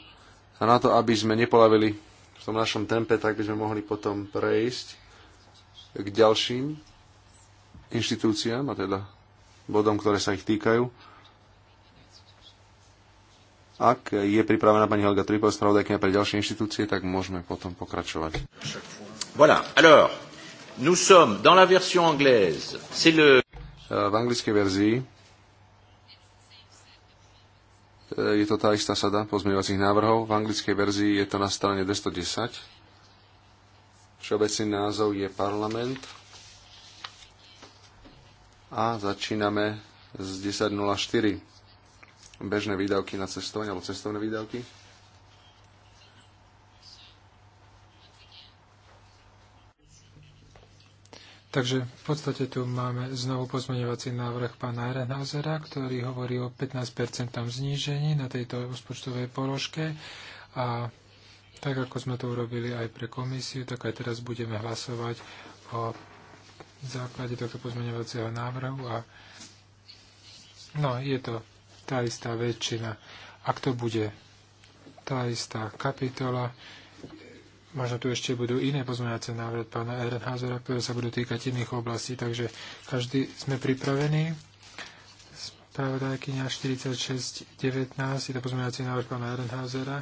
a na to, aby sme nepolavili v tom našom tempe, tak by sme mohli potom prejsť k ďalším inštitúciám, a teda bodom, ktoré sa ich týkajú. Ak je pripravená pani Helga Tripov, spravodajkňa pre ďalšie inštitúcie, tak môžeme potom pokračovať. Voilà. Alors, nous sommes dans la version anglaise. C'est le... Eh, v anglickej verzii eh, je to tá istá sada pozmeňovacích návrhov. V anglickej verzii je to na strane 210. Všeobecný názov je parlament. A začíname z 10.04 bežné výdavky na cestovanie alebo cestovné výdavky. Takže v podstate tu máme znovu pozmeňovací návrh pána Ehrenhausera, ktorý hovorí o 15% znížení na tejto rozpočtovej položke a tak ako sme to urobili aj pre komisiu, tak aj teraz budeme hlasovať o základe tohto pozmeňovacieho návrhu a no, je to tá istá väčšina. Ak to bude tá istá kapitola, možno tu ešte budú iné pozmeňovacie návrhy pána Ehrenházera, ktoré sa budú týkať iných oblastí, takže každý sme pripravení. Spravodajkyňa 46.19 je to pozmeňovací návrh pána Ehrenházera.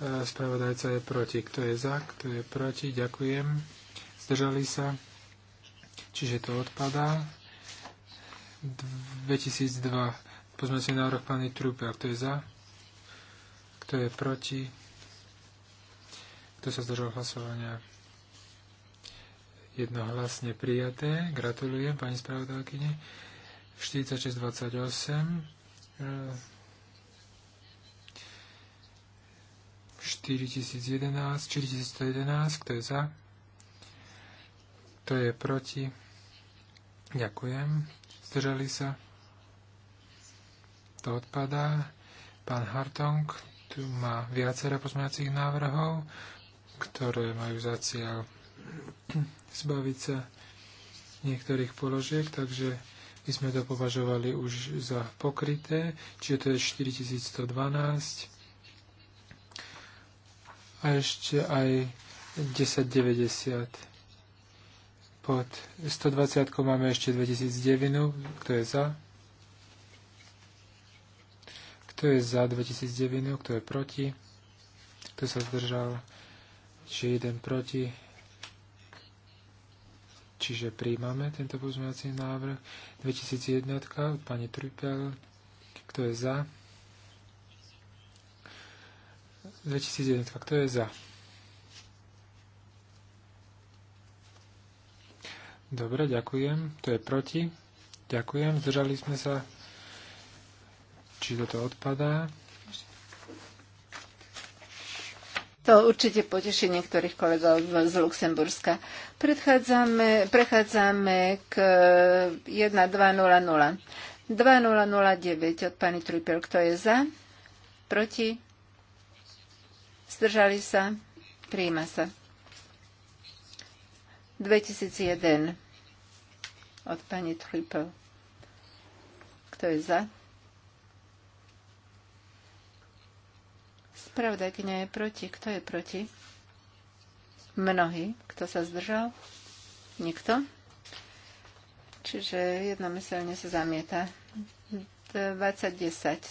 E, spravodajca je proti. Kto je za, kto je proti? Ďakujem. Zdržali sa. Čiže to odpadá. 2002 si návrh pani Trúpia. Kto je za? Kto je proti? Kto sa zdržal hlasovania? Jednohlasne prijaté. Gratulujem pani spravodajkyne. 4628. 4011, 4111, kto je za, kto je proti. Ďakujem. Zdržali sa to odpadá. Pán Hartong tu má viacero pozmeňacích návrhov, ktoré majú za cieľ zbaviť sa niektorých položiek, takže my sme to považovali už za pokryté, čiže to je 4112 a ešte aj 1090. Pod 120 máme ešte 2009, kto je za? Kto je za 2009, kto je proti, kto sa zdržal, Čiže jeden proti, čiže príjmame tento pozmeňovací návrh. 2001, pani Trupel, kto je za? 2001, kto je za? Dobre, ďakujem. To je proti. Ďakujem, zdržali sme sa či toto odpadá. To určite poteší niektorých kolegov z Luxemburska. Prechádzame, prechádzame k 1200. Eh, 2009 od pani Trupel. Kto je za? Proti? Zdržali sa? Príjma sa. 2001 od pani Trupel. Kto je za? nie je proti. Kto je proti? Mnohí. Kto sa zdržal? Nikto. Čiže jednomyselne sa zamieta. 2010.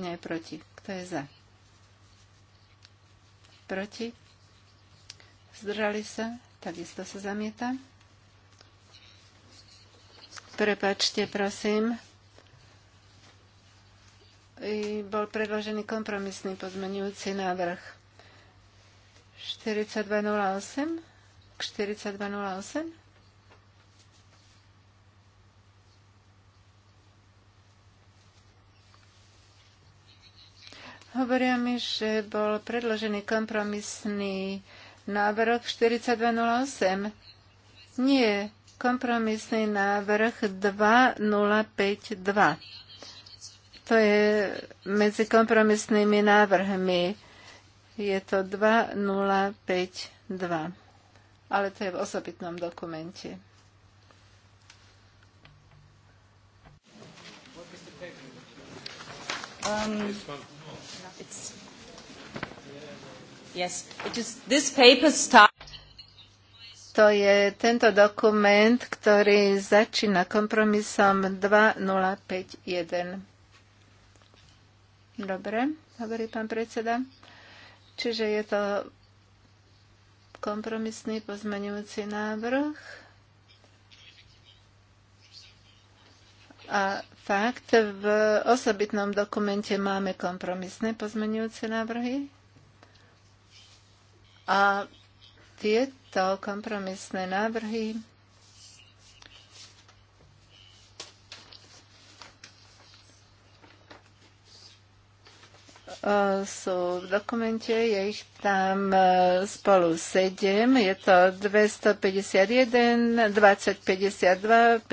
nie je proti. Kto je za? Proti? Zdržali sa? Takisto sa zamieta. Prepačte, prosím bol predložený kompromisný pozmenujúci návrh 4208 k 4208. Hovoria mi, že bol predložený kompromisný návrh 4208. Nie, kompromisný návrh 2052. To je medzi kompromisnými návrhmi. Je to 2052. Ale to je v osobitnom dokumente. Um, yes, it is, this paper starts to je tento dokument, ktorý začína kompromisom 2051. Dobre, hovorí pán predseda. Čiže je to kompromisný pozmeňujúci návrh. A fakt, v osobitnom dokumente máme kompromisné pozmeňujúce návrhy. A tieto kompromisné návrhy sú v dokumente, je ich tam e, spolu 7, je to 251, 2052, 2053,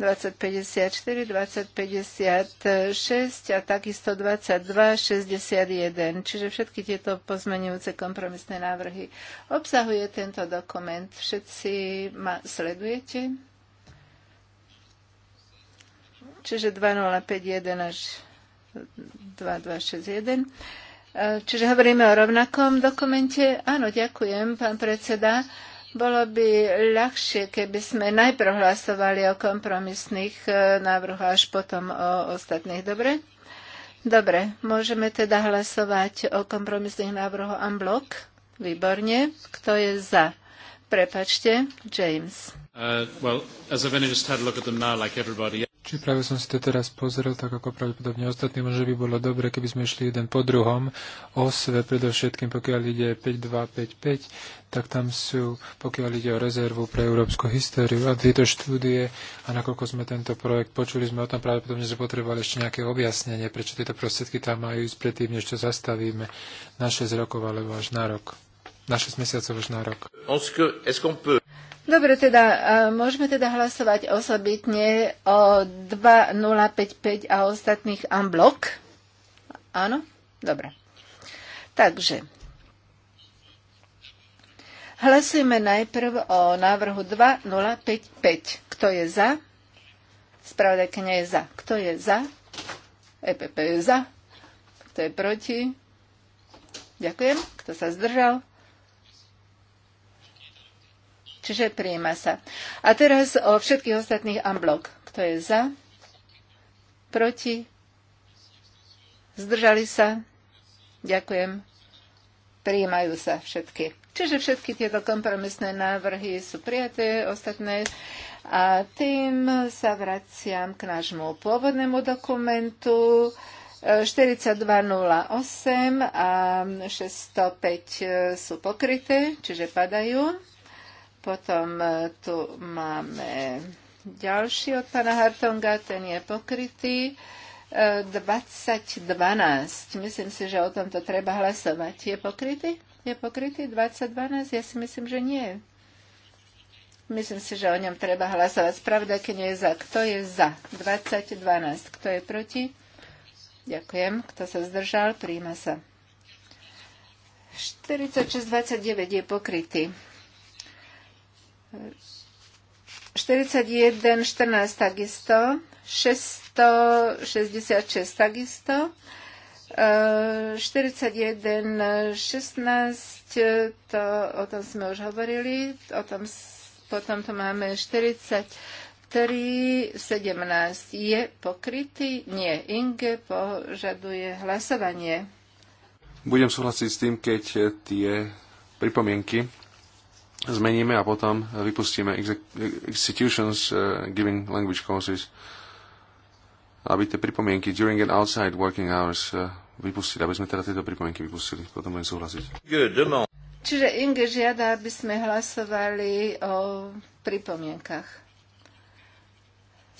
2054, 2056 a takisto 2261. Čiže všetky tieto pozmenujúce kompromisné návrhy obsahuje tento dokument. Všetci ma sledujete? Čiže 2051 až 2261. Čiže hovoríme o rovnakom dokumente? Áno, ďakujem, pán predseda. Bolo by ľahšie, keby sme najprv hlasovali o kompromisných e, návrhoch až potom o ostatných. Dobre? Dobre, môžeme teda hlasovať o kompromisných návrhoch unblock. Výborne. Kto je za? Prepačte, James. Uh, well, as I've only just had a look at them now, like everybody či práve som si to teraz pozrel, tak ako pravdepodobne ostatní, možno by bolo dobre, keby sme išli jeden po druhom o sve, predovšetkým pokiaľ ide 5255, tak tam sú, pokiaľ ide o rezervu pre európsku históriu a tieto štúdie a nakoľko sme tento projekt počuli, sme o tom pravdepodobne, že potrebovali ešte nejaké objasnenie, prečo tieto prostriedky tam majú ísť predtým, než to zastavíme na 6 rokov alebo až na rok. Na 6 mesiacov až na rok. Dobre, teda môžeme teda hlasovať osobitne o 2055 a ostatných unblock. Áno? Dobre. Takže hlasujeme najprv o návrhu 2055. Kto je za? Spravodajkňa je za. Kto je za? EPP je za. Kto je proti? Ďakujem. Kto sa zdržal? Čiže prijíma sa. A teraz o všetkých ostatných amblok. Kto je za? Proti? Zdržali sa? Ďakujem. Prijímajú sa všetky. Čiže všetky tieto kompromisné návrhy sú prijaté, ostatné. A tým sa vraciam k nášmu pôvodnému dokumentu. 4208 a 605 sú pokryté, čiže padajú. Potom e, tu máme ďalší od pana Hartonga, ten je pokrytý. 2012. E, myslím si, že o tomto treba hlasovať. Je pokrytý? Je pokrytý 2012? Ja si myslím, že nie. Myslím si, že o ňom treba hlasovať. Spravda, keď nie je za. Kto je za? 2012. Kto je proti? Ďakujem. Kto sa zdržal? Príjma sa. 4629 je pokrytý. 41, 14 takisto, 666 takisto, 41, e, 16, e, to, o tom sme už hovorili, o tom, potom to máme 43, 17. Je pokrytý? Nie. Inge požaduje hlasovanie. Budem súhlasiť s tým, keď tie pripomienky zmeníme a potom vypustíme Institutions uh, Giving Language Courses, aby tie pripomienky during and outside working hours uh, vypustili, aby sme teda tieto pripomienky vypustili. Potom budem súhlasiť. Čiže Inge žiada, aby sme hlasovali o pripomienkach.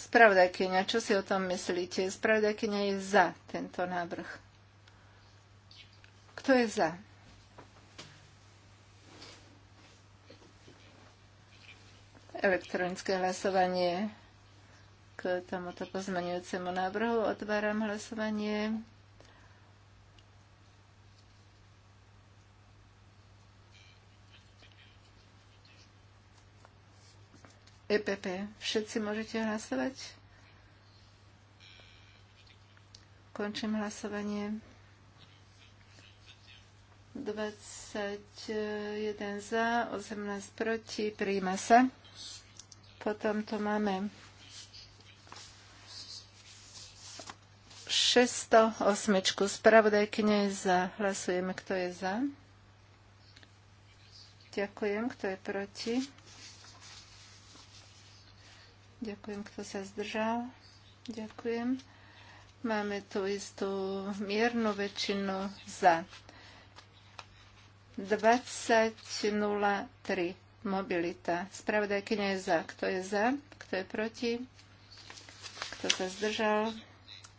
Spravodajkyňa, čo si o tom myslíte? Spravodajkyňa je za tento návrh. Kto je za? elektronické hlasovanie k tomuto pozmeňujúcemu návrhu. Otváram hlasovanie. EPP. Všetci môžete hlasovať? Končím hlasovanie. 21 za, 18 proti, príjma sa. Potom tu máme 608. Spravodajkyne za. Hlasujeme, kto je za. Ďakujem, kto je proti. Ďakujem, kto sa zdržal. Ďakujem. Máme tu istú miernu väčšinu za. 20.03 mobilita. Spravodajkyňa je za. Kto je za? Kto je proti? Kto sa zdržal?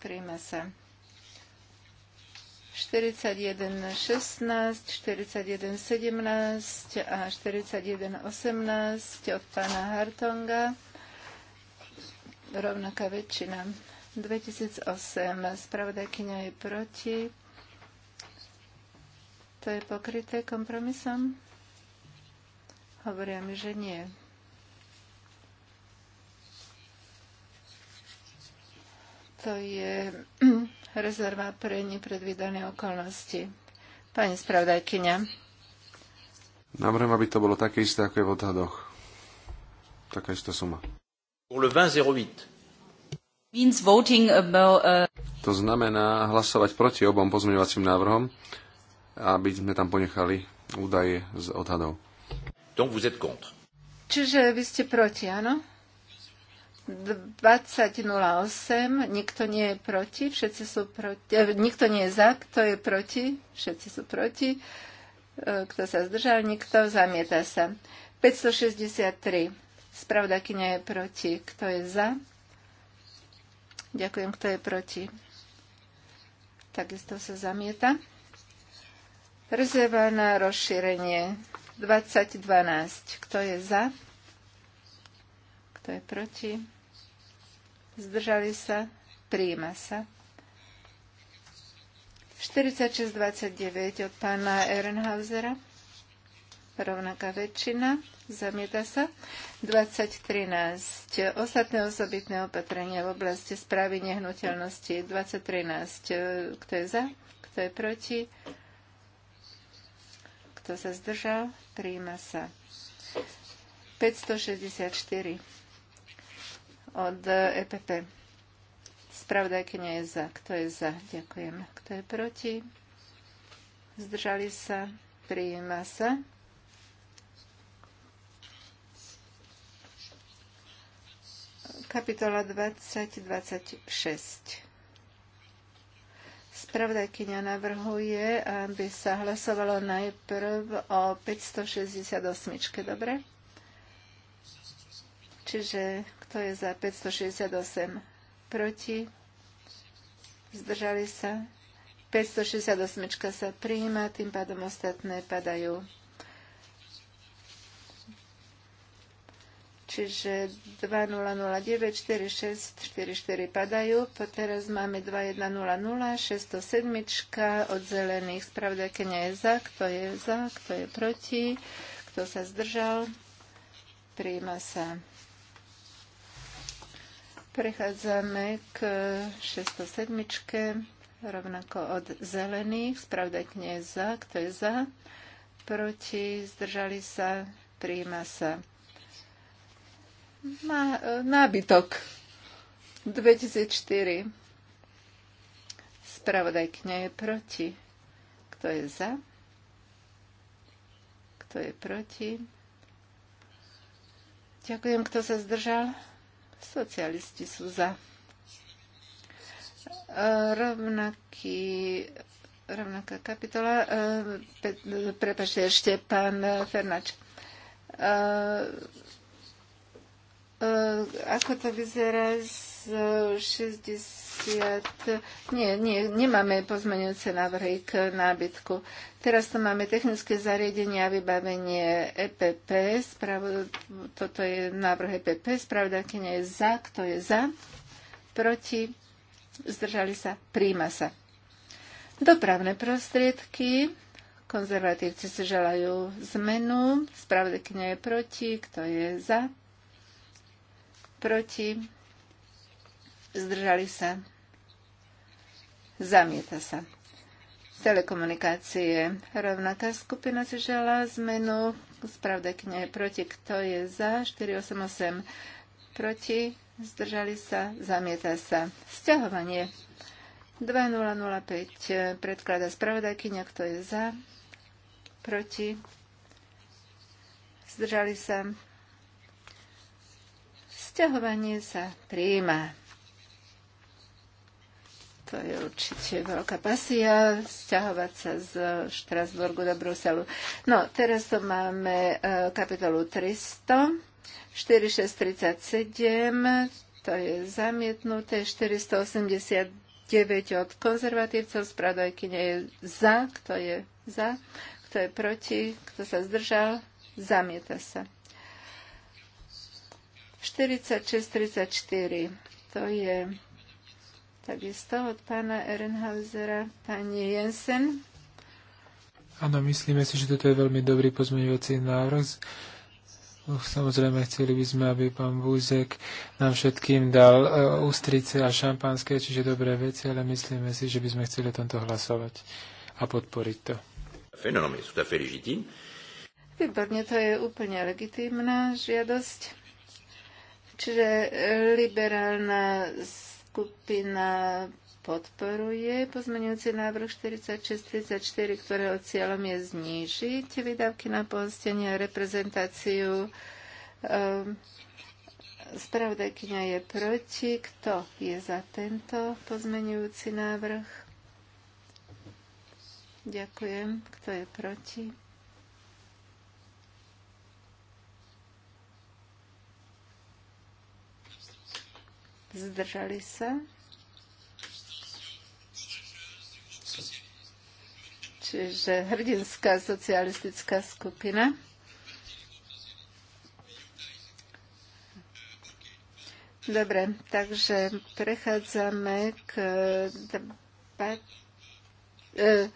Príjme sa. 41.16, 41.17 a 41.18 od pána Hartonga. Rovnaká väčšina. 2008. Spravodajkyňa je proti. To je pokryté kompromisom? Hovoria mi, že nie. To je rezerva pre nepredvídané okolnosti. Pani spravodajkyňa. Navrhujem, aby to bolo také isté, ako je v odhadoch. Taká istá suma. Uh, to znamená hlasovať proti obom pozmeňovacím návrhom, aby sme tam ponechali údaje z odhadov. Donc vous êtes contre. Čiže vy ste proti, áno? 20.08, nikto nie je proti, všetci sú proti, eh, nikto nie je za, kto je proti, všetci sú proti, eh, kto sa zdržal, nikto, zamieta sa. 563, nie je proti, kto je za? Ďakujem, kto je proti. Takisto sa zamieta. Rezerva na rozšírenie 2012. Kto je za? Kto je proti? Zdržali sa? Príjima sa. 4629 od pána Ehrenhausera. Rovnaká väčšina. Zamieta sa. 2013. Ostatné osobitné opatrenia v oblasti správy nehnuteľnosti. 2013. Kto je za? Kto je proti? Kto sa zdržal? Príjma sa. 564 od EPP. E Spravodajkynia je za. Kto je za? Ďakujem. Kto je proti? Zdržali sa? Prijíma sa. Kapitola 2026. Spravodajkyňa navrhuje, aby sa hlasovalo najprv o 568. Dobre? Čiže kto je za 568? Proti? Zdržali sa? 568 sa prijíma, tým pádom ostatné padajú. Čiže 2009, 46, 44 padajú. Po teraz máme 2100, 607 od zelených. Spravda nie je za, kto je za, kto je proti, kto sa zdržal. prijíma sa. Prechádzame k 607 rovnako od zelených. Spravda nie je za, kto je za, proti, zdržali sa, prijíma sa má nábytok 2004. Spravodajkňa je proti. Kto je za? Kto je proti? Ďakujem, kto sa zdržal. Socialisti sú za. E, rovnaký rovnaká kapitola. E, Prepašte ešte, pán Fernač. E, Ehm, ako to vyzerá z 60... Nie, nie, nemáme pozmeňujúce návrhy k nábytku. Teraz tu máme technické zariadenie a vybavenie EPP. Spravo... Toto je návrh EPP. Spravodajkynia je za. Kto je za? Proti? Zdržali sa? Príjma sa. Dopravné prostriedky. Konzervatívci si želajú zmenu. Spravodajkynia je proti. Kto je za? proti, zdržali sa, zamieta sa. Telekomunikácie. Rovnaká skupina si žela zmenu spravda knihe proti, kto je za, 488 proti, zdržali sa, zamieta sa. Sťahovanie. 2005 predklada spravodajkyňa, kto je za, proti, zdržali sa, Sťahovanie sa príjma. To je určite veľká pasia, sťahovať sa z Štrasburgu do Bruselu. No, teraz tu máme e, kapitolu 300, 4637, to je zamietnuté, 489 od konzervatívcov, spravodajky nie je za, kto je za, kto je proti, kto sa zdržal, zamieta sa. 46-34. To je takisto od pána Ehrenhausera, pani Jensen. Áno, myslíme si, že toto je veľmi dobrý pozmeňovací návrh. Samozrejme, chceli by sme, aby pán Búzek nám všetkým dal e, ústrice a šampanské, čiže dobré veci, ale myslíme si, že by sme chceli o tomto hlasovať a podporiť to. Výborne, to je úplne legitímna žiadosť. Čiže e, liberálna skupina podporuje pozmeňujúci návrh 4634, ktorého cieľom je znížiť výdavky na pohostenie a reprezentáciu. E, spravodajkyňa je proti. Kto je za tento pozmeňujúci návrh? Ďakujem. Kto je proti? zdržali sa. Čiže hrdinská socialistická skupina. Dobre, takže prechádzame k, dba, e,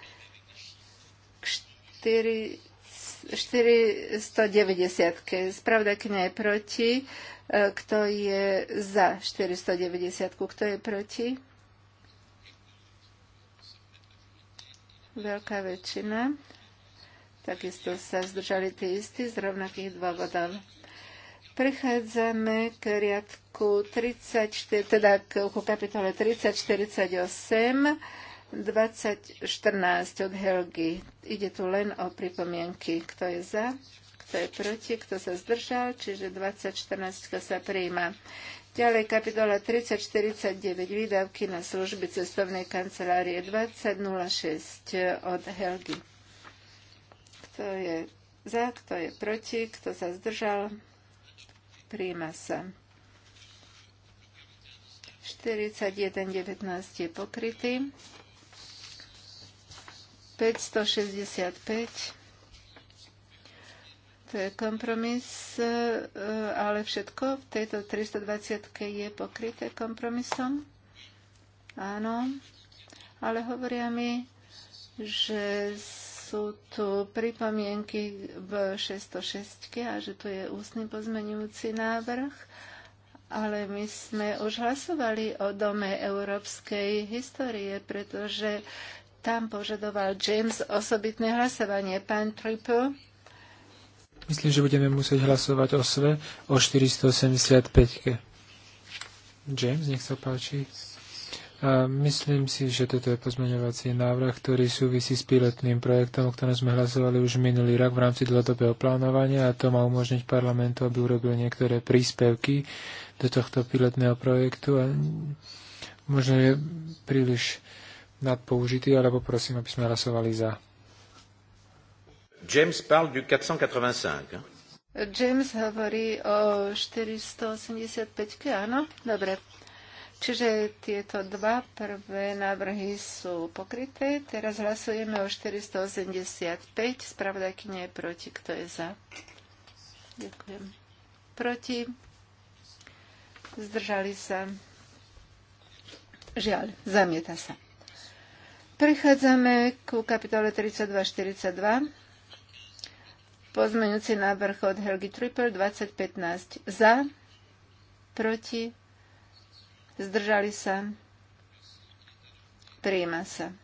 k 4, 490. Spravda Spravdakňa je proti. E, kto je za 490? Kto je proti? Veľká väčšina. Takisto sa zdržali tí istí z rovnakých dôvodov. Prechádzame k riadku 34, teda k kapitole 3048 2014 od Helgy. Ide tu len o pripomienky. Kto je za? Kto je proti? Kto sa zdržal? Čiže 2014 sa prijíma. Ďalej kapitola 3049 výdavky na služby cestovnej kancelárie 2006 od Helgy. Kto je za? Kto je proti? Kto sa zdržal? Príjma sa. 41.19 je pokrytý. 565 to je kompromis, eh, ale všetko v tejto 320 je pokryté kompromisom. Áno, ale hovoria mi, že sú tu pripomienky v 606 a že tu je ústny pozmenujúci návrh, ale my sme už hlasovali o Dome európskej histórie, pretože tam požadoval James osobitné hlasovanie. Pán Triple? Myslím, že budeme musieť hlasovať o SVE o 485. -ke. James, nech sa páči. A myslím si, že toto je pozmeňovací návrh, ktorý súvisí s pilotným projektom, o ktorom sme hlasovali už minulý rok v rámci dlhodobého plánovania a to má umožniť parlamentu, aby urobil niektoré príspevky do tohto pilotného projektu a možno je príliš nadpoužitý, ale poprosím, aby sme hlasovali za. James parle du 485. James hovorí o 485, áno? Dobre. Čiže tieto dva prvé návrhy sú pokryté. Teraz hlasujeme o 485. Spravodajky nie je proti. Kto je za? Ďakujem. Proti? Zdržali sa. Žiaľ, zamieta sa. Prechádzame ku kapitole 3242. Pozmeňujúci návrh od Helgi Triple 2015. Za, proti, zdržali sa, prijíma sa.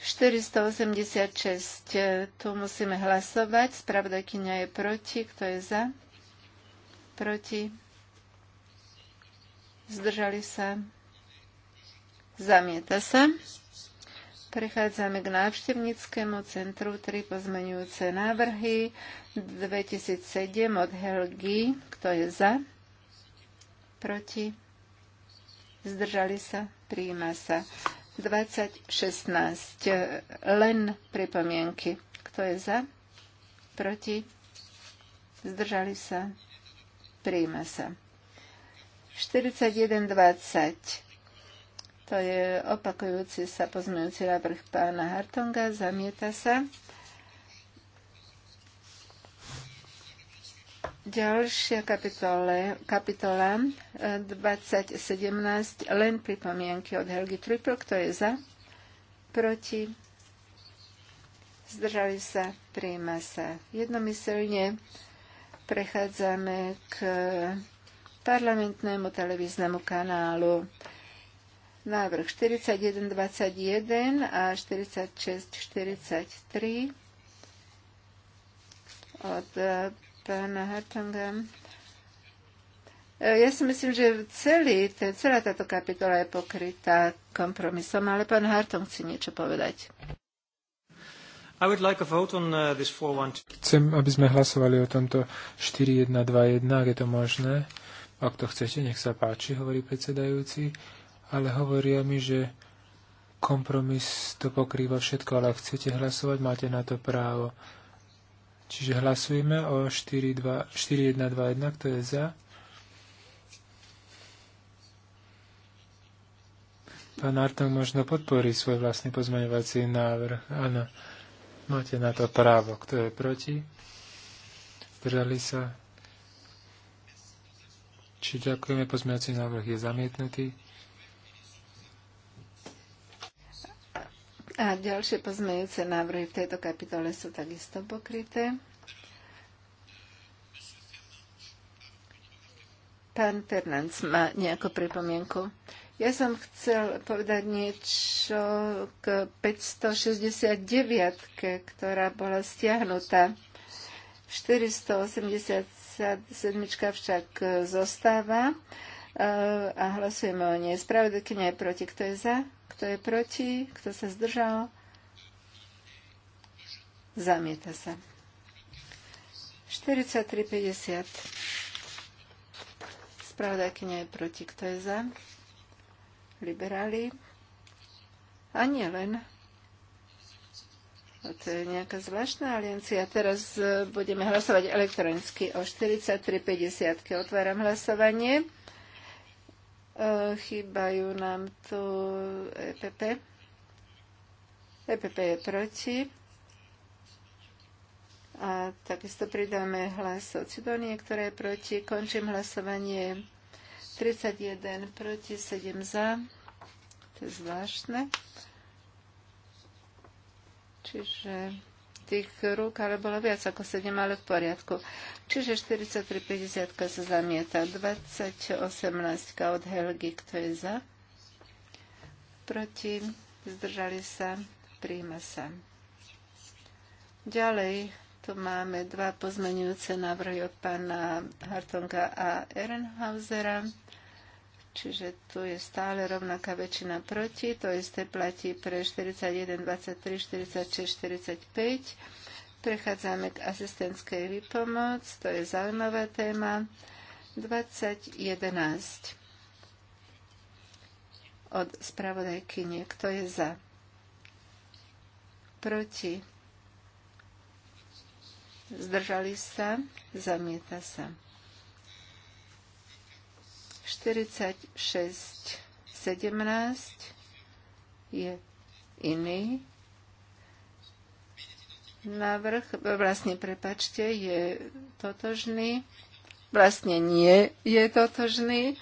486. Tu musíme hlasovať. Spravodajkynia je proti. Kto je za? Proti. Zdržali sa. Zamieta sa. Prechádzame k návštevníckému centru. 3 pozmenujúce návrhy. 2007 od Helgi. Kto je za? Proti? Zdržali sa? Prijíma sa. 2016. Len pripomienky. Kto je za? Proti? Zdržali sa? Prijíma sa. 41.20. To je opakujúci sa pozmeňujúci návrh pána Hartonga. Zamieta sa. Ďalšia kapitole, kapitola 2017, eh, len pripomienky od Helgi Triple. Kto je za? Proti? Zdržali sa? príjma sa jednomyselne. Prechádzame k parlamentnému televíznemu kanálu návrh 41.21 a 46.43 od e, pána Hartonga. E, ja si myslím, že celý, celá táto kapitola je pokrytá kompromisom, ale pán Hartung chce niečo povedať. Like on, uh, Chcem, aby sme hlasovali o tomto 4121, ak je to možné. Ak to chcete, nech sa páči, hovorí predsedajúci ale hovoria mi, že kompromis to pokrýva všetko, ale ak chcete hlasovať, máte na to právo. Čiže hlasujeme o 4121, kto je za. Pán Artok možno podporí svoj vlastný pozmeňovací návrh. Áno, máte na to právo. Kto je proti? Zdržali sa? Či ďakujeme, pozmeňovací návrh je zamietnutý. A ďalšie pozmejúce návrhy v tejto kapitole sú takisto pokryté. Pán Fernanc má nejakú pripomienku. Ja som chcel povedať niečo k 569, ktorá bola stiahnutá. 487 však zostáva eh, a hlasujeme o nej. Spravodajkynia je proti. Kto je za? Kto je proti? Kto sa zdržal? Zamieta sa. 43,50. Spravodajkynia je proti. Kto je za? Liberáli. A nie len. To je nejaká zvláštna aliancia. Teraz e, budeme hlasovať elektronicky o 43,50. Otváram hlasovanie. Eh, chýbajú nám tu EPP. EPP je proti. A takisto pridáme hlas od Sidonie, ktorá je proti. Končím hlasovanie 31 proti 7 za. To je zvláštne. Čiže tých rúk, ale bolo viac ako 7, ale v poriadku. Čiže 43,50 sa zamieta. 20,18 od Helgi. kto je za? Proti, zdržali sa, príjma sa. Ďalej tu máme dva pozmenujúce návrhy od pána Hartonga a Ehrenhausera. Čiže tu je stále rovnaká väčšina proti. To isté platí pre 41, 23, 46, 45. Prechádzame k asistentskej výpomoc. To je zaujímavá téma. 2011 od spravodajky. Kto je za? Proti? Zdržali sa? Zamieta sa. 46, 17 je iný návrh, vlastne prepačte, je totožný, vlastne nie je totožný,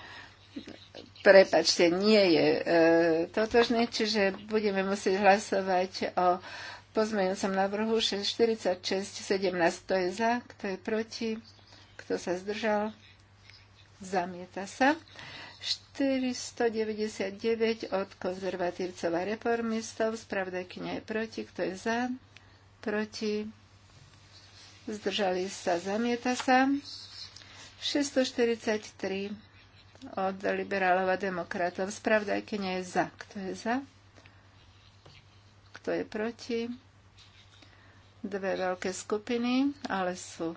prepačte, nie je e, totožný, čiže budeme musieť hlasovať o pozmeňujúcom návrhu 46, 17, kto je za, kto je proti, kto sa zdržal Zamieta sa. 499 od konzervatívcov a reformistov. Spravdajkynia je proti. Kto je za? Proti. Zdržali sa. Zamieta sa. 643 od liberálov a demokratov. Spravdajkynia je za. Kto je za? Kto je proti? Dve veľké skupiny, ale sú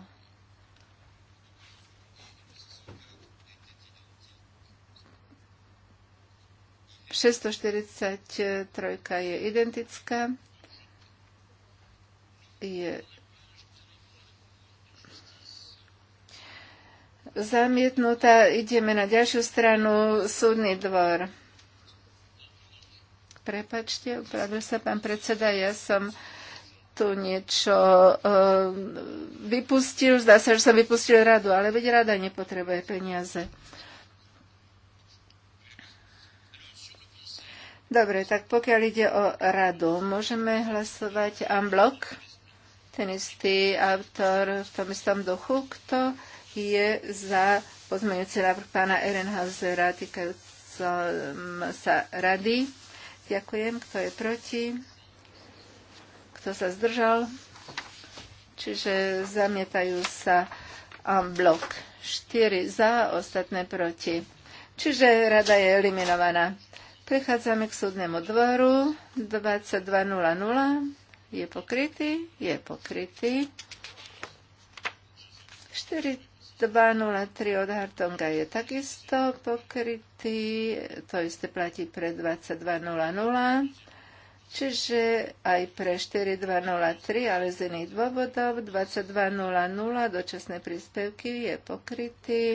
643 je identická. Je zamietnutá. Ideme na ďalšiu stranu. Súdny dvor. Prepačte, upravil sa pán predseda, ja som tu niečo ehm, vypustil. Zdá sa, že som vypustil radu, ale veď rada nepotrebuje peniaze. Dobre, tak pokiaľ ide o radu, môžeme hlasovať Amblok, Ten istý autor v tom istom duchu, kto je za pozmeňujúci návrh pána Ehrenhausera týkajúco sa rady. Ďakujem. Kto je proti? Kto sa zdržal? Čiže zamietajú sa blok 4 za, ostatné proti. Čiže rada je eliminovaná. Prechádzame k súdnemu dvoru. 22.00 je pokrytý, je pokrytý. 4203 od Hartonga je takisto pokrytý, to isté platí pre 2200, čiže aj pre 4203, ale z iných dôvodov 2200 dočasné príspevky je pokrytý.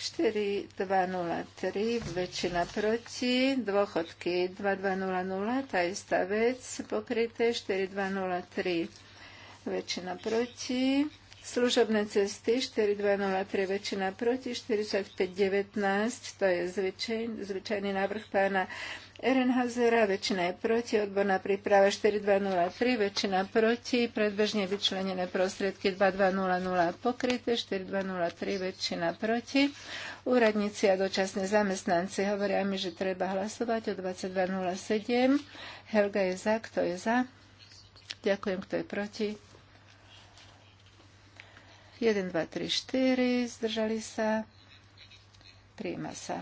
4203, väčšina proti, dôchodky 2200, tá istá vec, pokryté 4203, väčšina proti, Služobné cesty 4203 väčšina proti, 4519 to je zvyčajný, zvyčajný návrh pána Erenhazera, väčšina je proti, odborná príprava 4203, väčšina proti, predbežne vyčlenené prostriedky 2200 pokryté, 4203, väčšina proti. Úradníci a dočasné zamestnanci hovoria mi, že treba hlasovať o 2207. Helga je za, kto je za? Ďakujem, kto je proti. 1, 2, 3, 4, zdržali sa, príjma sa.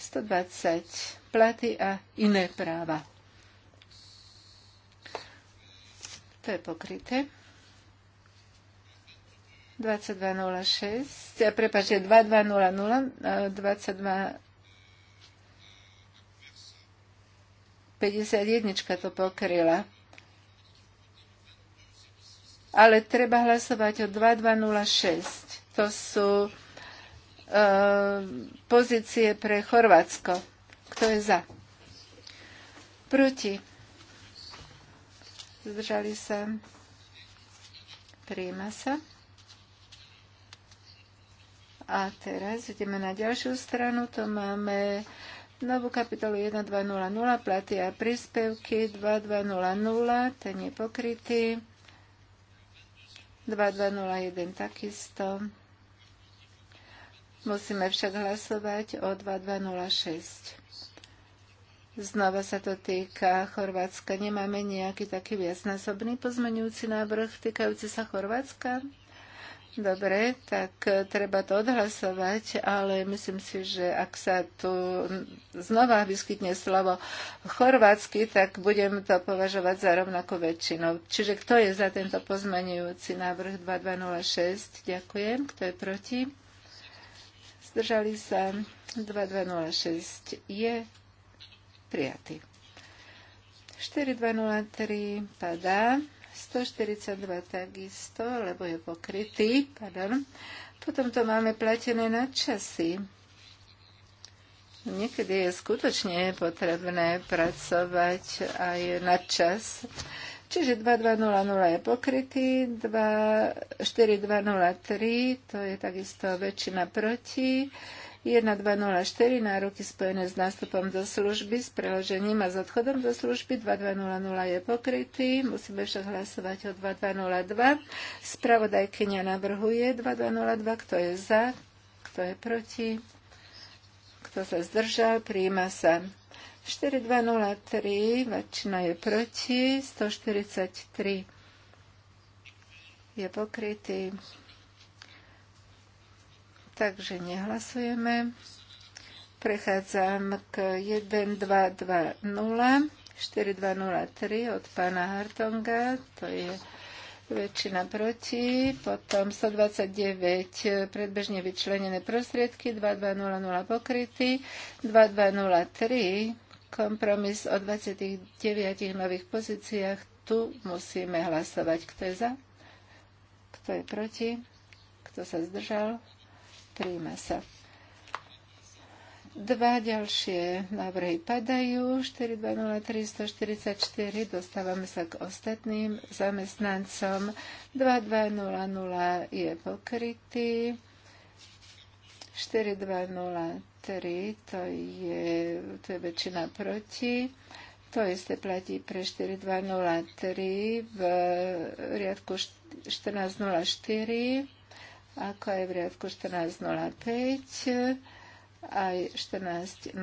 120, platy a iné práva. To je pokryté. 2206, prepáčte, 2200, 22 51 to pokryla ale treba hlasovať o 2206. To sú e, pozície pre Chorvátsko. Kto je za? Proti? Zdržali sa? Príjma sa. A teraz ideme na ďalšiu stranu. To máme novú kapitolu 1200, platy a príspevky 2200, ten je pokrytý. 2201 takisto. Musíme však hlasovať o 2206. Znova sa to týka Chorvátska. Nemáme nejaký taký viacnásobný pozmenujúci návrh týkajúci sa Chorvátska? Dobre, tak eh, treba to odhlasovať, ale myslím si, že ak sa tu znova vyskytne slovo chorvátsky, tak budem to považovať za rovnakú väčšinu. Čiže kto je za tento pozmenujúci návrh 2206? Ďakujem. Kto je proti? Zdržali sa. 2206 je prijatý. 4203 padá. 142 takisto, lebo je pokrytý, pardon. Potom to máme platené nadčasy. Niekedy je skutočne potrebné pracovať aj nadčas. čas Čiže 2200 je pokrytý, 4203 to je takisto väčšina proti, 1204 nároky spojené s nástupom do služby, s preložením a s odchodom do služby, 2200 je pokrytý, musíme však hlasovať o 2202. Spravodajkynia navrhuje 2202, kto je za, kto je proti, kto sa zdržal, prijíma sa. 4203, väčšina je proti, 143 je pokrytý. Takže nehlasujeme. Prechádzam k 1220, 4203 od pána Hartonga, to je väčšina proti, potom 129 predbežne vyčlenené prostriedky, 2200 pokrytý, 2203 Kompromis o 29 nových pozíciách. Tu musíme hlasovať. Kto je za? Kto je proti? Kto sa zdržal? Príjme sa. Dva ďalšie návrhy padajú. 420344. Dostávame sa k ostatným zamestnancom. 2200 je pokrytý. 4203 ktorí, to je, to je väčšina proti. To isté platí pre 4203 v riadku 1404, ako aj v riadku 1405, aj 1406.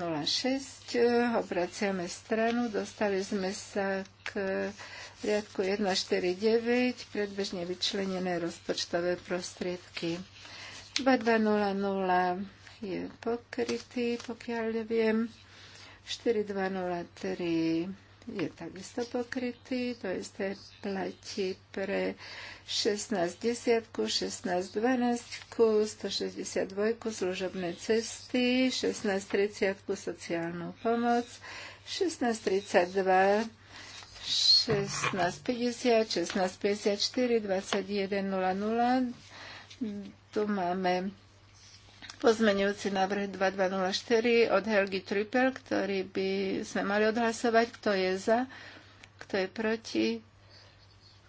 Obraciame stranu, dostali sme sa k riadku 149, predbežne vyčlenené rozpočtové prostriedky. 2200 je pokrytý, pokiaľ viem. 4203 je takisto pokrytý, to isté platí pre 1610, 1612, 162 služobné cesty, 1630 sociálnu pomoc, 1632 1650, 1654, 2100. Tu máme Pozmenujúci návrh 2204 od Helgi Trippel, ktorý by sme mali odhlasovať. Kto je za? Kto je proti?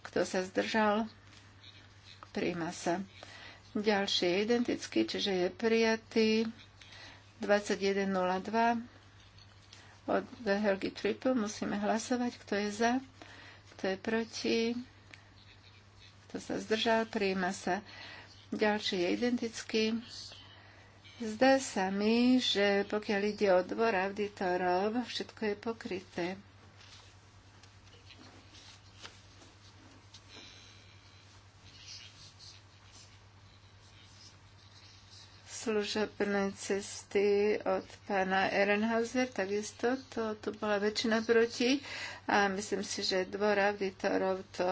Kto sa zdržal? Príjma sa. Ďalší je identický, čiže je prijatý 2102 od Helgi Triple. Musíme hlasovať, kto je za, kto je proti, kto sa zdržal, príjma sa. Ďalší je identický, Zdá sa mi, že pokiaľ ide o dvor auditorov, všetko je pokryté. služobné cesty od pána Ehrenhauser, takisto to, to bola väčšina proti a myslím si, že dvor auditorov to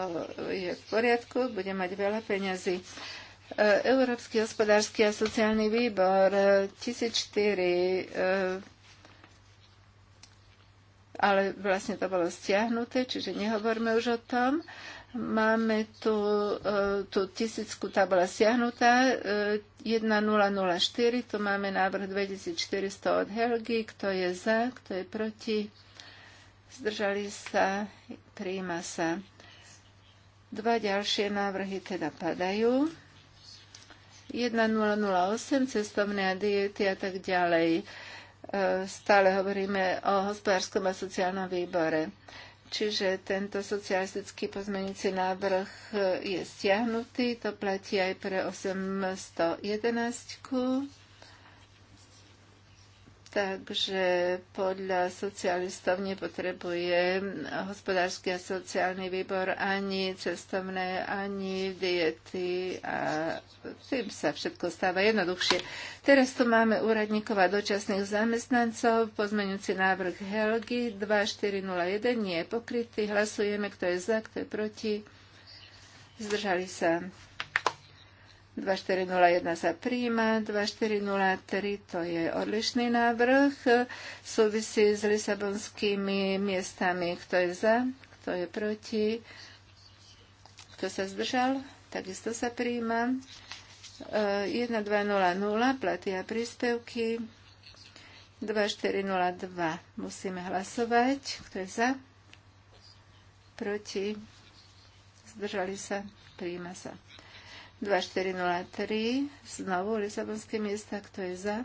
je v poriadku, bude mať veľa peňazí. E, Európsky hospodársky a sociálny výbor 1004 e, e, ale vlastne to bolo stiahnuté, čiže nehovorme už o tom. Máme tu, tu tisícku, tá bola stiahnutá, 1004, tu máme návrh 2400 od Helgy, kto je za, kto je proti, zdržali sa, príjma sa. Dva ďalšie návrhy teda padajú. 1008, cestovné a diety a tak ďalej. E, stále hovoríme o hospodárskom a sociálnom výbore. Čiže tento socialistický pozmenujúci návrh e, je stiahnutý. To platí aj pre 811. Takže podľa socialistov nepotrebuje hospodársky a sociálny výbor ani cestovné, ani diety a tým sa všetko stáva jednoduchšie. Teraz tu máme úradníkov a dočasných zamestnancov. Pozmeňujúci návrh helgi 2401 nie je pokrytý. Hlasujeme, kto je za, kto je proti. Zdržali sa. 2401 sa príjma, 2403 to je odlišný návrh, súvisí s lisabonskými miestami. Kto je za, kto je proti, kto sa zdržal, takisto sa príjma. 1200 e, platy a príspevky. 2402 musíme hlasovať. Kto je za? Proti? Zdržali sa? Príjma sa. 2403, znovu Lisabonské miesta, kto je za,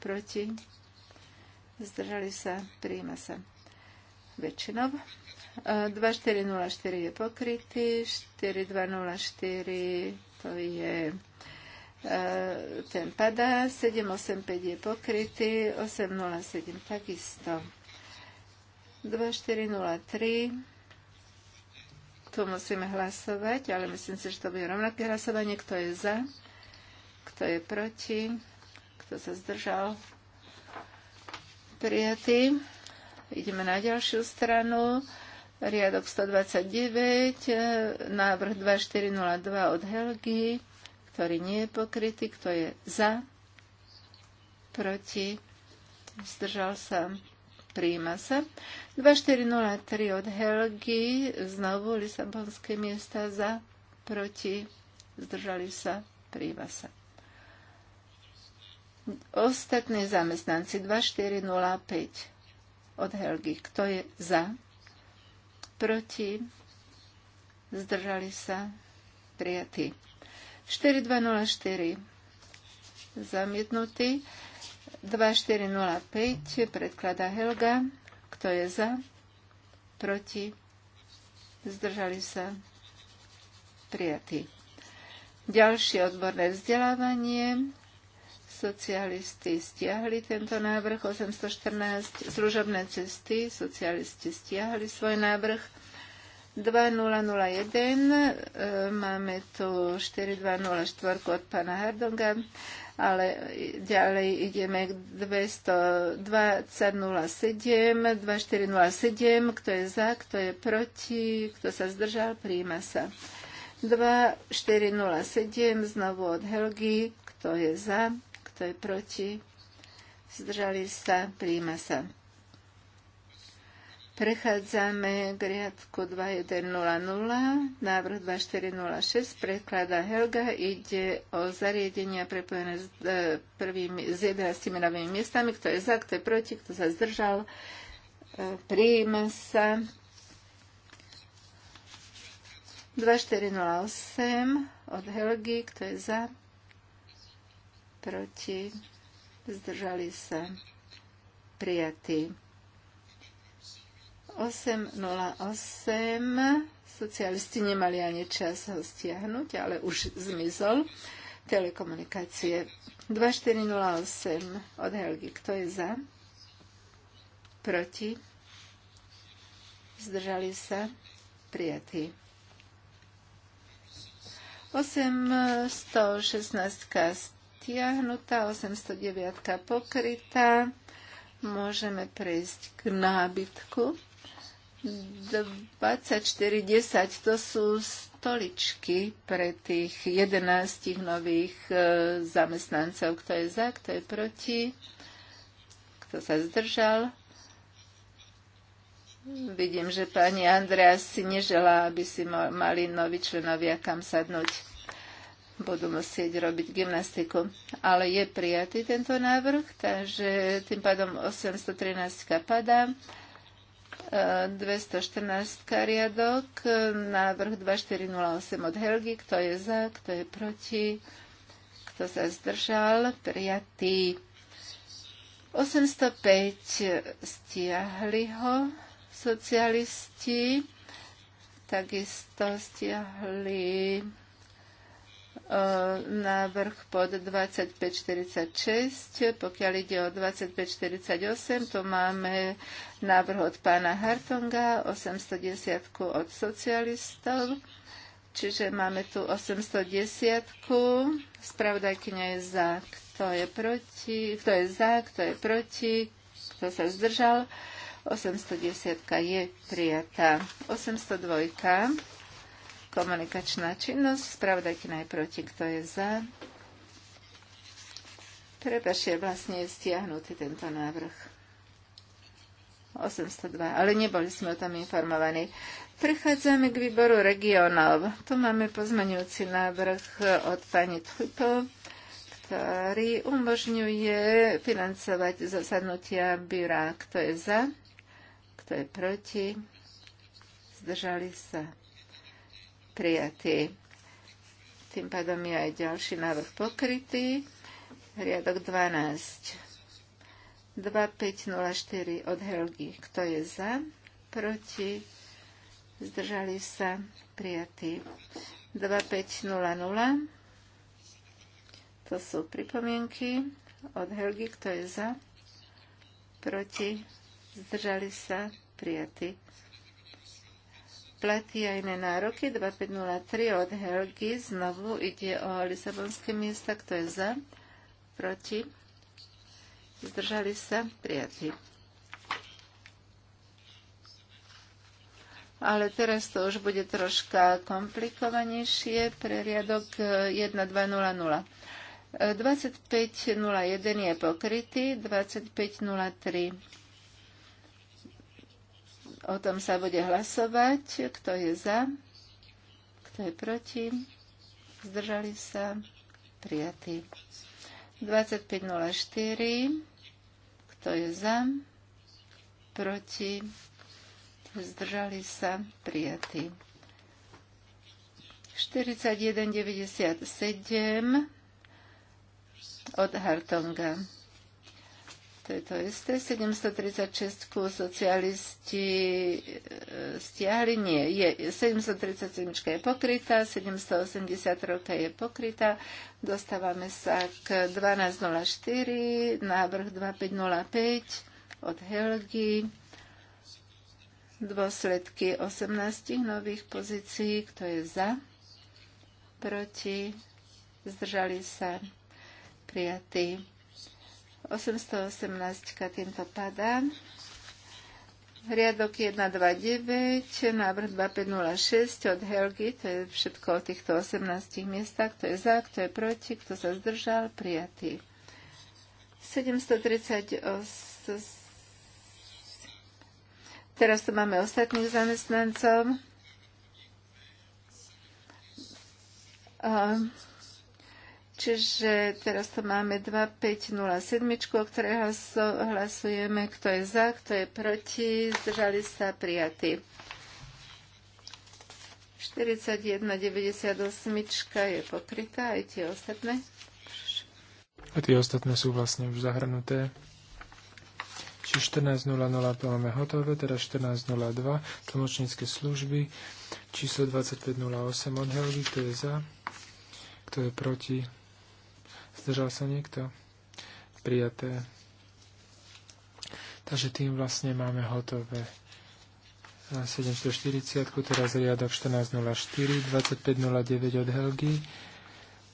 proti, zdržali sa, Príjma sa väčšinou. E, 2404 je pokrytý, 4204 to je e, ten padá, 785 je pokrytý, 807 takisto. 2403 tu musíme hlasovať, ale myslím si, že to bude rovnaké hlasovanie. Kto je za? Kto je proti? Kto sa zdržal? Prijatý. Ideme na ďalšiu stranu. Riadok 129, e, návrh 2402 od Helgy, ktorý nie je pokrytý, kto je za, proti, zdržal sa Príjima sa. 2403 od Helgy, znovu Lisabonské miesta za, proti, zdržali sa, príjima sa. Ostatní zamestnanci 2405 od Helgy. Kto je za? Proti? Zdržali sa? Prijatí. 4204 zamietnutý. 2405 predkladá Helga. Kto je za? Proti? Zdržali sa? Prijatí. Ďalšie odborné vzdelávanie. Socialisti stiahli tento návrh. 814 služobné cesty. Socialisti stiahli svoj návrh. 2001. E, máme tu 4204 od pána Hardonga ale ďalej ideme k 220 07, 2407, kto je za, kto je proti, kto sa zdržal, príjma sa. 2407 znovu od Helgy, kto je za, kto je proti, zdržali sa, príjma sa. Prechádzame k riadku 2100, návrh 2406, prekladá Helga, ide o zariadenia prepojené s, e, prvými, s 11 novými miestami, kto je za, kto je proti, kto sa zdržal, e, prijíma sa. 2408 od Helgy, kto je za, proti, zdržali sa, prijatí. 808. Socialisti nemali ani čas ho stiahnuť, ale už zmizol. Telekomunikácie. 2408 od Helgi. Kto je za? Proti? Zdržali sa? Prijatý. 816 stiahnutá, 809 pokrytá. Môžeme prejsť k nábytku. 2410 to sú stoličky pre tých 11 nových e, zamestnancov. Kto je za, kto je proti, kto sa zdržal. Vidím, že pani Andrea si neželá, aby si mali noví členovia kam sadnúť budú musieť robiť gymnastiku. Ale je prijatý tento návrh, takže tým pádom 813 padá. 214 riadok, návrh 2408 od Helgy, kto je za, kto je proti, kto sa zdržal, prijatý. 805 stiahli ho socialisti, takisto stiahli návrh pod 2546. Pokiaľ ide o 2548, tu máme návrh od pána Hartonga, 810 od socialistov. Čiže máme tu 810. Spravodajkyňa je za. Kto je proti? Kto je za? Kto je proti? Kto sa zdržal? 810 je prijatá. 802 komunikačná činnosť. Spravodajte najproti, kto je za. Prepaš vlastne je vlastne stiahnutý tento návrh. 802, ale neboli sme o tom informovaní. Prechádzame k výboru regionov. Tu máme pozmeňujúci návrh od pani Tchupo, ktorý umožňuje financovať zasadnutia byra. Kto je za? Kto je proti? Zdržali sa prijatý. Tým pádom je aj ďalší návrh pokrytý. Riadok 12. 2504 od Helgy. Kto je za? Proti? Zdržali sa? Prijatý. 2500. To sú pripomienky od Helgy. Kto je za? Proti? Zdržali sa? Prijatý. Platí aj iné nároky. 2503 od Helgi. Znovu ide o Lisabonské miesta. Kto je za? Proti? Zdržali sa? Prijatí. Ale teraz to už bude troška komplikovanejšie pre riadok 1200. 2501 je pokrytý, 2503 O tom sa bude hlasovať. Kto je za? Kto je proti? Zdržali sa? Prijatý. 2504. Kto je za? Proti? Zdržali sa? Prijatý. 4197 od Hartonga to je to isté. 736 socialisti e, stiahli. Nie, je, 737 je pokrytá, 783 je pokrytá. Dostávame sa k 1204, návrh 2505 od Helgi, Dôsledky 18 nových pozícií, kto je za, proti, zdržali sa, prijatí. 818 týmto padá. Riadok 129, návrh 2506 od Helgy, to je všetko o týchto 18 miestach, kto je za, kto je proti, kto sa zdržal, prijatý. 738, teraz tu máme ostatných zamestnancov. Um, Čiže teraz to máme 2507, o ktorej hlasujeme, kto je za, kto je proti, zdržali sa prijatí. 41,98 je pokrytá, aj tie ostatné. A tie ostatné sú vlastne už zahrnuté. Či 14.00 to máme hotové, teraz teda 14.02, tlmočnícke služby, číslo 2508 od Helgy, kto je za, kto je proti, Zdržal sa niekto? Prijaté. Takže tým vlastne máme hotové 740, teraz riadok 1404, 2509 od Helgy.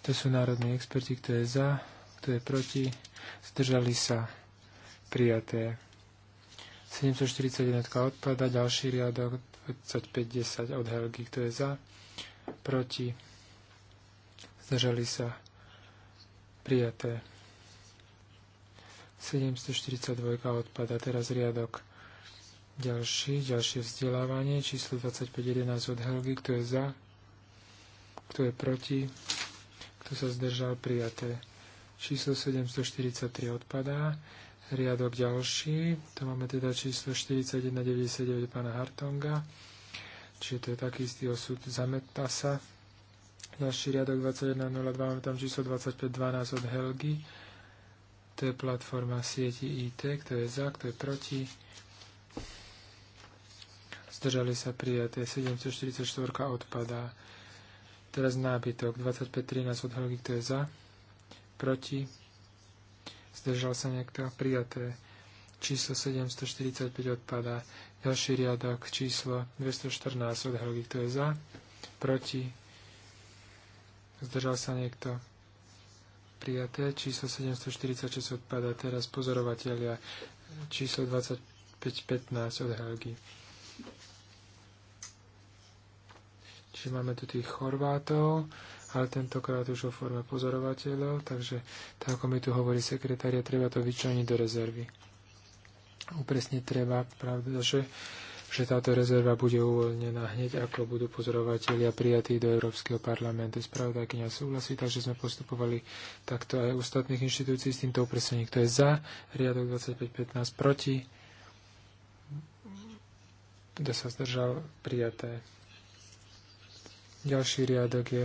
To sú národní experti, kto je za, kto je proti. Zdržali sa prijaté. 741 odpada, ďalší riadok 2510 od Helgy, kto je za, proti. Zdržali sa prijaté. 742 odpada, teraz riadok ďalší, ďalšie vzdelávanie, číslo 2511 od Helgy, kto je za, kto je proti, kto sa zdržal, prijaté. Číslo 743 odpadá, riadok ďalší, to máme teda číslo 4199 pána Hartonga, čiže to je taký istý osud, zametá sa, ďalší riadok 21.02, máme tam číslo 25.12 od Helgy. To je platforma sieti IT, kto je za, kto je proti. Zdržali sa prijaté. 744 odpadá. Teraz nábytok 25.13 od Helgy, kto je za, proti. Zdržal sa niekto prijaté. Číslo 745 odpadá. Ďalší riadok číslo 214 od Helgy, kto je za, proti Zdržal sa niekto? Prijaté. Číslo 746 odpada. Teraz pozorovatelia. Číslo 2515 od Helgy. Čiže máme tu tých Chorvátov, ale tentokrát už o forme pozorovateľov, takže tak ako mi tu hovorí sekretária, treba to vyčleniť do rezervy. Upresne treba, pravda, že že táto rezerva bude uvoľnená hneď, ako budú pozorovatelia prijatí do Európskeho parlamentu. spravda, nás súhlasí, takže sme postupovali takto aj ostatných inštitúcií s týmto upresením. Kto je za, riadok 2515 proti, kto sa zdržal, prijaté. Ďalší riadok je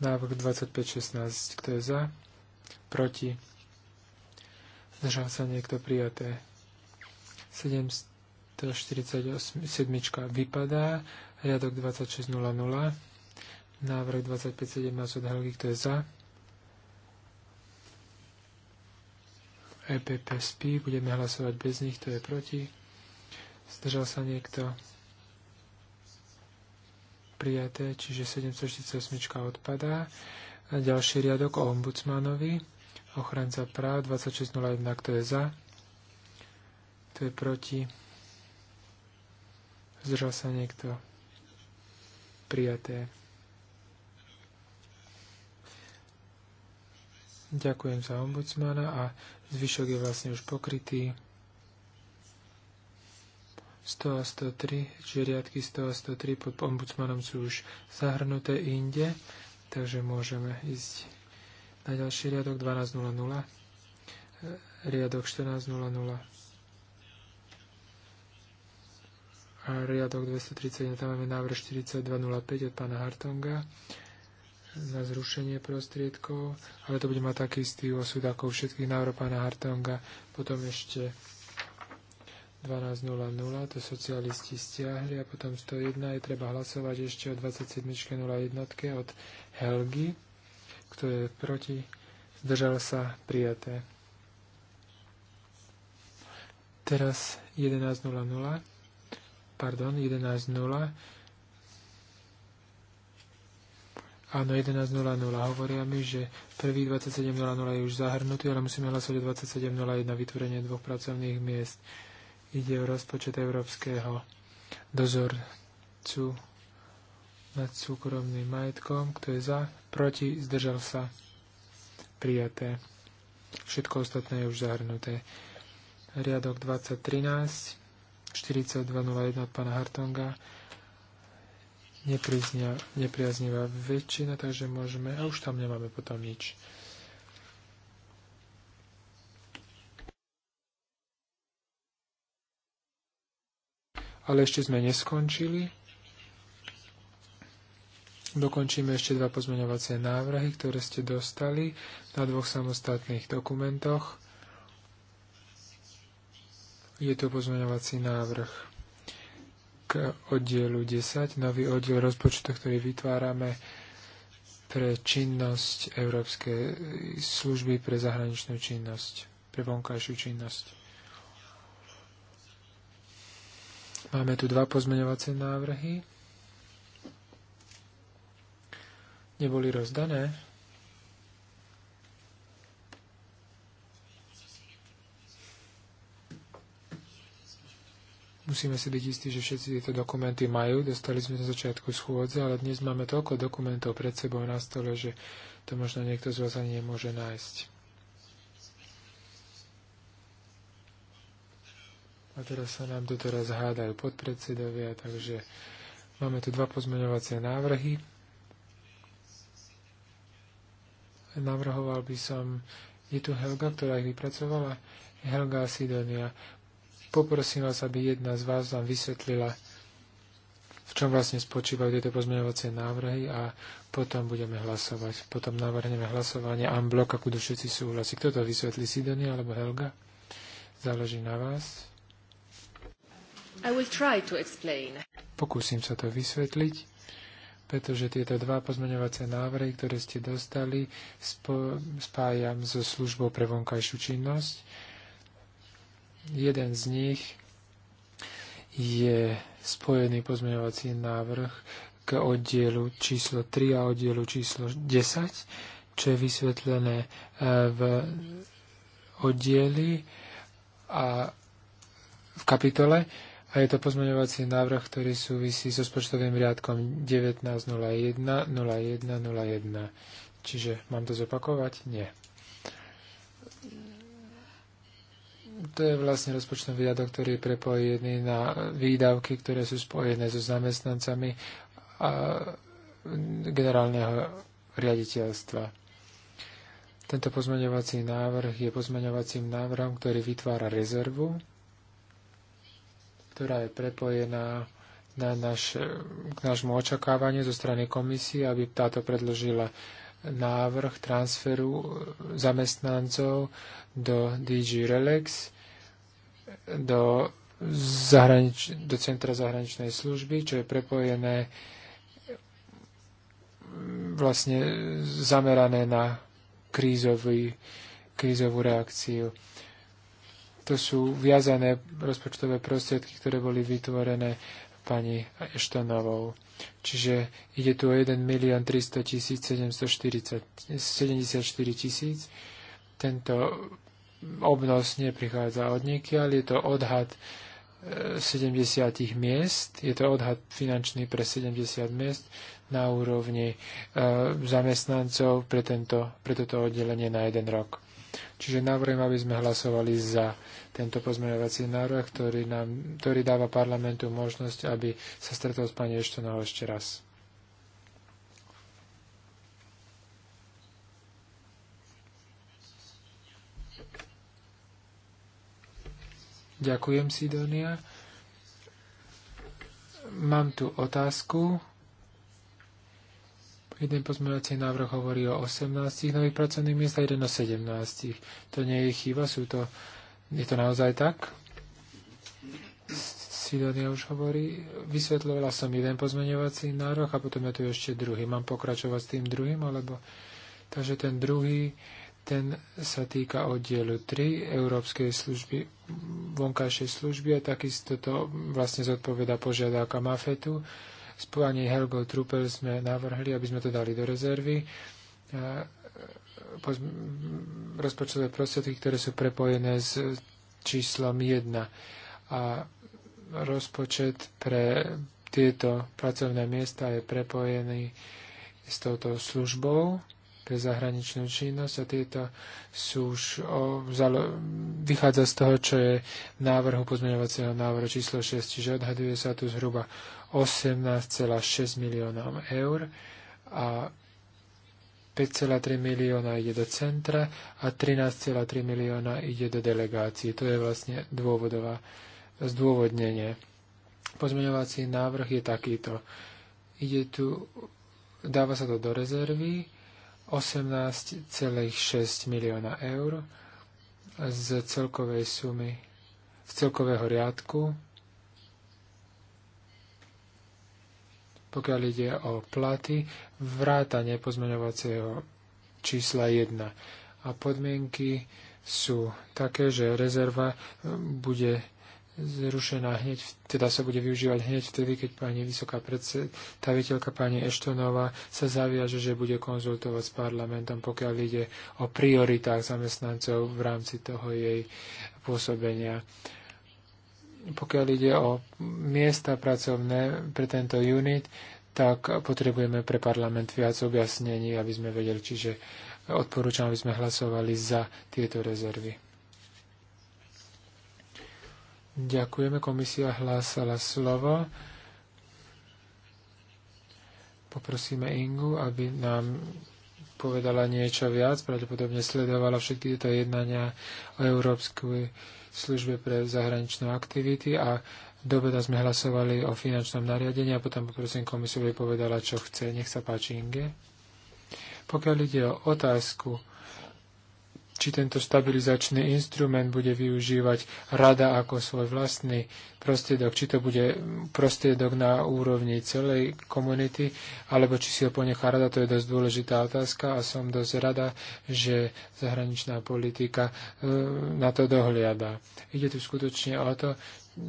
návrh 2516. Kto je za? Proti? Zdržal sa niekto prijaté. 700 47 vypadá, riadok 2600, návrh 2517 od Helgi, kto je za. EPP spí, budeme hlasovať bez nich, kto je proti. Zdržal sa niekto? Prijaté, čiže 748 odpadá. A ďalší riadok o ombudsmanovi, ochranca práv 2601, kto je za, kto je proti Zdržal sa niekto? Prijaté. Ďakujem za ombudsmana a zvyšok je vlastne už pokrytý. 100 a 103, žiariadky 100 a 103 pod ombudsmanom sú už zahrnuté inde, takže môžeme ísť na ďalší riadok 12.00, riadok 14.00. a riadok 231, tam máme návrh 4205 od pána Hartonga na zrušenie prostriedkov, ale to bude mať taký istý osud ako všetkých návrh pána Hartonga. Potom ešte 12.00, to socialisti stiahli a potom 101 je treba hlasovať ešte o 27.01 od Helgy, kto je proti, zdržal sa, prijaté. Teraz 11.00 pardon, 11.0. Áno, 11.00 hovoria mi, že prvý 27.00 je už zahrnutý, ale musíme hlasovať o 27.01 vytvorenie dvoch pracovných miest. Ide o rozpočet európskeho dozorcu nad súkromným majetkom. Kto je za? Proti? Zdržal sa? Prijaté. Všetko ostatné je už zahrnuté. Riadok 2013. 4201 od pána Hartonga nepriaznivá väčšina, takže môžeme, a už tam nemáme potom nič. Ale ešte sme neskončili. Dokončíme ešte dva pozmeňovacie návrhy, ktoré ste dostali na dvoch samostatných dokumentoch. Je to pozmeňovací návrh k oddielu 10, nový oddiel rozpočtu, ktorý vytvárame pre činnosť Európskej služby pre zahraničnú činnosť, pre vonkajšiu činnosť. Máme tu dva pozmeňovacie návrhy. Neboli rozdané? Musíme si byť istí, že všetci tieto dokumenty majú. Dostali sme na začiatku schôdze, ale dnes máme toľko dokumentov pred sebou na stole, že to možno niekto z vás ani nemôže nájsť. A teraz sa nám doteraz hádajú podpredsedovia, takže máme tu dva pozmeňovacie návrhy. Navrhoval by som, je tu Helga, ktorá ich vypracovala, Helga a Sidonia. Poprosím vás, aby jedna z vás vám vysvetlila, v čom vlastne spočívajú tieto pozmeňovacie návrhy a potom budeme hlasovať. Potom navrhneme hlasovanie blok, ako všetci súhlasí. Kto to vysvetlí, Sidonia alebo Helga? Záleží na vás. I will try to explain. Pokúsim sa to vysvetliť pretože tieto dva pozmeňovacie návrhy, ktoré ste dostali, spájam so službou pre vonkajšiu činnosť Jeden z nich je spojený pozmeňovací návrh k oddielu číslo 3 a oddielu číslo 10, čo je vysvetlené e, v oddieli a v kapitole a je to pozmeňovací návrh, ktorý súvisí so spočtovým riadkom 19-01-01-01. Čiže mám to zopakovať? Nie. to je vlastne rozpočtový výdavok, ktorý je prepojený na výdavky, ktoré sú spojené so zamestnancami a generálneho riaditeľstva. Tento pozmeňovací návrh je pozmeňovacím návrhom, ktorý vytvára rezervu, ktorá je prepojená na naš, k nášmu očakávaniu zo strany komisie, aby táto predložila návrh transferu zamestnancov do DG Relax, do, zahranič- do Centra zahraničnej služby, čo je prepojené mm, vlastne zamerané na krízový, krízovú reakciu. To sú viazané rozpočtové prostriedky, ktoré boli vytvorené pani Eštanovou. Čiže ide tu o 1 milión 300 tisíc 744 tisíc. Tento obnos neprichádza od nieky, ale je to odhad 70 e, miest, je to odhad finančný pre 70 miest na úrovni e, zamestnancov pre, tento, pre toto oddelenie na jeden rok. Čiže navrhujem, aby sme hlasovali za tento pozmeňovací návrh, ktorý, nám, ktorý dáva parlamentu možnosť, aby sa stretol s pani Eštonovou ešte raz. Ďakujem, Sidonia. Mám tu otázku Jeden pozmeňovací návrh hovorí o 18 nových pracovných miest a jeden o 17. To nie je chyba, sú to... Je to naozaj tak? Sidonia už hovorí. Vysvetľovala som jeden pozmeňovací nárok a potom je tu ešte druhý. Mám pokračovať s tým druhým, alebo... Takže ten druhý, ten sa týka oddielu 3 Európskej služby, vonkajšej služby a takisto to vlastne zodpoveda požiadavka Mafetu spojanie pani Helgou Trupel sme navrhli, aby sme to dali do rezervy. E, rozpočtové prostriedky, ktoré sú prepojené s číslom 1. A rozpočet pre tieto pracovné miesta je prepojený s touto službou pre zahraničnú činnosť a tieto sú už o, zalo, vychádza z toho, čo je v návrhu pozmeňovacieho návrhu číslo 6, čiže odhaduje sa tu zhruba 18,6 miliónov eur a 5,3 milióna ide do centra a 13,3 milióna ide do delegácií. To je vlastne dôvodová zdôvodnenie. Pozmeňovací návrh je takýto. Ide tu, dáva sa to do rezervy, 18,6 milióna eur z celkovej sumy, z celkového riadku, pokiaľ ide o platy, vrátanie pozmeňovacieho čísla 1. A podmienky sú také, že rezerva bude zrušená hneď, teda sa bude využívať hneď vtedy, keď pani vysoká predstaviteľka pani Eštonová sa zaviaže, že bude konzultovať s parlamentom, pokiaľ ide o prioritách zamestnancov v rámci toho jej pôsobenia. Pokiaľ ide o miesta pracovné pre tento unit, tak potrebujeme pre parlament viac objasnení, aby sme vedeli, čiže odporúčam, aby sme hlasovali za tieto rezervy. Ďakujeme. Komisia hlásala slovo. Poprosíme Ingu, aby nám povedala niečo viac. Pravdepodobne sledovala všetky tieto jednania o Európskej službe pre zahraničné aktivity a do obeda sme hlasovali o finančnom nariadení a potom poprosím komisiu, aby povedala, čo chce. Nech sa páči Inge. Pokiaľ ide o otázku či tento stabilizačný instrument bude využívať rada ako svoj vlastný prostriedok, či to bude prostriedok na úrovni celej komunity, alebo či si ho ponechá rada, to je dosť dôležitá otázka a som dosť rada, že zahraničná politika e, na to dohliada. Ide tu skutočne o to,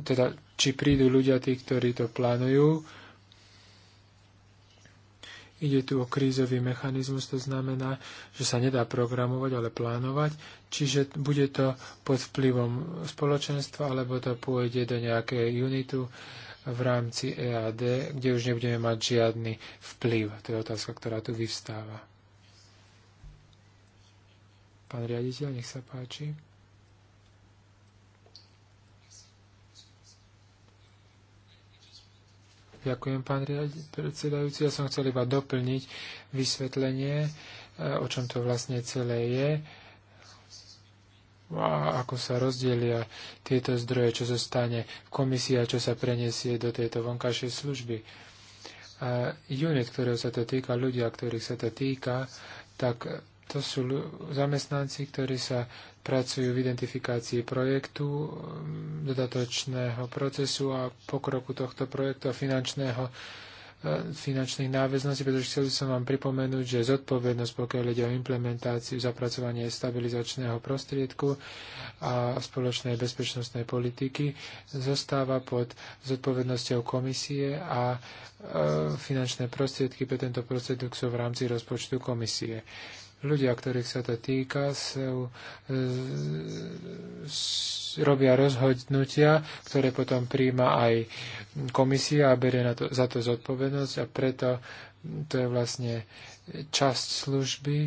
teda, či prídu ľudia tí, ktorí to plánujú, Ide tu o krízový mechanizmus, to znamená, že sa nedá programovať, ale plánovať, čiže bude to pod vplyvom spoločenstva, alebo to pôjde do nejakej unitu v rámci EAD, kde už nebudeme mať žiadny vplyv. To je otázka, ktorá tu vyvstáva. Pán riaditeľ, nech sa páči. Ďakujem, pán predsedajúci. Ja som chcel iba doplniť vysvetlenie, e, o čom to vlastne celé je a ako sa rozdielia tieto zdroje, čo zostane v komisii a čo sa preniesie do tejto vonkajšej služby. A unit, ktorého sa to týka, ľudia, ktorých sa to týka, tak to sú zamestnanci, ktorí sa pracujú v identifikácii projektu, um, dodatočného procesu a pokroku tohto projektu a finančného uh, finančných náväzností, pretože chcel som vám pripomenúť, že zodpovednosť, pokiaľ ide o implementáciu, zapracovanie stabilizačného prostriedku a spoločnej bezpečnostnej politiky, zostáva pod zodpovednosťou komisie a uh, finančné prostriedky pre tento prostriedok sú v rámci rozpočtu komisie. Ľudia, ktorých sa to týka, e, s, robia rozhodnutia, ktoré potom príjma aj komisia a bere na to, za to zodpovednosť a preto to je vlastne časť služby,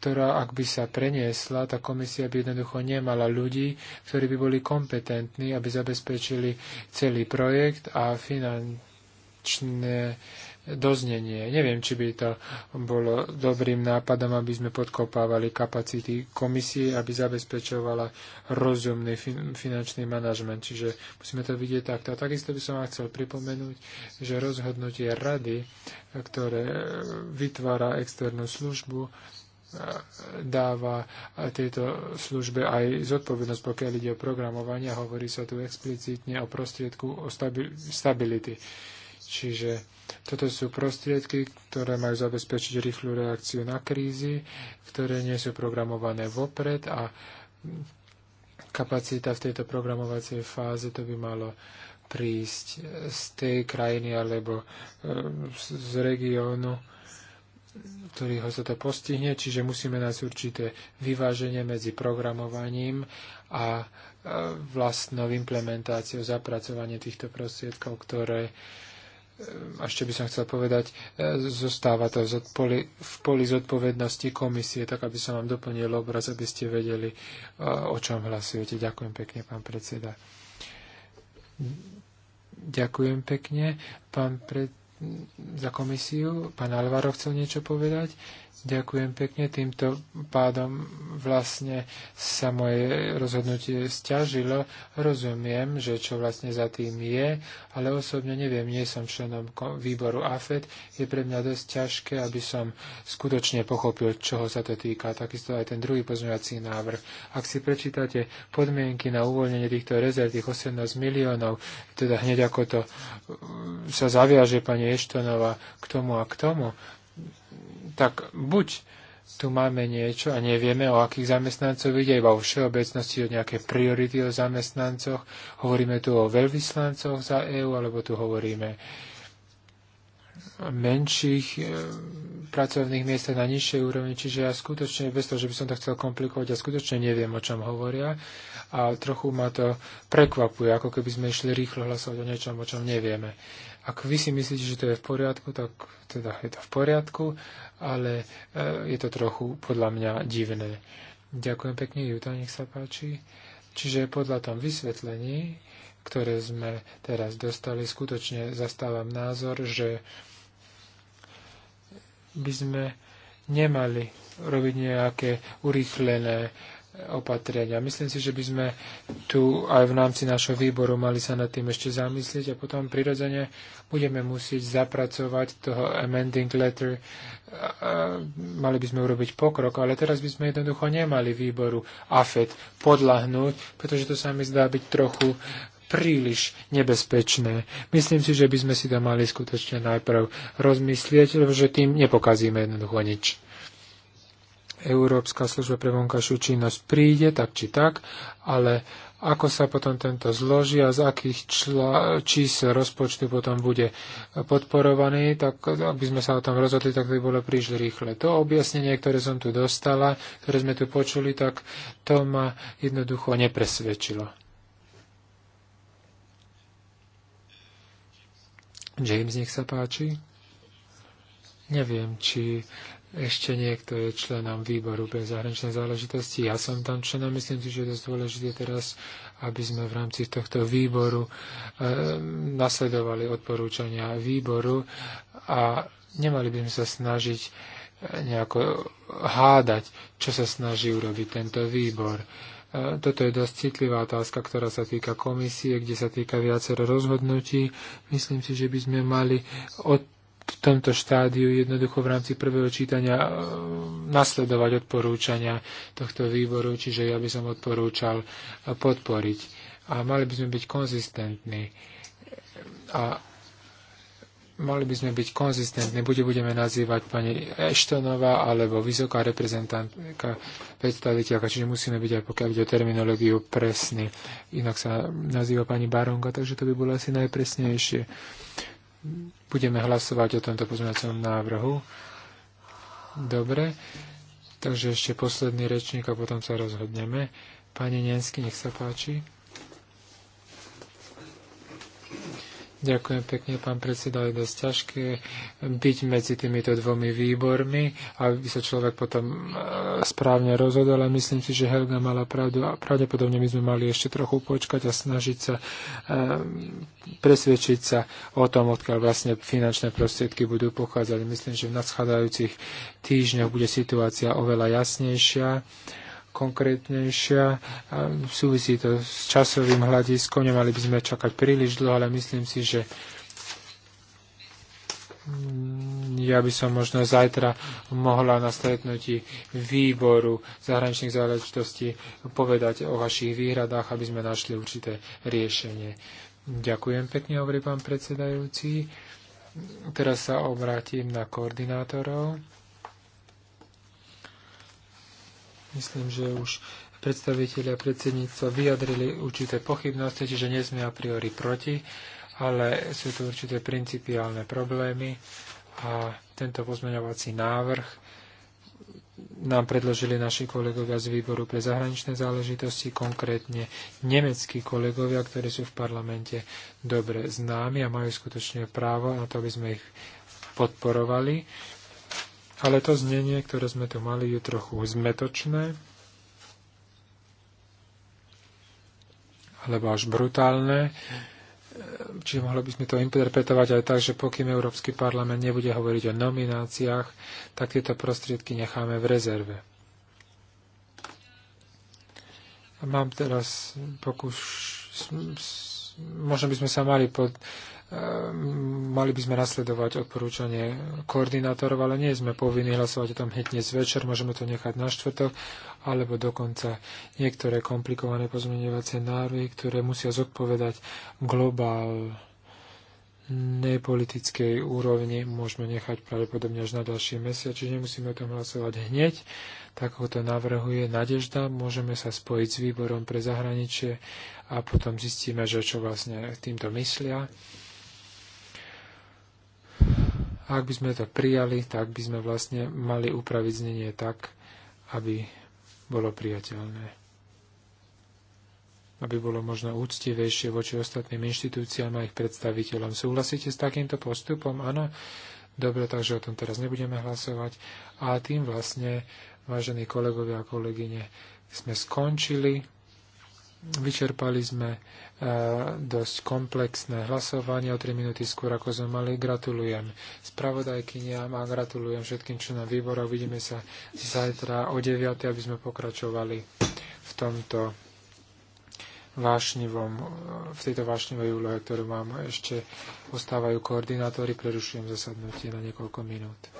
ktorá, ak by sa preniesla, tá komisia by jednoducho nemala ľudí, ktorí by boli kompetentní, aby zabezpečili celý projekt a finančné doznenie. Neviem, či by to bolo dobrým nápadom, aby sme podkopávali kapacity komisie, aby zabezpečovala rozumný fin- finančný manažment. Čiže musíme to vidieť takto. A takisto by som vám chcel pripomenúť, že rozhodnutie rady, ktoré vytvára externú službu, dáva tejto službe aj zodpovednosť, pokiaľ ide o programovanie. Hovorí sa tu explicitne o prostriedku o stability. Čiže toto sú prostriedky, ktoré majú zabezpečiť rýchlu reakciu na krízy, ktoré nie sú programované vopred a kapacita v tejto programovacej fáze to by malo prísť z tej krajiny alebo e, z regiónu, ktorý ho sa to postihne, čiže musíme nájsť určité vyváženie medzi programovaním a e, vlastnou implementáciou, zapracovanie týchto prostriedkov, ktoré ešte by som chcel povedať, e, zostáva to v poli zodpovednosti komisie, tak aby som vám doplnil obraz, aby ste vedeli, e, o čom hlasujete. Ďakujem pekne, pán predseda. Ďakujem pekne, pán pred, za komisiu. Pán Alvaro chcel niečo povedať? Ďakujem pekne. Týmto pádom vlastne sa moje rozhodnutie stiažilo. Rozumiem, že čo vlastne za tým je, ale osobne neviem, nie som členom výboru AFED. Je pre mňa dosť ťažké, aby som skutočne pochopil, čoho sa to týka. Takisto aj ten druhý pozmeňovací návrh. Ak si prečítate podmienky na uvoľnenie týchto rezerv, tých 18 miliónov, teda hneď ako to mm, sa zaviaže pani Eštonová k tomu a k tomu, tak buď tu máme niečo a nevieme, o akých zamestnancov ide, iba o všeobecnosti, o nejaké priority o zamestnancoch. Hovoríme tu o veľvyslancoch za EÚ, alebo tu hovoríme menších e, pracovných miest na nižšej úrovni, čiže ja skutočne, bez toho, že by som to chcel komplikovať, ja skutočne neviem, o čom hovoria a trochu ma to prekvapuje, ako keby sme išli rýchlo hlasovať o niečom, o čom nevieme. Ak vy si myslíte, že to je v poriadku, tak teda je to v poriadku, ale eh, je to trochu podľa mňa divné. Ďakujem pekne, Juta, nech sa páči. Čiže podľa tom vysvetlení, ktoré sme teraz dostali, skutočne zastávam názor, že by sme nemali robiť nejaké urýchlené opatrenia. Myslím si, že by sme tu aj v rámci našho výboru mali sa nad tým ešte zamyslieť a potom prirodzene budeme musieť zapracovať toho amending letter. Mali by sme urobiť pokrok, ale teraz by sme jednoducho nemali výboru AFED podlahnúť, pretože to sa mi zdá byť trochu príliš nebezpečné. Myslím si, že by sme si to mali skutočne najprv rozmyslieť, lebo že tým nepokazíme jednoducho nič. Európska služba pre vonkajšiu činnosť príde, tak či tak, ale ako sa potom tento zloží a z akých čla, čísel rozpočtu potom bude podporovaný, tak aby sme sa o tom rozhodli, tak to by bolo príliš rýchle. To objasnenie, ktoré som tu dostala, ktoré sme tu počuli, tak to ma jednoducho nepresvedčilo. James, nech sa páči. Neviem, či ešte niekto je členom výboru pre zahraničné záležitosti. Ja som tam členom, myslím si, že je dosť dôležité teraz, aby sme v rámci tohto výboru e, nasledovali odporúčania výboru a nemali by sme sa snažiť eh, nejako eh, hádať, čo sa snaží urobiť tento výbor. Eh, toto je dosť citlivá otázka, ktorá sa týka komisie, kde sa týka viacero rozhodnutí. Myslím si, že by sme mali od v tomto štádiu jednoducho v rámci prvého čítania e, nasledovať odporúčania tohto výboru, čiže ja by som odporúčal e, podporiť. A mali by sme byť konzistentní. A mali by sme byť konzistentní, buď budeme nazývať pani Eštonová alebo vysoká reprezentantka predstaviteľka, čiže musíme byť aj pokiaľ ide o terminológiu presný. Inak sa nazýva pani Baronka, takže to by bolo asi najpresnejšie budeme hlasovať o tomto pozmeňovacom návrhu. Dobre, takže ešte posledný rečník a potom sa rozhodneme. Pani Nensky, nech sa páči. Ďakujem pekne, pán predseda. Je dosť ťažké byť medzi týmito dvomi výbormi, aby sa človek potom e, správne rozhodol, ale myslím si, že Helga mala pravdu a pravdepodobne my sme mali ešte trochu počkať a snažiť sa e, presvedčiť sa o tom, odkiaľ vlastne finančné prostriedky budú pochádzať. Myslím, že v nadchádzajúcich týždňoch bude situácia oveľa jasnejšia konkrétnejšia. V súvisí to s časovým hľadiskom, nemali by sme čakať príliš dlho, ale myslím si, že ja by som možno zajtra mohla na stretnutí výboru zahraničných záležitostí povedať o vašich výhradách, aby sme našli určité riešenie. Ďakujem pekne, hovorí pán predsedajúci. Teraz sa obrátim na koordinátorov. Myslím, že už predstaviteľia predsedníctva vyjadrili určité pochybnosti, čiže nie sme a priori proti, ale sú tu určité principiálne problémy a tento pozmeňovací návrh nám predložili naši kolegovia z výboru pre zahraničné záležitosti, konkrétne nemeckí kolegovia, ktorí sú v parlamente dobre známi a majú skutočne právo na to, aby sme ich podporovali ale to znenie, ktoré sme tu mali, je trochu zmetočné alebo až brutálne. Čiže mohli by sme to interpretovať aj tak, že pokým Európsky parlament nebude hovoriť o nomináciách, tak tieto prostriedky necháme v rezerve. A mám teraz pokus... Možno by sme sa mali pod, Ehm, mali by sme nasledovať odporúčanie koordinátorov, ale nie sme povinní hlasovať o tom hneď dnes večer, môžeme to nechať na štvrtok, alebo dokonca niektoré komplikované pozmeňovacie návrhy, ktoré musia zodpovedať globál nepolitickej úrovni môžeme nechať pravdepodobne až na ďalší mesiac, čiže nemusíme o tom hlasovať hneď. Tak ako to navrhuje Nadežda, môžeme sa spojiť s výborom pre zahraničie a potom zistíme, že čo vlastne týmto myslia a ak by sme to prijali, tak by sme vlastne mali upraviť znenie tak, aby bolo priateľné. Aby bolo možno úctivejšie voči ostatným inštitúciám a ich predstaviteľom. Súhlasíte s takýmto postupom? Áno? Dobre, takže o tom teraz nebudeme hlasovať. A tým vlastne, vážení kolegovia a kolegyne, sme skončili Vyčerpali sme e, dosť komplexné hlasovanie o 3 minúty skôr, ako sme mali. Gratulujem spravodajkyniam a gratulujem všetkým členom výbora. Uvidíme sa zajtra o 9, aby sme pokračovali v tomto vášnivom, v tejto vášnivej úlohe, ktorú mám ešte, ostávajú koordinátori, prerušujem zasadnutie na niekoľko minút.